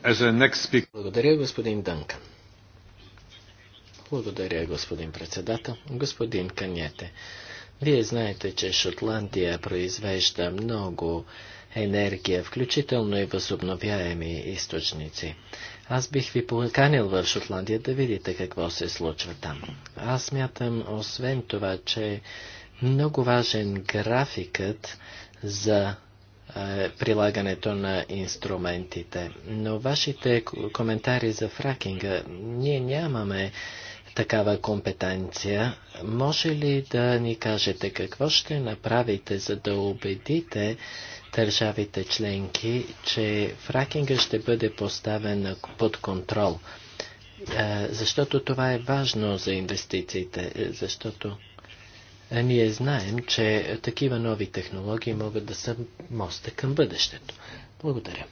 Благодаря, господин Дънкан. Благодаря, господин председател. Господин Каняте, вие знаете, че Шотландия произвежда много енергия, включително и възобновяеми източници. Аз бих ви поканил в Шотландия да видите какво се случва там. Аз мятам, освен това, че е много важен графикът за е, прилагането на инструментите. Но вашите коментари за фракинга, ние нямаме такава компетенция. Може ли да ни кажете какво ще направите, за да убедите държавите членки, че фракинга ще бъде поставен под контрол? Е, защото това е важно за инвестициите, е, защото е, ние знаем, че такива нови технологии могат да са моста към бъдещето. Благодаря.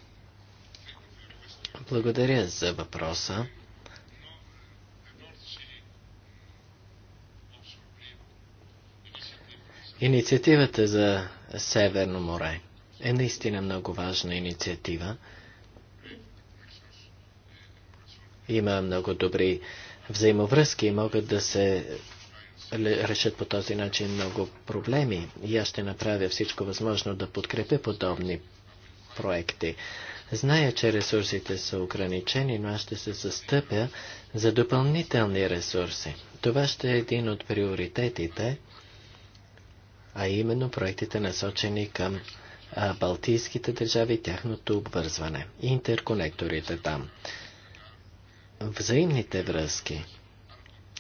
Благодаря за въпроса. Инициативата за Северно море е наистина много важна инициатива. Има много добри взаимовръзки и могат да се решат по този начин много проблеми. И аз ще направя всичко възможно да подкрепя подобни проекти. Зная, че ресурсите са ограничени, но аз ще се застъпя за допълнителни ресурси. Това ще е един от приоритетите а именно проектите насочени към Балтийските държави и тяхното обвързване. Интерконекторите там. Взаимните връзки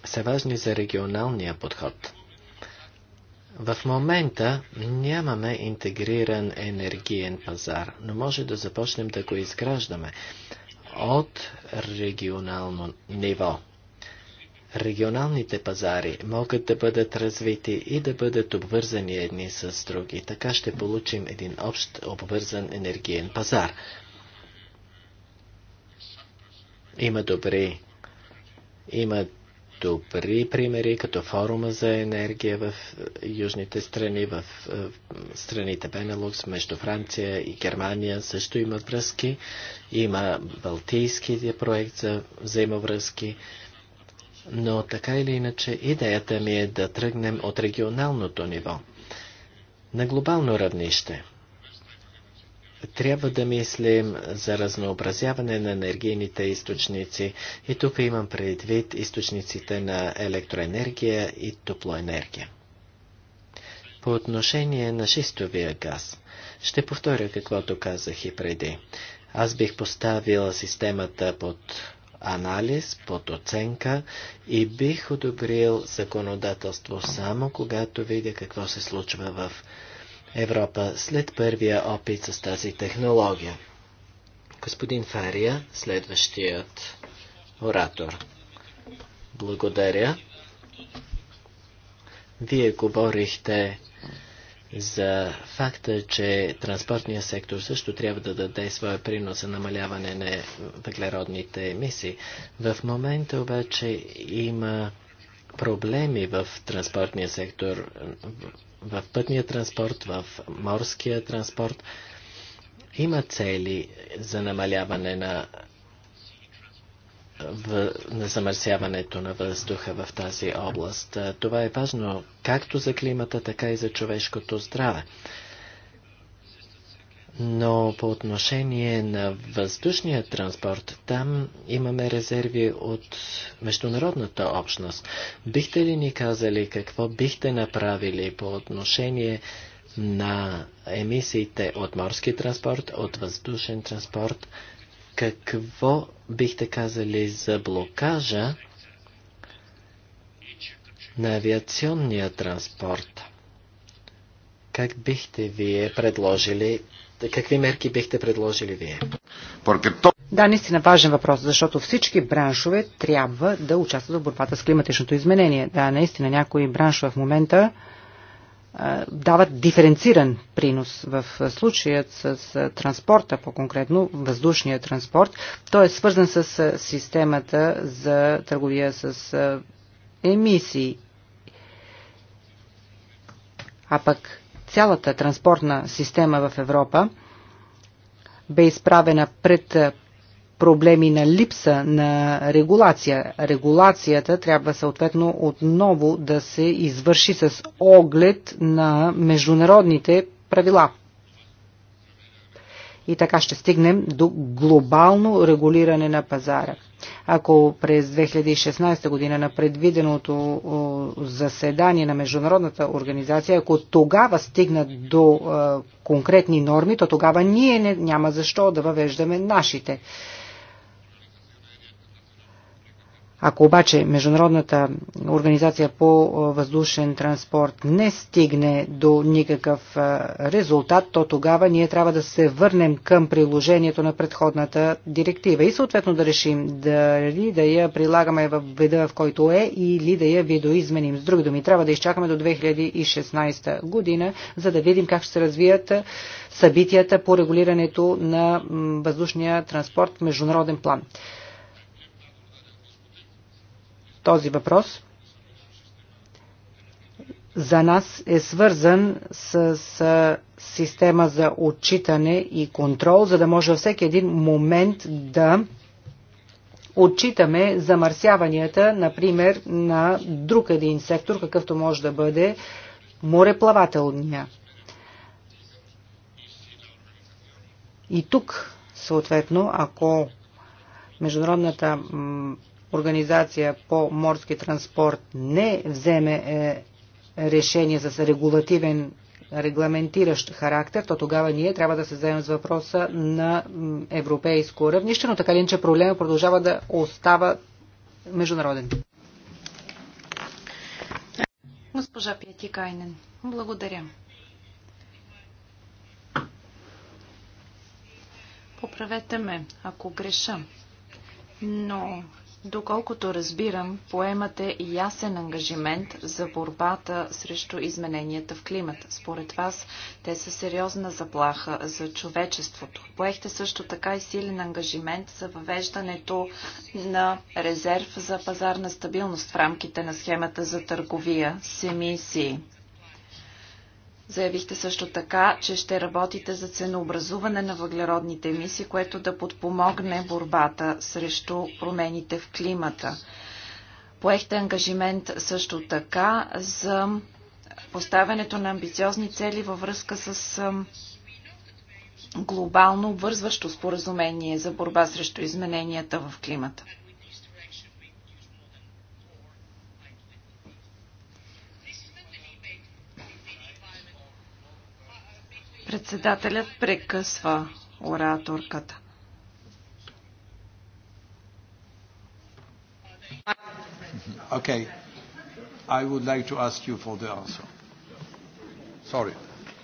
са важни за регионалния подход. В момента нямаме интегриран енергиен пазар, но може да започнем да го изграждаме от регионално ниво регионалните пазари могат да бъдат развити и да бъдат обвързани едни с други. Така ще получим един общ обвързан енергиен пазар. Има добри, има добри примери, като форума за енергия в е, южните страни, в, е, в страните Бенелукс, между Франция и Германия също има връзки. Има Балтийския проект за взаимовръзки но така или иначе идеята ми е да тръгнем от регионалното ниво. На глобално равнище трябва да мислим за разнообразяване на енергийните източници и тук имам предвид източниците на електроенергия и топлоенергия. По отношение на шистовия газ, ще повторя каквото казах и преди. Аз бих поставила системата под анализ, под оценка и бих одобрил законодателство само когато видя какво се случва в Европа след първия опит с тази технология. Господин Фария, следващият оратор. Благодаря. Вие говорихте за факта, че транспортния сектор също трябва да даде своя принос за намаляване на въглеродните емисии. В момента обаче има проблеми в транспортния сектор, в пътния транспорт, в морския транспорт. Има цели за намаляване на в, на замърсяването на въздуха в тази област. Това е важно както за климата, така и за човешкото здраве. Но по отношение на въздушния транспорт, там имаме резерви от международната общност. Бихте ли ни казали какво бихте направили по отношение на емисиите от морски транспорт, от въздушен транспорт? Какво бихте казали за блокажа на авиационния транспорт? Как бихте вие предложили, какви мерки бихте предложили вие? Да, наистина важен въпрос, защото всички браншове трябва да участват в борбата с климатичното изменение. Да, наистина някои браншове в момента дават диференциран принос. В случаят с транспорта, по-конкретно въздушния транспорт, той е свързан с системата за търговия с емисии. А пък цялата транспортна система в Европа бе изправена пред проблеми на липса на регулация. Регулацията трябва съответно отново да се извърши с оглед на международните правила. И така ще стигнем до глобално регулиране на пазара. Ако през 2016 година на предвиденото заседание на Международната организация, ако тогава стигнат до конкретни норми, то тогава ние не, няма защо да въвеждаме нашите. Ако обаче Международната организация по въздушен транспорт не стигне до никакъв резултат, то тогава ние трябва да се върнем към приложението на предходната директива и съответно да решим дали да я прилагаме в вида, в който е или да я видоизменим. С други думи, трябва да изчакаме до 2016 година, за да видим как ще се развият събитията по регулирането на въздушния транспорт в международен план. Този въпрос за нас е свързан с, с система за отчитане и контрол, за да може във всеки един момент да отчитаме замърсяванията, например, на друг един сектор, какъвто може да бъде мореплавателния. И тук, съответно, ако международната организация по морски транспорт не вземе е, решение с регулативен регламентиращ характер, то тогава ние трябва да се вземем с въпроса на европейско равнище, но така ли, че проблема продължава да остава международен. Госпожа Пети Кайнен, благодаря. Поправете ме, ако греша, но Доколкото разбирам, поемате ясен ангажимент за борбата срещу измененията в климата. Според вас те са сериозна заплаха за човечеството. Поехте също така и силен ангажимент за въвеждането на резерв за пазарна стабилност в рамките на схемата за търговия с емисии. Заявихте също така, че ще работите за ценообразуване на въглеродните емисии, което да подпомогне борбата срещу промените в климата. Поехте ангажимент също така за поставянето на амбициозни цели във връзка с глобално обвързващо споразумение за борба срещу измененията в климата. Председателят прекъсва ораторката. Okay. I would like to ask you for the answer. Sorry.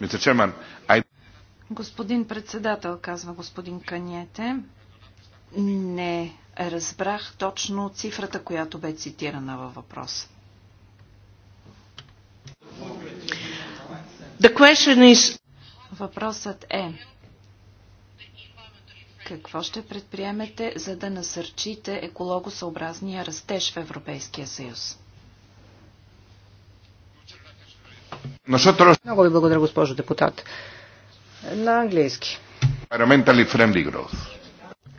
Mr. Chairman, I... Господин председател, казва господин Каниете, не разбрах точно цифрата, която бе цитирана във въпроса. The question is Въпросът е какво ще предприемете, за да насърчите екологосъобразния растеж в Европейския съюз? Много ви благодаря, госпожо депутат. На английски.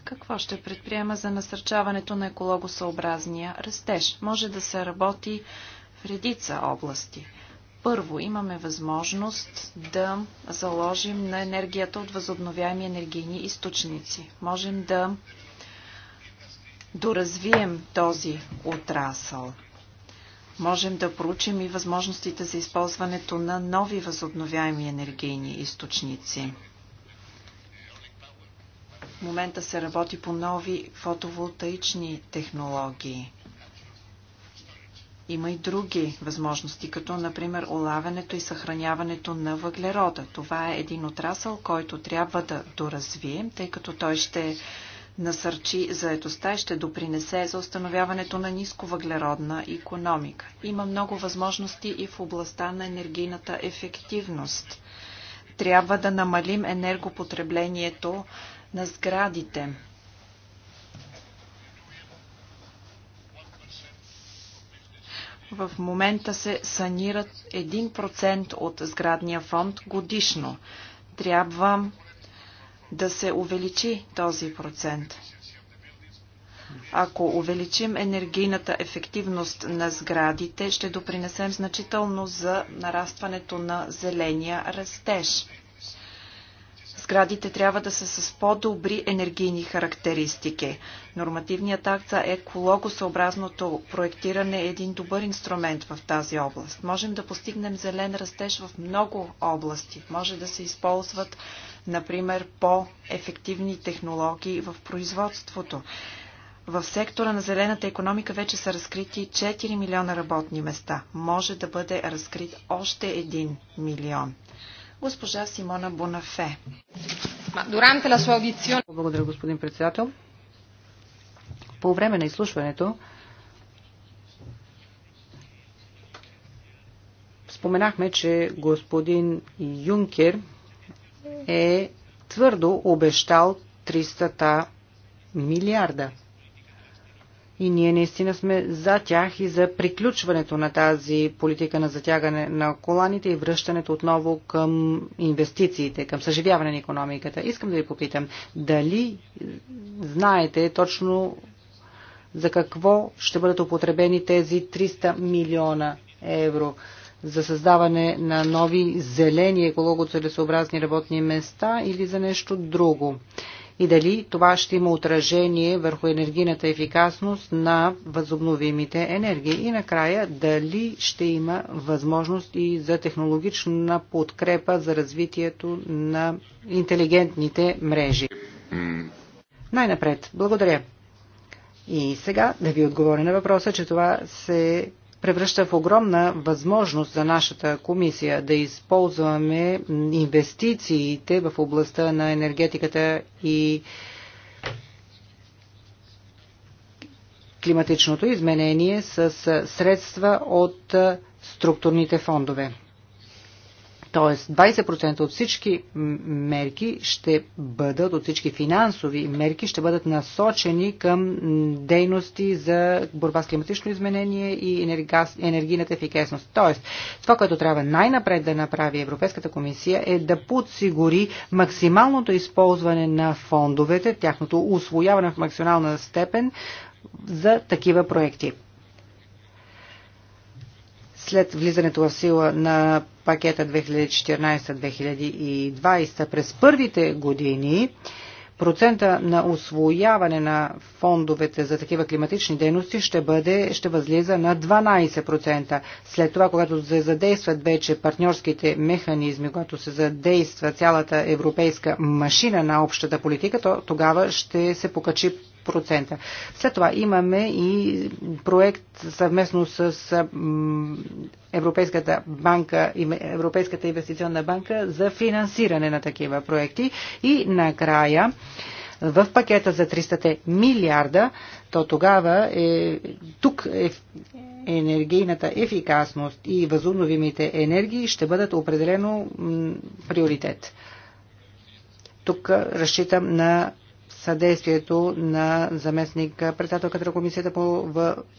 Какво ще предприема за насърчаването на екологосъобразния растеж? Може да се работи в редица области – първо, имаме възможност да заложим на енергията от възобновяеми енергийни източници. Можем да доразвием този отрасъл. Можем да проучим и възможностите за използването на нови възобновяеми енергийни източници. В момента се работи по нови фотоволтаични технологии. Има и други възможности, като например олавянето и съхраняването на въглерода. Това е един отрасъл, който трябва да доразвием, тъй като той ще насърчи заедостта и ще допринесе за установяването на ниско въглеродна економика. Има много възможности и в областта на енергийната ефективност. Трябва да намалим енергопотреблението на сградите. В момента се санират 1% от сградния фонд годишно. Трябва да се увеличи този процент. Ако увеличим енергийната ефективност на сградите, ще допринесем значително за нарастването на зеления растеж. Сградите трябва да са с по-добри енергийни характеристики. Нормативният акт за екологосъобразното проектиране е един добър инструмент в тази област. Можем да постигнем зелен растеж в много области. Може да се използват, например, по-ефективни технологии в производството. В сектора на зелената економика вече са разкрити 4 милиона работни места. Може да бъде разкрит още 1 милион госпожа Симона Бонафе. Благодаря, господин председател. По време на изслушването споменахме, че господин Юнкер е твърдо обещал 300 милиарда – и ние наистина сме за тях и за приключването на тази политика на затягане на коланите и връщането отново към инвестициите, към съживяване на економиката. Искам да ви попитам, дали знаете точно за какво ще бъдат употребени тези 300 милиона евро за създаване на нови зелени екологоцелесообразни работни места или за нещо друго и дали това ще има отражение върху енергийната ефикасност на възобновимите енергии. И накрая дали ще има възможност и за технологична подкрепа за развитието на интелигентните мрежи. Най-напред, благодаря. И сега да ви отговоря на въпроса, че това се превръща в огромна възможност за нашата комисия да използваме инвестициите в областта на енергетиката и климатичното изменение с средства от структурните фондове. Тоест 20% от всички мерки ще бъдат, от всички финансови мерки ще бъдат насочени към дейности за борба с климатично изменение и енергийната ефикасност. Тоест, това, което трябва най-напред да направи Европейската комисия е да подсигури максималното използване на фондовете, тяхното усвояване в максимална степен за такива проекти след влизането в сила на пакета 2014-2020 през първите години процента на освояване на фондовете за такива климатични дейности ще, бъде, ще възлиза на 12%. След това, когато се задействат вече партньорските механизми, когато се задейства цялата европейска машина на общата политика, то тогава ще се покачи след това имаме и проект съвместно с Европейската, банка, Европейската инвестиционна банка за финансиране на такива проекти. И накрая в пакета за 300 милиарда, то тогава е, тук е, енергийната ефикасност и възобновимите енергии ще бъдат определено приоритет. Тук разчитам на съдействието на заместник председателката на Комисията по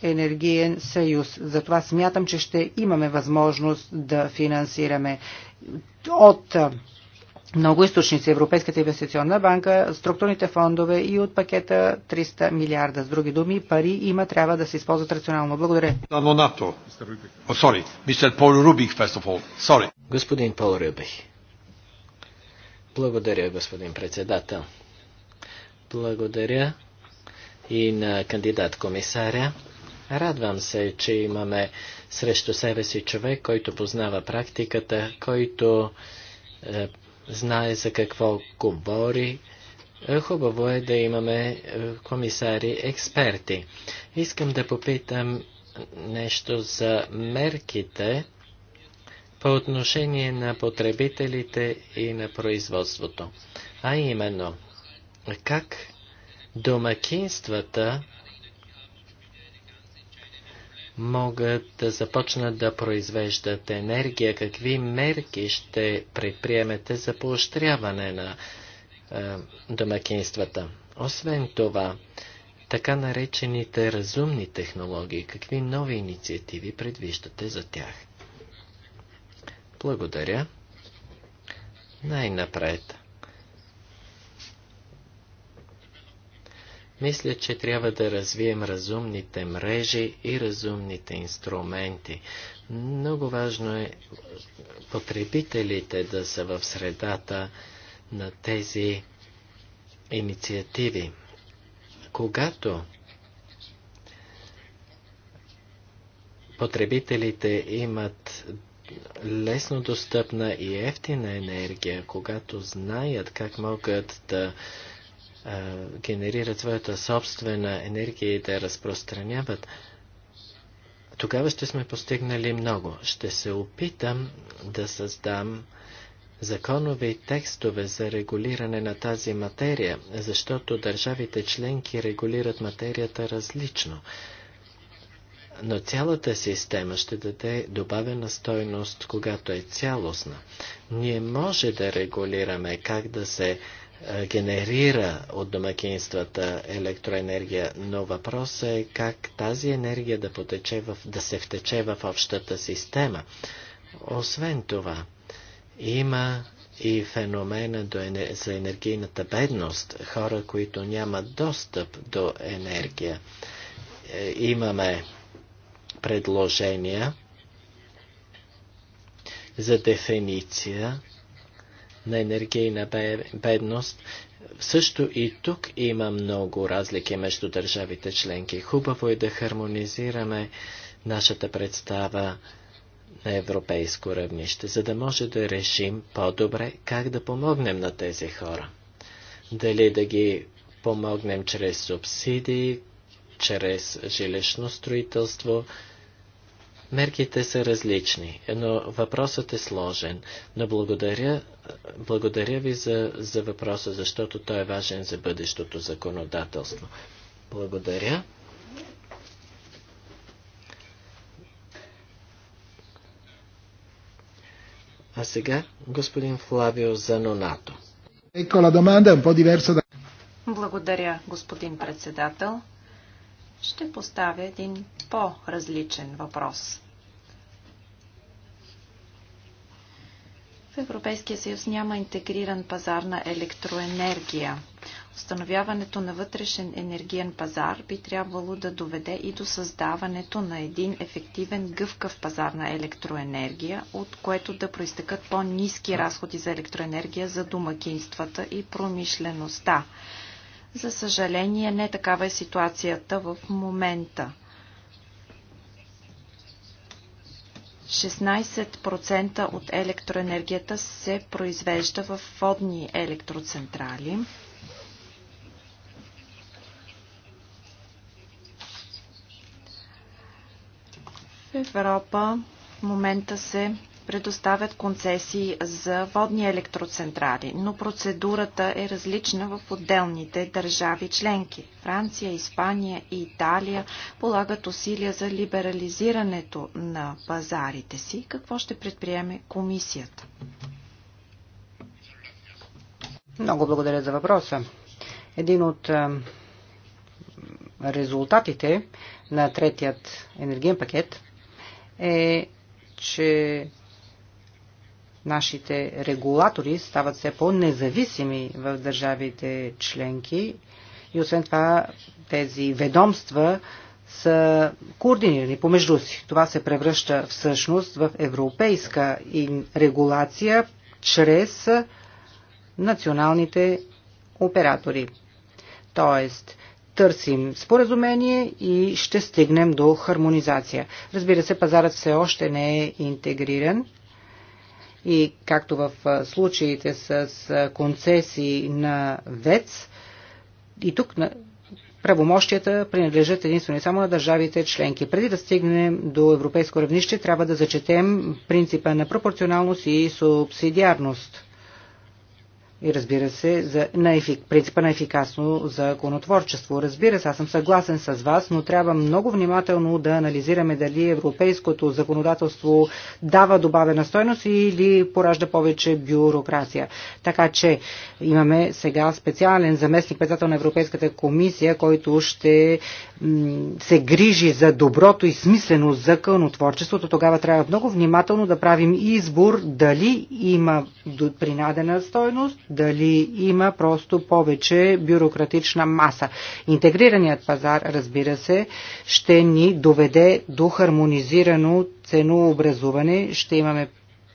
енергиен съюз. Затова смятам, че ще имаме възможност да финансираме от много източници, Европейската инвестиционна банка, структурните фондове и от пакета 300 милиарда. С други думи, пари има, трябва да се използват рационално. Благодаря. Господин Пол Рюбих. Благодаря, господин председател. Благодаря и на кандидат-комисаря. Радвам се, че имаме срещу себе си човек, който познава практиката, който е, знае за какво говори. Хубаво е да имаме е, комисари-експерти. Искам да попитам нещо за мерките по отношение на потребителите и на производството. А именно, как домакинствата могат да започнат да произвеждат енергия, какви мерки ще предприемете за поощряване на е, домакинствата. Освен това, така наречените разумни технологии, какви нови инициативи предвиждате за тях? Благодаря. Най-напред. Мисля, че трябва да развием разумните мрежи и разумните инструменти. Много важно е потребителите да са в средата на тези инициативи. Когато потребителите имат лесно достъпна и ефтина енергия, когато знаят как могат да генерират своята собствена енергия и да я разпространяват, тогава ще сме постигнали много. Ще се опитам да създам законови текстове за регулиране на тази материя, защото държавите членки регулират материята различно. Но цялата система ще даде добавена стойност, когато е цялостна. Ние може да регулираме как да се генерира от домакинствата електроенергия, но въпросът е как тази енергия да, потече в, да се втече в общата система. Освен това, има и феномена до, за енергийната бедност, хора, които нямат достъп до енергия. Е, имаме предложения за дефиниция на енергийна бедност. Също и тук има много разлики между държавите членки. Хубаво е да хармонизираме нашата представа на европейско равнище, за да може да решим по-добре как да помогнем на тези хора. Дали да ги помогнем чрез субсидии, чрез жилищно строителство, Мерките са различни, но въпросът е сложен. Но благодаря, благодаря ви за, за въпроса, защото той е важен за бъдещото законодателство. Благодаря. А сега господин Флавио Занонато. Благодаря, господин председател ще поставя един по-различен въпрос. В Европейския съюз няма интегриран пазар на електроенергия. Установяването на вътрешен енергиен пазар би трябвало да доведе и до създаването на един ефективен гъвкав пазар на електроенергия, от което да проистъкат по-низки разходи за електроенергия за домакинствата и промишлеността. За съжаление, не такава е ситуацията в момента. 16% от електроенергията се произвежда в водни електроцентрали. В Европа в момента се предоставят концесии за водни електроцентрали, но процедурата е различна в отделните държави членки. Франция, Испания и Италия полагат усилия за либерализирането на пазарите си. Какво ще предприеме комисията? Много благодаря за въпроса. Един от резултатите на третият енергиен пакет е, че Нашите регулатори стават все по-независими в държавите членки и освен това тези ведомства са координирани помежду си. Това се превръща всъщност в европейска регулация чрез националните оператори. Тоест, търсим споразумение и ще стигнем до хармонизация. Разбира се, пазарът все още не е интегриран и както в случаите с концесии на ВЕЦ, и тук на правомощията принадлежат единствено и само на държавите членки. Преди да стигнем до европейско равнище, трябва да зачетем принципа на пропорционалност и субсидиарност и разбира се, за на ефик, принципа на ефикасно законотворчество. Разбира се, аз съм съгласен с вас, но трябва много внимателно да анализираме дали европейското законодателство дава добавена стойност или поражда повече бюрокрация. Така че имаме сега специален заместник председател на Европейската комисия, който ще се грижи за доброто и смислено законотворчеството. Тогава трябва много внимателно да правим избор дали има принадена стойност, дали има просто повече бюрократична маса. Интегрираният пазар, разбира се, ще ни доведе до хармонизирано ценообразуване, ще имаме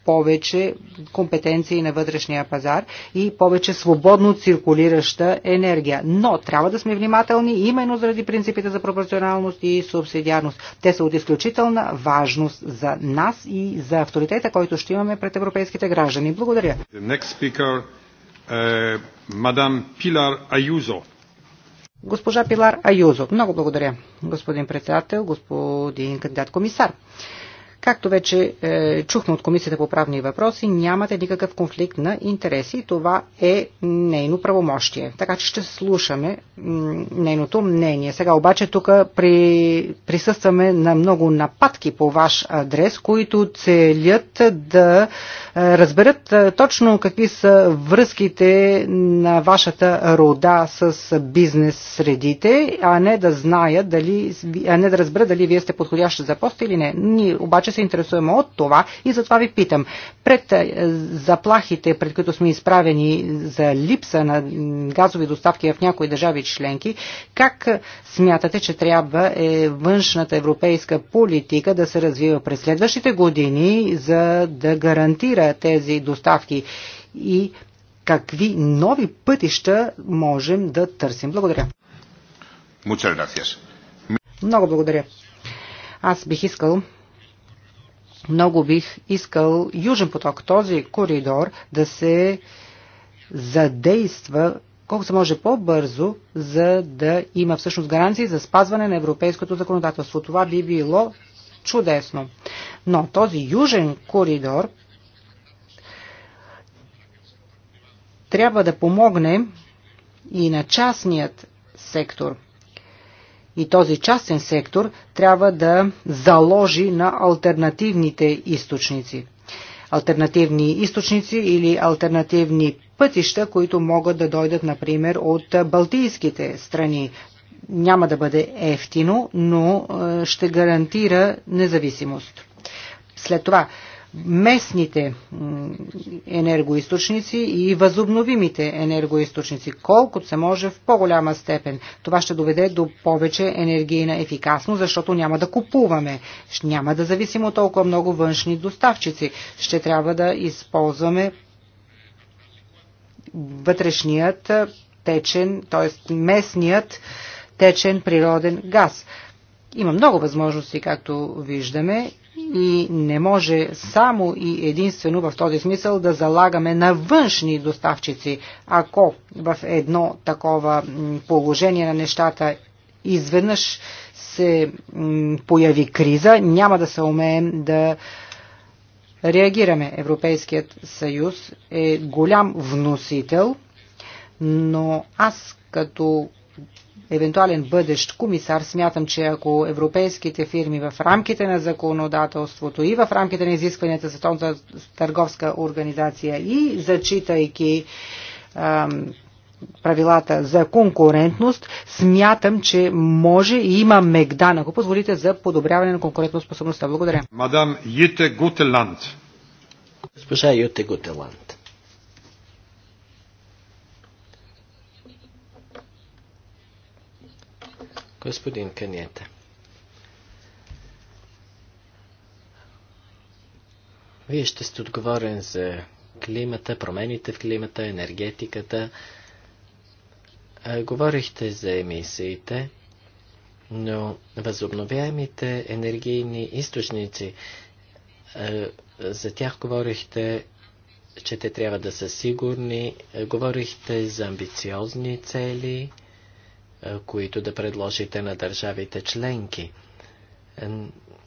повече компетенции на вътрешния пазар и повече свободно циркулираща енергия. Но трябва да сме внимателни именно заради принципите за пропорционалност и субсидиарност. Те са от изключителна важност за нас и за авторитета, който ще имаме пред европейските граждани. Благодаря. Е, мадам Пилар Аюзо. Госпожа Пилар Аюзо. Много благодаря, господин председател, господин кандидат комисар. Както вече е, чухме от Комисията по правни въпроси, нямате никакъв конфликт на интереси. Това е нейно правомощие. Така че ще слушаме нейното мнение. Сега обаче тук при, присъстваме на много нападки по ваш адрес, които целят да е, разберат е, точно какви са връзките на вашата рода с бизнес средите, а не да знаят дали, а не да разберат дали вие сте подходящи за пост или не. Ние обаче че се интересуваме от това и затова ви питам. Пред е, заплахите, пред които сме изправени за липса на газови доставки в някои държави членки, как смятате, че трябва е външната европейска политика да се развива през следващите години, за да гарантира тези доставки и какви нови пътища можем да търсим. Благодаря. Много благодаря. Аз бих искал много бих искал Южен поток, този коридор, да се задейства колко се може по-бързо, за да има всъщност гаранции за спазване на европейското законодателство. Това би било чудесно. Но този южен коридор трябва да помогне и на частният сектор – и този частен сектор трябва да заложи на альтернативните източници. Альтернативни източници или альтернативни пътища, които могат да дойдат, например, от балтийските страни. Няма да бъде ефтино, но е, ще гарантира независимост. След това, местните енергоисточници и възобновимите енергоисточници, колкото се може в по-голяма степен. Това ще доведе до повече енергийна ефикасност, защото няма да купуваме, няма да зависим от толкова много външни доставчици. Ще трябва да използваме вътрешният течен, т.е. местният течен природен газ. Има много възможности, както виждаме, и не може само и единствено в този смисъл да залагаме на външни доставчици, ако в едно такова положение на нещата изведнъж се появи криза, няма да се умеем да реагираме. Европейският съюз е голям вносител, но аз като евентуален бъдещ комисар, смятам, че ако европейските фирми в рамките на законодателството и в рамките на изискванията за Световната търговска организация и зачитайки ам, правилата за конкурентност, смятам, че може и има мегдан, ако позволите, за подобряване на конкурентоспособността. Благодаря. Мадам Юте Гутеланд. Госпожа Юте Гутеланд. Господин Каниете. Вие ще сте отговорен за климата, промените в климата, енергетиката. Говорихте за емисиите, но възобновяемите енергийни източници, за тях говорихте, че те трябва да са сигурни. Говорихте за амбициозни цели които да предложите на държавите членки.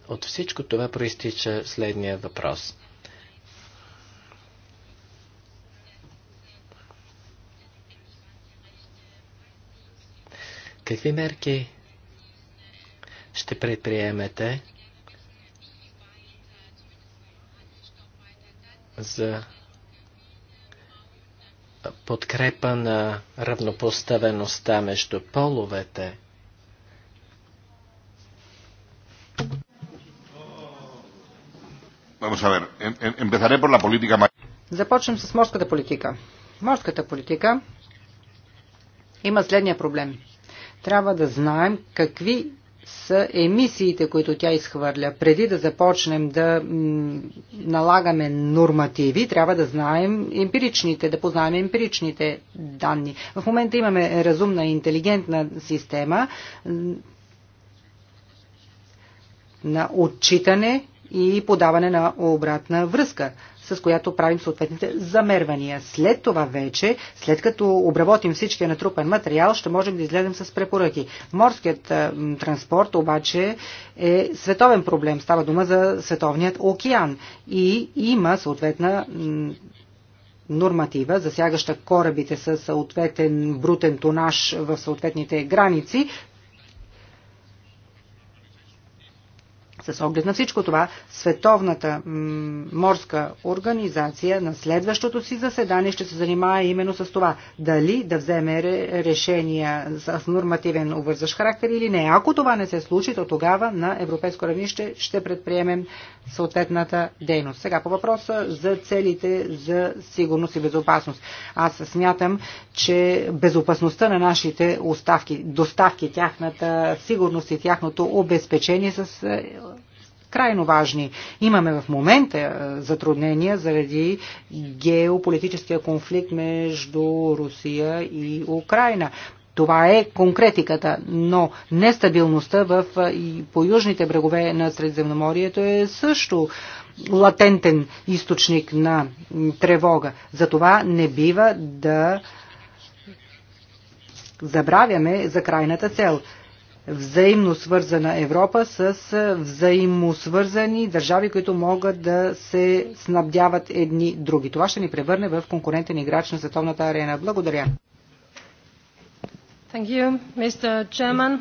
От всичко това проистича следния въпрос. Какви мерки ще предприемете за подкрепа на равнопоставеността между половете. Започвам с морската политика. Морската политика има следния проблем. Трябва да знаем какви са емисиите, които тя изхвърля. Преди да започнем да налагаме нормативи, трябва да знаем емпиричните, да познаем емпиричните данни. В момента имаме разумна и интелигентна система на отчитане и подаване на обратна връзка с която правим съответните замервания. След това вече, след като обработим всичкия натрупан материал, ще можем да изгледам с препоръки. Морският е, транспорт обаче е световен проблем. Става дума за световният океан и има съответна норматива, засягаща корабите със съответен брутен тонаж в съответните граници, С оглед на всичко това, Световната морска организация на следващото си заседание ще се занимава именно с това. Дали да вземе решения с нормативен обвързащ характер или не. Ако това не се случи, то тогава на европейско равнище ще предприемем съответната дейност. Сега по въпроса за целите за сигурност и безопасност. Аз смятам, че безопасността на нашите оставки, доставки, тяхната сигурност и тяхното обезпечение с крайно важни. Имаме в момента е, затруднения заради геополитическия конфликт между Русия и Украина. Това е конкретиката, но нестабилността в, е, по южните брегове на Средиземноморието е също латентен източник на тревога. Затова не бива да забравяме за крайната цел – взаимно свързана Европа с взаимосвързани държави, които могат да се снабдяват едни други. Това ще ни превърне в конкурентен играч на световната арена. Благодаря. Thank you, Mr. Chairman.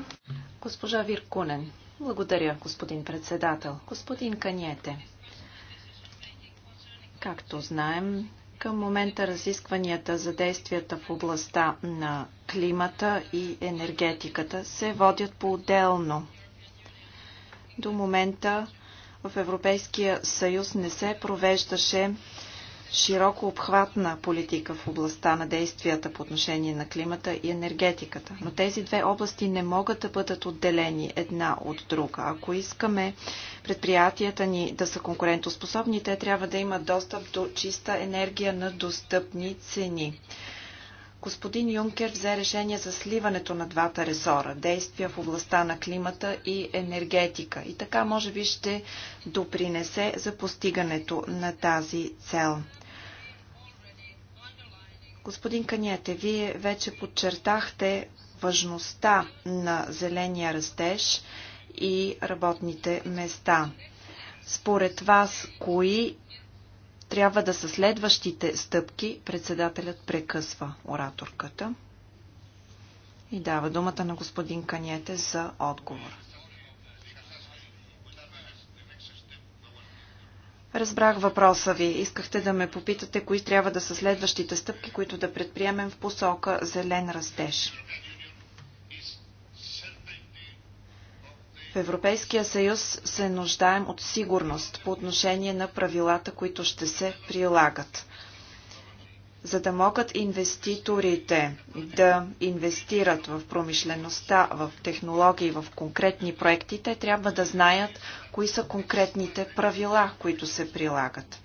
Госпожа Виркунен. Благодаря, господин председател. Господин Каньете. Както знаем, към момента разискванията за действията в областта на климата и енергетиката се водят по-отделно. До момента в Европейския съюз не се провеждаше широко обхватна политика в областта на действията по отношение на климата и енергетиката. Но тези две области не могат да бъдат отделени една от друга. Ако искаме предприятията ни да са конкурентоспособни, те трябва да имат достъп до чиста енергия на достъпни цени. Господин Юнкер взе решение за сливането на двата ресора – действия в областта на климата и енергетика. И така може би ще допринесе за постигането на тази цел. Господин Каняте, вие вече подчертахте важността на зеления растеж и работните места. Според вас, кои трябва да са следващите стъпки, председателят прекъсва ораторката и дава думата на господин Каняте за отговор. Разбрах въпроса ви. Искахте да ме попитате, кои трябва да са следващите стъпки, които да предприемем в посока зелен растеж. В Европейския съюз се нуждаем от сигурност по отношение на правилата, които ще се прилагат за да могат инвеститорите да инвестират в промишлеността, в технологии, в конкретни проекти, те трябва да знаят кои са конкретните правила, които се прилагат.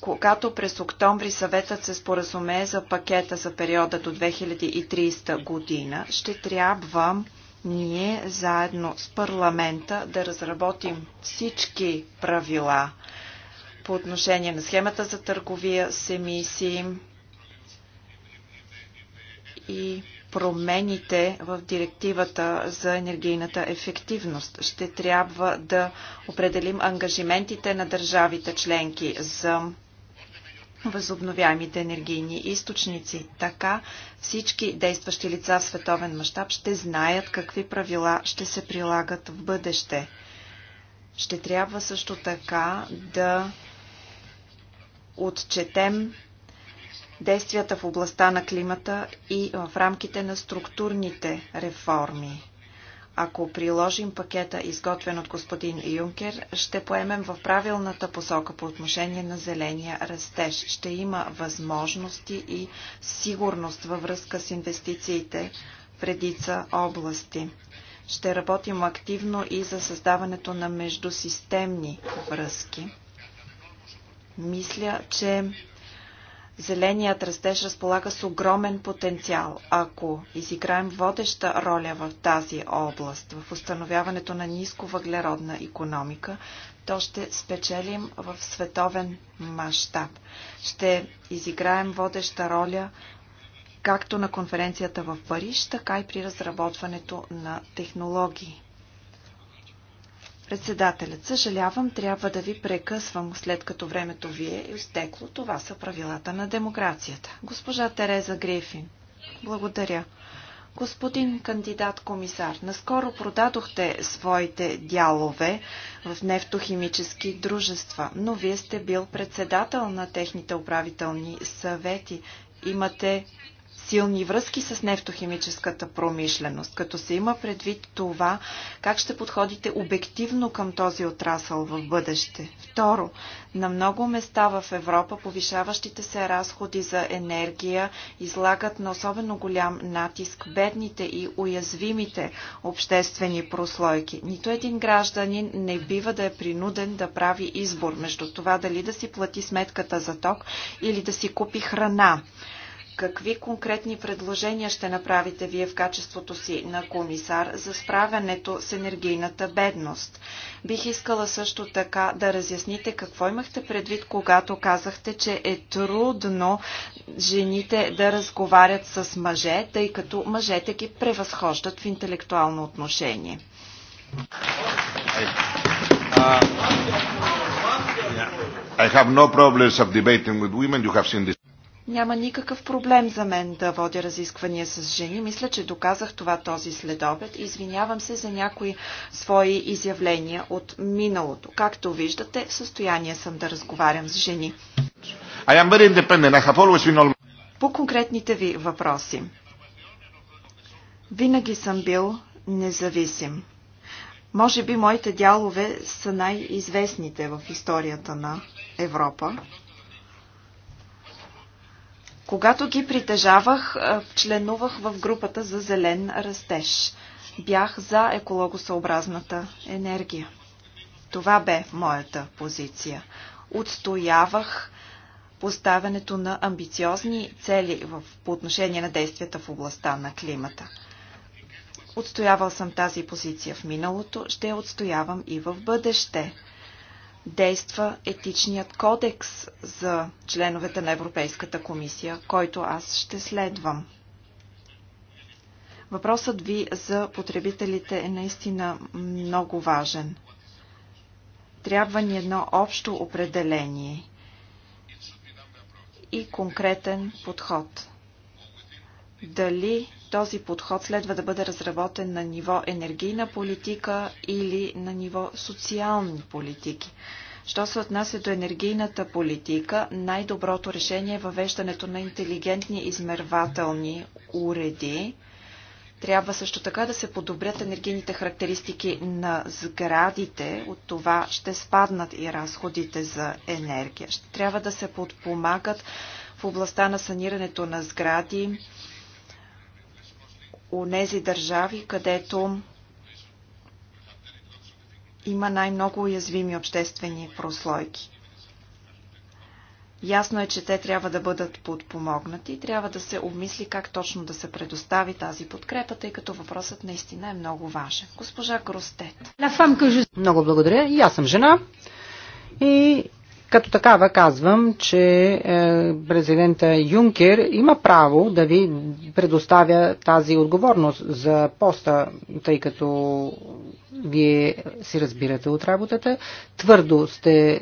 Когато през октомври съветът се споразумее за пакета за периода до 2030 година, ще трябва ние заедно с парламента да разработим всички правила – по отношение на схемата за търговия с емисии и промените в директивата за енергийната ефективност. Ще трябва да определим ангажиментите на държавите членки за възобновяемите енергийни източници. Така всички действащи лица в световен мащаб ще знаят какви правила ще се прилагат в бъдеще. Ще трябва също така да отчетем действията в областта на климата и в рамките на структурните реформи. Ако приложим пакета, изготвен от господин Юнкер, ще поемем в правилната посока по отношение на зеления растеж. Ще има възможности и сигурност във връзка с инвестициите в редица области. Ще работим активно и за създаването на междусистемни връзки. Мисля, че зеленият растеж разполага с огромен потенциал, ако изиграем водеща роля в тази област, в установяването на ниско въглеродна економика, то ще спечелим в световен мащаб. Ще изиграем водеща роля както на конференцията в Париж, така и при разработването на технологии. Председателят, съжалявам, трябва да ви прекъсвам след като времето ви е изтекло. Това са правилата на демокрацията. Госпожа Тереза Грифин. Благодаря. Господин кандидат комисар, наскоро продадохте своите дялове в нефтохимически дружества, но вие сте бил председател на техните управителни съвети. Имате силни връзки с нефтохимическата промишленост, като се има предвид това, как ще подходите обективно към този отрасъл в бъдеще. Второ, на много места в Европа повишаващите се разходи за енергия излагат на особено голям натиск бедните и уязвимите обществени прослойки. Нито един гражданин не бива да е принуден да прави избор между това дали да си плати сметката за ток или да си купи храна. Какви конкретни предложения ще направите вие в качеството си на комисар за справянето с енергийната бедност? Бих искала също така да разясните какво имахте предвид, когато казахте, че е трудно жените да разговарят с мъже, тъй като мъжете ги превъзхождат в интелектуално отношение. I have no problems of debating with women. You have seen this. Няма никакъв проблем за мен да водя разисквания с жени. Мисля, че доказах това този следобед. Извинявам се за някои свои изявления от миналото. Както виждате, в състояние съм да разговарям с жени. По конкретните ви въпроси. Винаги съм бил независим. Може би моите дялове са най-известните в историята на Европа. Когато ги притежавах, членувах в групата за зелен растеж. Бях за екологосъобразната енергия. Това бе моята позиция. Отстоявах поставянето на амбициозни цели в, по отношение на действията в областта на климата. Отстоявал съм тази позиция в миналото, ще я отстоявам и в бъдеще действа етичният кодекс за членовете на Европейската комисия, който аз ще следвам. Въпросът ви за потребителите е наистина много важен. Трябва ни едно общо определение и конкретен подход дали този подход следва да бъде разработен на ниво енергийна политика или на ниво социални политики. Що се отнася до енергийната политика, най-доброто решение е въвеждането на интелигентни измервателни уреди. Трябва също така да се подобрят енергийните характеристики на сградите. От това ще спаднат и разходите за енергия. Ще трябва да се подпомагат в областта на санирането на сгради, онези държави, където има най-много уязвими обществени прослойки. Ясно е, че те трябва да бъдат подпомогнати и трябва да се обмисли как точно да се предостави тази подкрепа, тъй като въпросът наистина е много важен. Госпожа Гростет. Много благодаря. И аз съм жена. И като такава казвам, че е, президента Юнкер има право да ви предоставя тази отговорност за поста, тъй като вие си разбирате от работата. Твърдо сте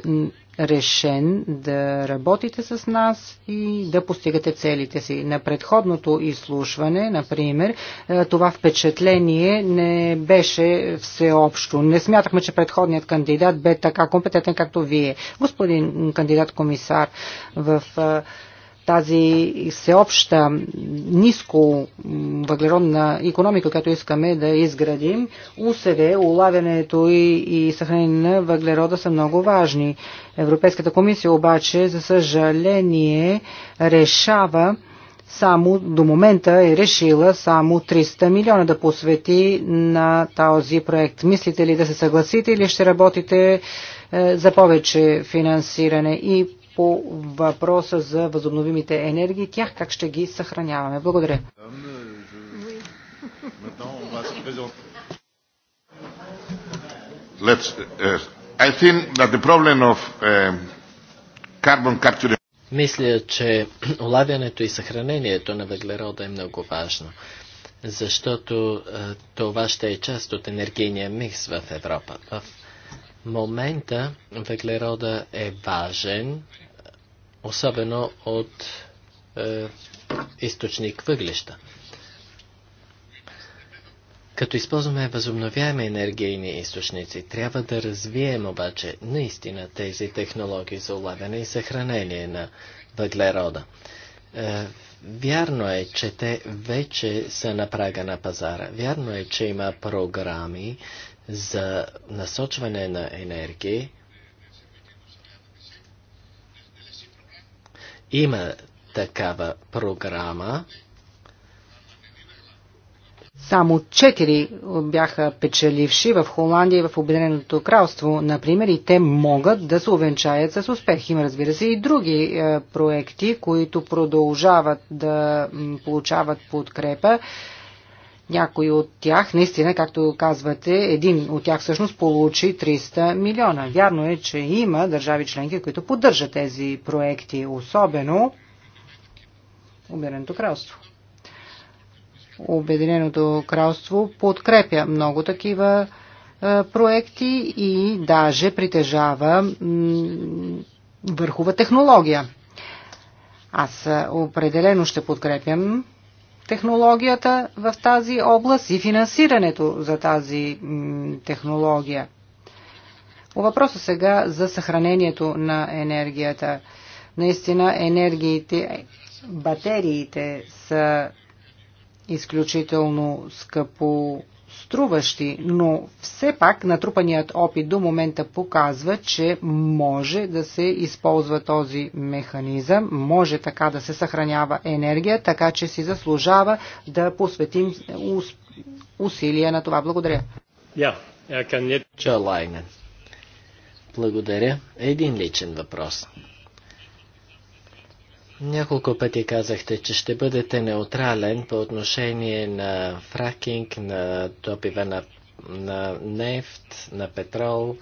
решен да работите с нас и да постигате целите си. На предходното изслушване, например, е, това впечатление не беше всеобщо. Не смятахме, че предходният кандидат бе така компетентен, както вие. Господин кандидат комисар, в е, тази всеобща ниско въглеродна економика, която искаме да изградим, УСВ, улавянето и, и съхранение на въглерода са много важни. Европейската комисия обаче, за съжаление, решава само до момента е решила само 300 милиона да посвети на този проект. Мислите ли да се съгласите или ще работите е, за повече финансиране? И по въпроса за възобновимите енергии, тях как ще ги съхраняваме. Благодаря. Let's, uh, I think that the problem of uh, carbon capture мисля, че улавянето и съхранението на въглерода е много важно, защото uh, това ще е част от енергийния микс в Европа. В момента въглерода е важен, особено от е, източник въглища. Като използваме възобновяеми енергийни източници, трябва да развием обаче наистина тези технологии за улавяне и съхранение на въглерода. Е, вярно е, че те вече са на прага на пазара. Вярно е, че има програми за насочване на енергии, има такава програма. Само четири бяха печеливши в Холандия и в Обединеното кралство, например, и те могат да се увенчаят с успех. Има, разбира се, и други е, проекти, които продължават да получават подкрепа. Някой от тях, наистина, както казвате, един от тях всъщност получи 300 милиона. Вярно е, че има държави членки, които поддържат тези проекти, особено Обединеното кралство. Обединеното кралство подкрепя много такива е, проекти и даже притежава върхова технология. Аз е, определено ще подкрепям технологията в тази област и финансирането за тази технология. По въпроса сега за съхранението на енергията. Наистина енергиите, батериите са изключително скъпо струващи, но все пак натрупаният опит до момента показва, че може да се използва този механизъм, може така да се съхранява енергия, така че си заслужава да посветим усилия на това. Благодаря. Yeah, I can... Благодаря. Един личен въпрос. Няколко пъти казахте, че ще бъдете неутрален по отношение на фракинг, на добива на, на нефт, на петрол,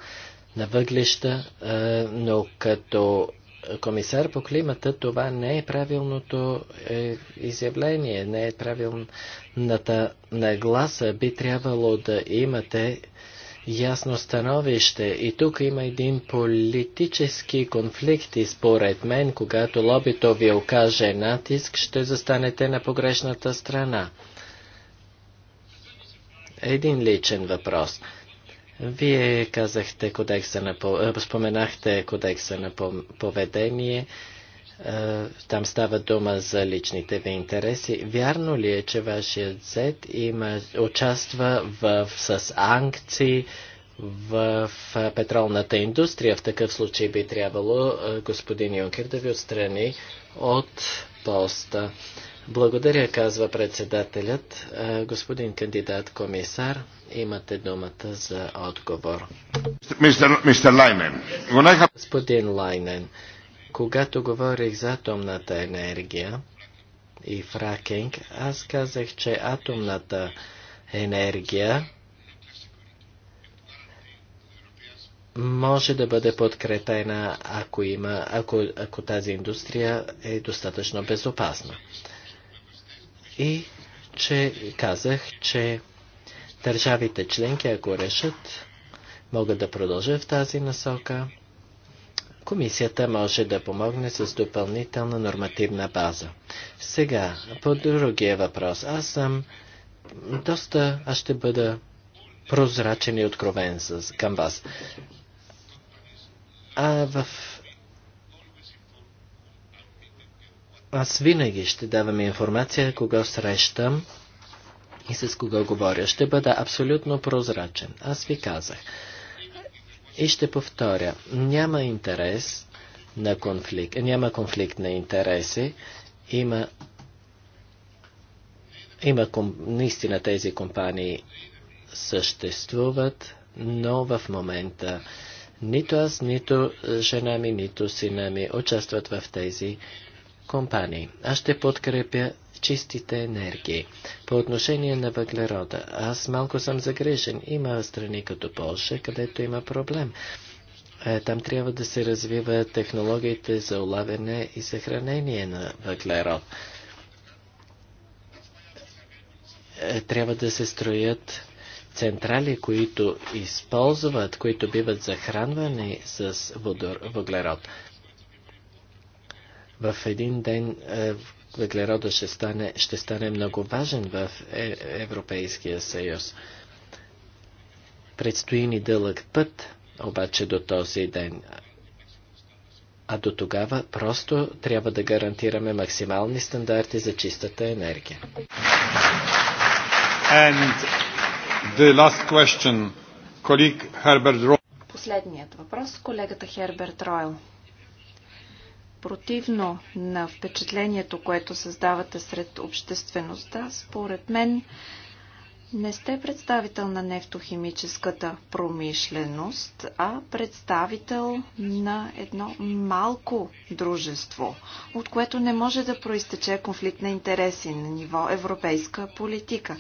на въглища, е, но като комисар по климата това не е правилното е, изявление, не е правилната нагласа. Би трябвало да имате ясно становище. И тук има един политически конфликт и според мен, когато лобито ви окаже натиск, ще застанете на погрешната страна. Един личен въпрос. Вие казахте кодекса на, споменахте кодекса на поведение. Е, там става дума за личните ви интереси. Вярно ли е, че вашият зет има, участва в, с анкции в е, петролната индустрия? В такъв случай би трябвало е, господин Юнкер да ви отстрани от поста. Благодаря, казва председателят. Господин кандидат комисар, имате думата за отговор. мистер Лайнен. Господин Лайнен, когато говорих за атомната енергия и фракинг, аз казах, че атомната енергия може да бъде подкрепена, ако, има, ако, ако тази индустрия е достатъчно безопасна. И че казах, че държавите членки, ако решат, могат да продължат в тази насока Комисията може да помогне с допълнителна нормативна база. Сега, по другия въпрос. Аз съм доста, аз ще бъда прозрачен и откровен с, към вас. А в... Аз винаги ще давам информация, кога срещам и с кого говоря. Ще бъда абсолютно прозрачен. Аз ви казах. И ще повторя, няма интерес на конфликт, няма конфликт на интереси, има, има наистина тези компании съществуват, но в момента нито аз, нито жена ми, нито сина ми участват в тези компании. Аз ще подкрепя чистите енергии. По отношение на въглерода, аз малко съм загрижен. Има страни като Польша, където има проблем. Е, там трябва да се развиват технологиите за улавяне и съхранение на въглерод. Е, трябва да се строят централи, които използват, които биват захранвани с водор, въглерод. В един ден е, въглерода ще стане, ще стане много важен в е, Европейския съюз. Предстои ни дълъг път, обаче до този ден. А до тогава просто трябва да гарантираме максимални стандарти за чистата енергия. And the last question, colleague Herbert Последният въпрос, колегата Херберт Ройл противно на впечатлението, което създавате сред обществеността, според мен не сте представител на нефтохимическата промишленост, а представител на едно малко дружество, от което не може да проистече конфликт на интереси на ниво европейска политика.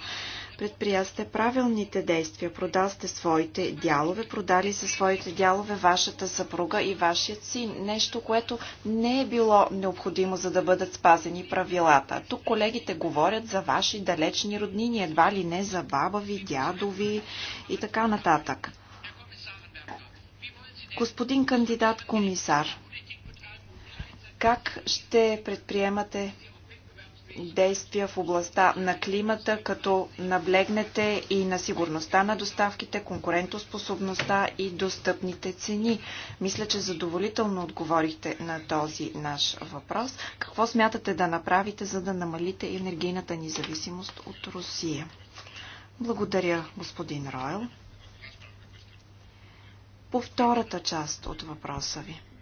Предприя сте правилните действия. Продал сте своите дялове, продали се своите дялове вашата съпруга и вашият син. Нещо, което не е било необходимо, за да бъдат спазени правилата. Тук колегите говорят за ваши далечни роднини, едва ли не за баба ви, дядо ви и така нататък. Господин кандидат комисар, как ще предприемате действия в областта на климата, като наблегнете и на сигурността на доставките, конкурентоспособността и достъпните цени. Мисля, че задоволително отговорихте на този наш въпрос. Какво смятате да направите, за да намалите енергийната независимост от Русия? Благодаря, господин Ройл. По втората част от въпроса ви –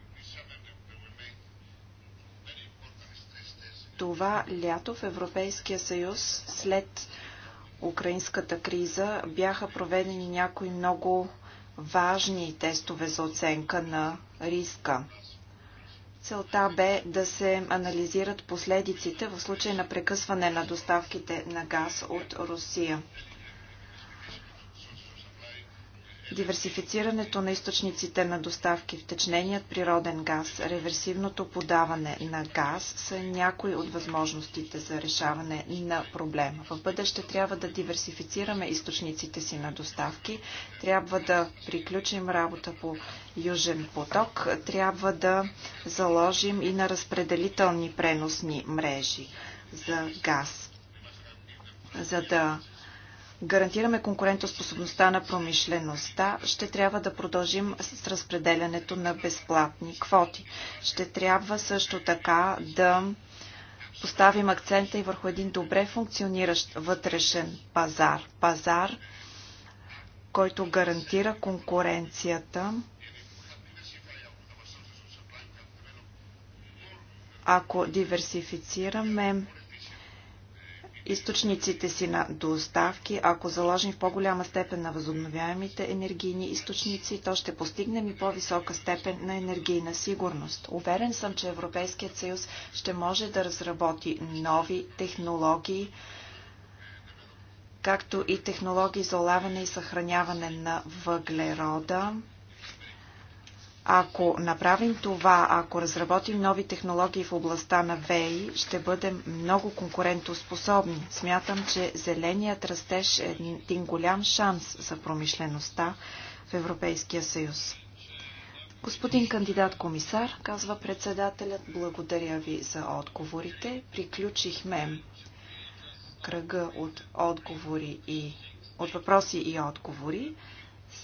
Това лято в Европейския съюз след украинската криза бяха проведени някои много важни тестове за оценка на риска. Целта бе да се анализират последиците в случай на прекъсване на доставките на газ от Русия диверсифицирането на източниците на доставки, втечненият природен газ, реверсивното подаване на газ са някои от възможностите за решаване на проблема. В бъдеще трябва да диверсифицираме източниците си на доставки, трябва да приключим работа по Южен поток, трябва да заложим и на разпределителни преносни мрежи за газ. За да гарантираме конкурентоспособността на промишлеността, ще трябва да продължим с разпределянето на безплатни квоти. Ще трябва също така да поставим акцента и върху един добре функциониращ вътрешен пазар. Пазар, който гарантира конкуренцията. Ако диверсифицираме източниците си на доставки, ако заложим в по-голяма степен на възобновяемите енергийни източници, то ще постигнем и по-висока степен на енергийна сигурност. Уверен съм, че Европейският съюз ще може да разработи нови технологии, както и технологии за олавяне и съхраняване на въглерода, ако направим това, ако разработим нови технологии в областта на ВЕИ, ще бъдем много конкурентоспособни. Смятам, че зеленият растеж е един голям шанс за промишлеността в Европейския съюз. Господин кандидат комисар, казва председателят, благодаря ви за отговорите. Приключихме кръга от отговори и от въпроси и отговори.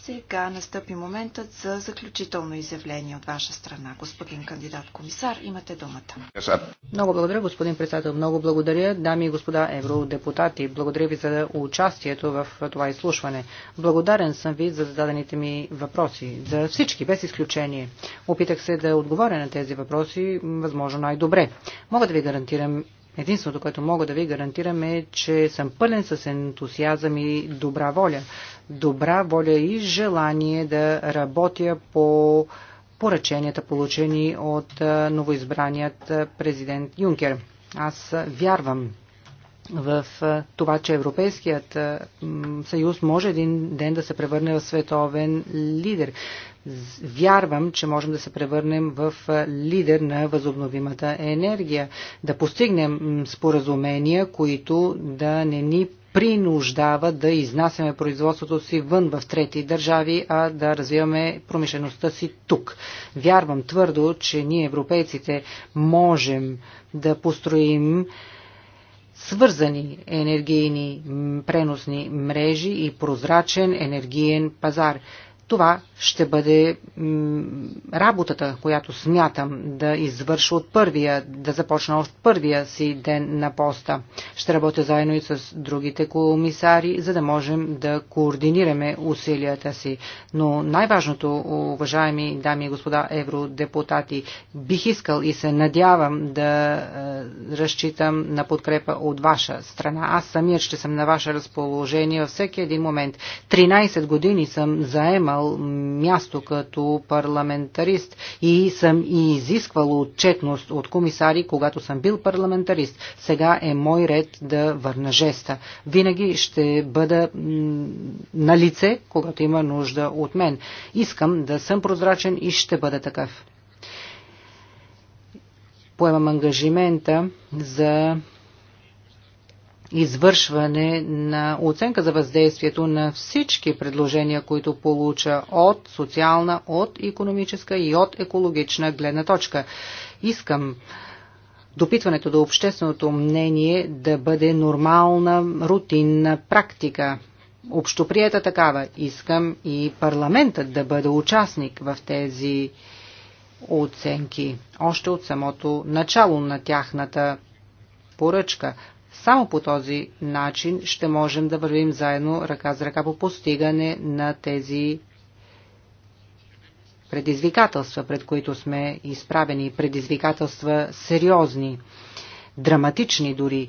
Сега настъпи моментът за заключително изявление от ваша страна. Господин кандидат комисар, имате думата. Много благодаря, господин председател. Много благодаря, дами и господа евродепутати. Благодаря ви за участието в това изслушване. Благодарен съм ви за зададените ми въпроси. За всички, без изключение. Опитах се да отговоря на тези въпроси, възможно най-добре. Мога да ви гарантирам Единственото, което мога да ви гарантирам е, че съм пълен с ентусиазъм и добра воля добра воля и желание да работя по поръченията, получени от новоизбраният президент Юнкер. Аз вярвам в това, че Европейският съюз може един ден да се превърне в световен лидер. Вярвам, че можем да се превърнем в лидер на възобновимата енергия, да постигнем споразумения, които да не ни принуждава да изнасяме производството си вън в трети държави, а да развиваме промишлеността си тук. Вярвам твърдо, че ние европейците можем да построим свързани енергийни преносни мрежи и прозрачен енергиен пазар. Това ще бъде работата, която смятам да извърша от първия, да започна от първия си ден на поста. Ще работя заедно и с другите комисари, за да можем да координираме усилията си. Но най-важното, уважаеми дами и господа евродепутати, бих искал и се надявам да е, разчитам на подкрепа от ваша страна. Аз самият ще съм на ваше разположение във всеки един момент. 13 години съм заемал имал място като парламентарист и съм и изисквал отчетност от комисари, когато съм бил парламентарист. Сега е мой ред да върна жеста. Винаги ще бъда на лице, когато има нужда от мен. Искам да съм прозрачен и ще бъда такъв. Поемам ангажимента за извършване на оценка за въздействието на всички предложения, които получа от социална, от економическа и от екологична гледна точка. Искам допитването до общественото мнение да бъде нормална, рутинна практика. Общоприета такава. Искам и парламентът да бъде участник в тези оценки, още от самото начало на тяхната поръчка. Само по този начин ще можем да вървим заедно ръка за ръка по постигане на тези предизвикателства, пред които сме изправени. Предизвикателства сериозни, драматични дори.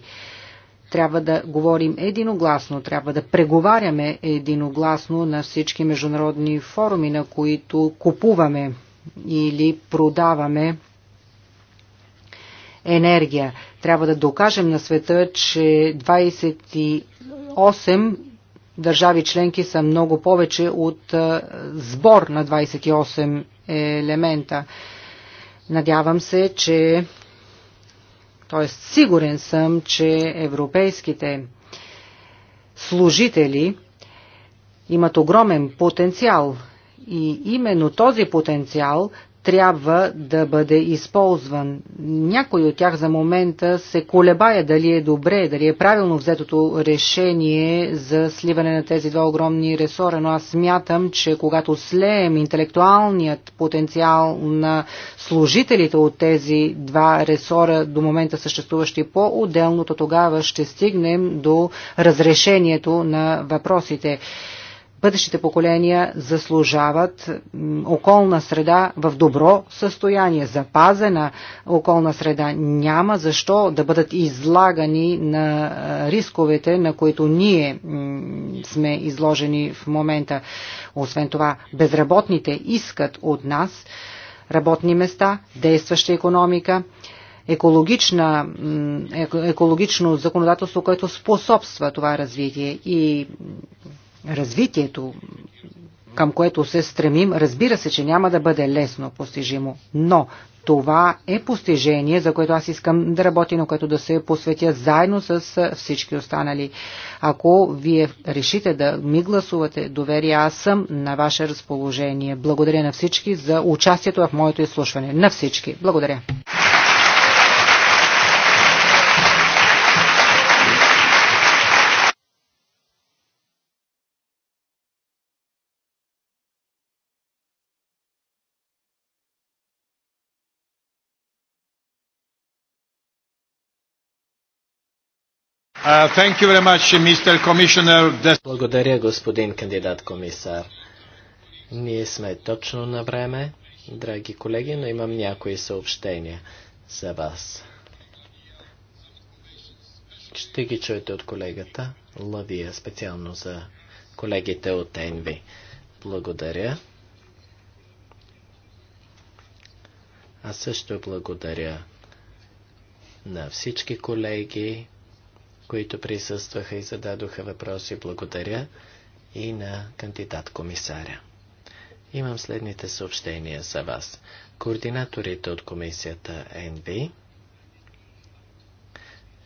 Трябва да говорим единогласно, трябва да преговаряме единогласно на всички международни форуми, на които купуваме или продаваме енергия. Трябва да докажем на света, че 28 държави членки са много повече от сбор на 28 елемента. Надявам се, че т.е. сигурен съм, че европейските служители имат огромен потенциал и именно този потенциал трябва да бъде използван. Някой от тях за момента се колебая дали е добре, дали е правилно взетото решение за сливане на тези два огромни ресора, но аз смятам, че когато слеем интелектуалният потенциал на служителите от тези два ресора до момента съществуващи по-отделно, то тогава ще стигнем до разрешението на въпросите бъдещите поколения заслужават околна среда в добро състояние, запазена околна среда. Няма защо да бъдат излагани на рисковете, на които ние сме изложени в момента. Освен това, безработните искат от нас работни места, действаща економика, екологична, екологично законодателство, което способства това развитие. И развитието, към което се стремим, разбира се, че няма да бъде лесно постижимо, но това е постижение, за което аз искам да работя, на което да се посветя заедно с всички останали. Ако вие решите да ми гласувате доверие, аз съм на ваше разположение. Благодаря на всички за участието в моето изслушване. На всички. Благодаря. Uh, much, Благодаря, господин кандидат комисар. Ние сме точно на време, драги колеги, но имам някои съобщения за вас. Ще ги чуете от колегата Лавия, специално за колегите от ЕНВИ. Благодаря. Аз също благодаря на всички колеги, които присъстваха и зададоха въпроси. Благодаря и на кандидат-комисаря. Имам следните съобщения за вас. Координаторите от комисията НВ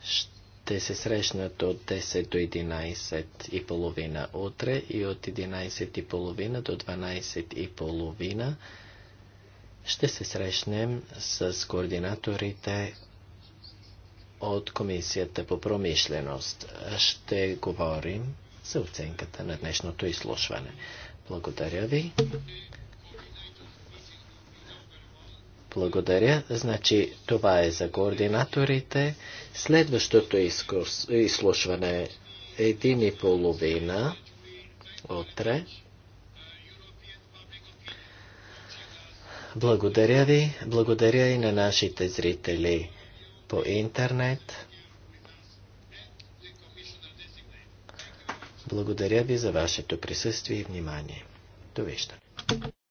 ще се срещнат от 10 до 11 и половина утре и от 11 и половина до 12 и половина ще се срещнем с координаторите от Комисията по промишленост. Ще говорим за оценката на днешното изслушване. Благодаря ви. Благодаря. Значи това е за координаторите. Следващото изслушване е един и половина утре. Благодаря ви. Благодаря и на нашите зрители по интернет. Благодаря ви за вашето присъствие и внимание. Довиждане.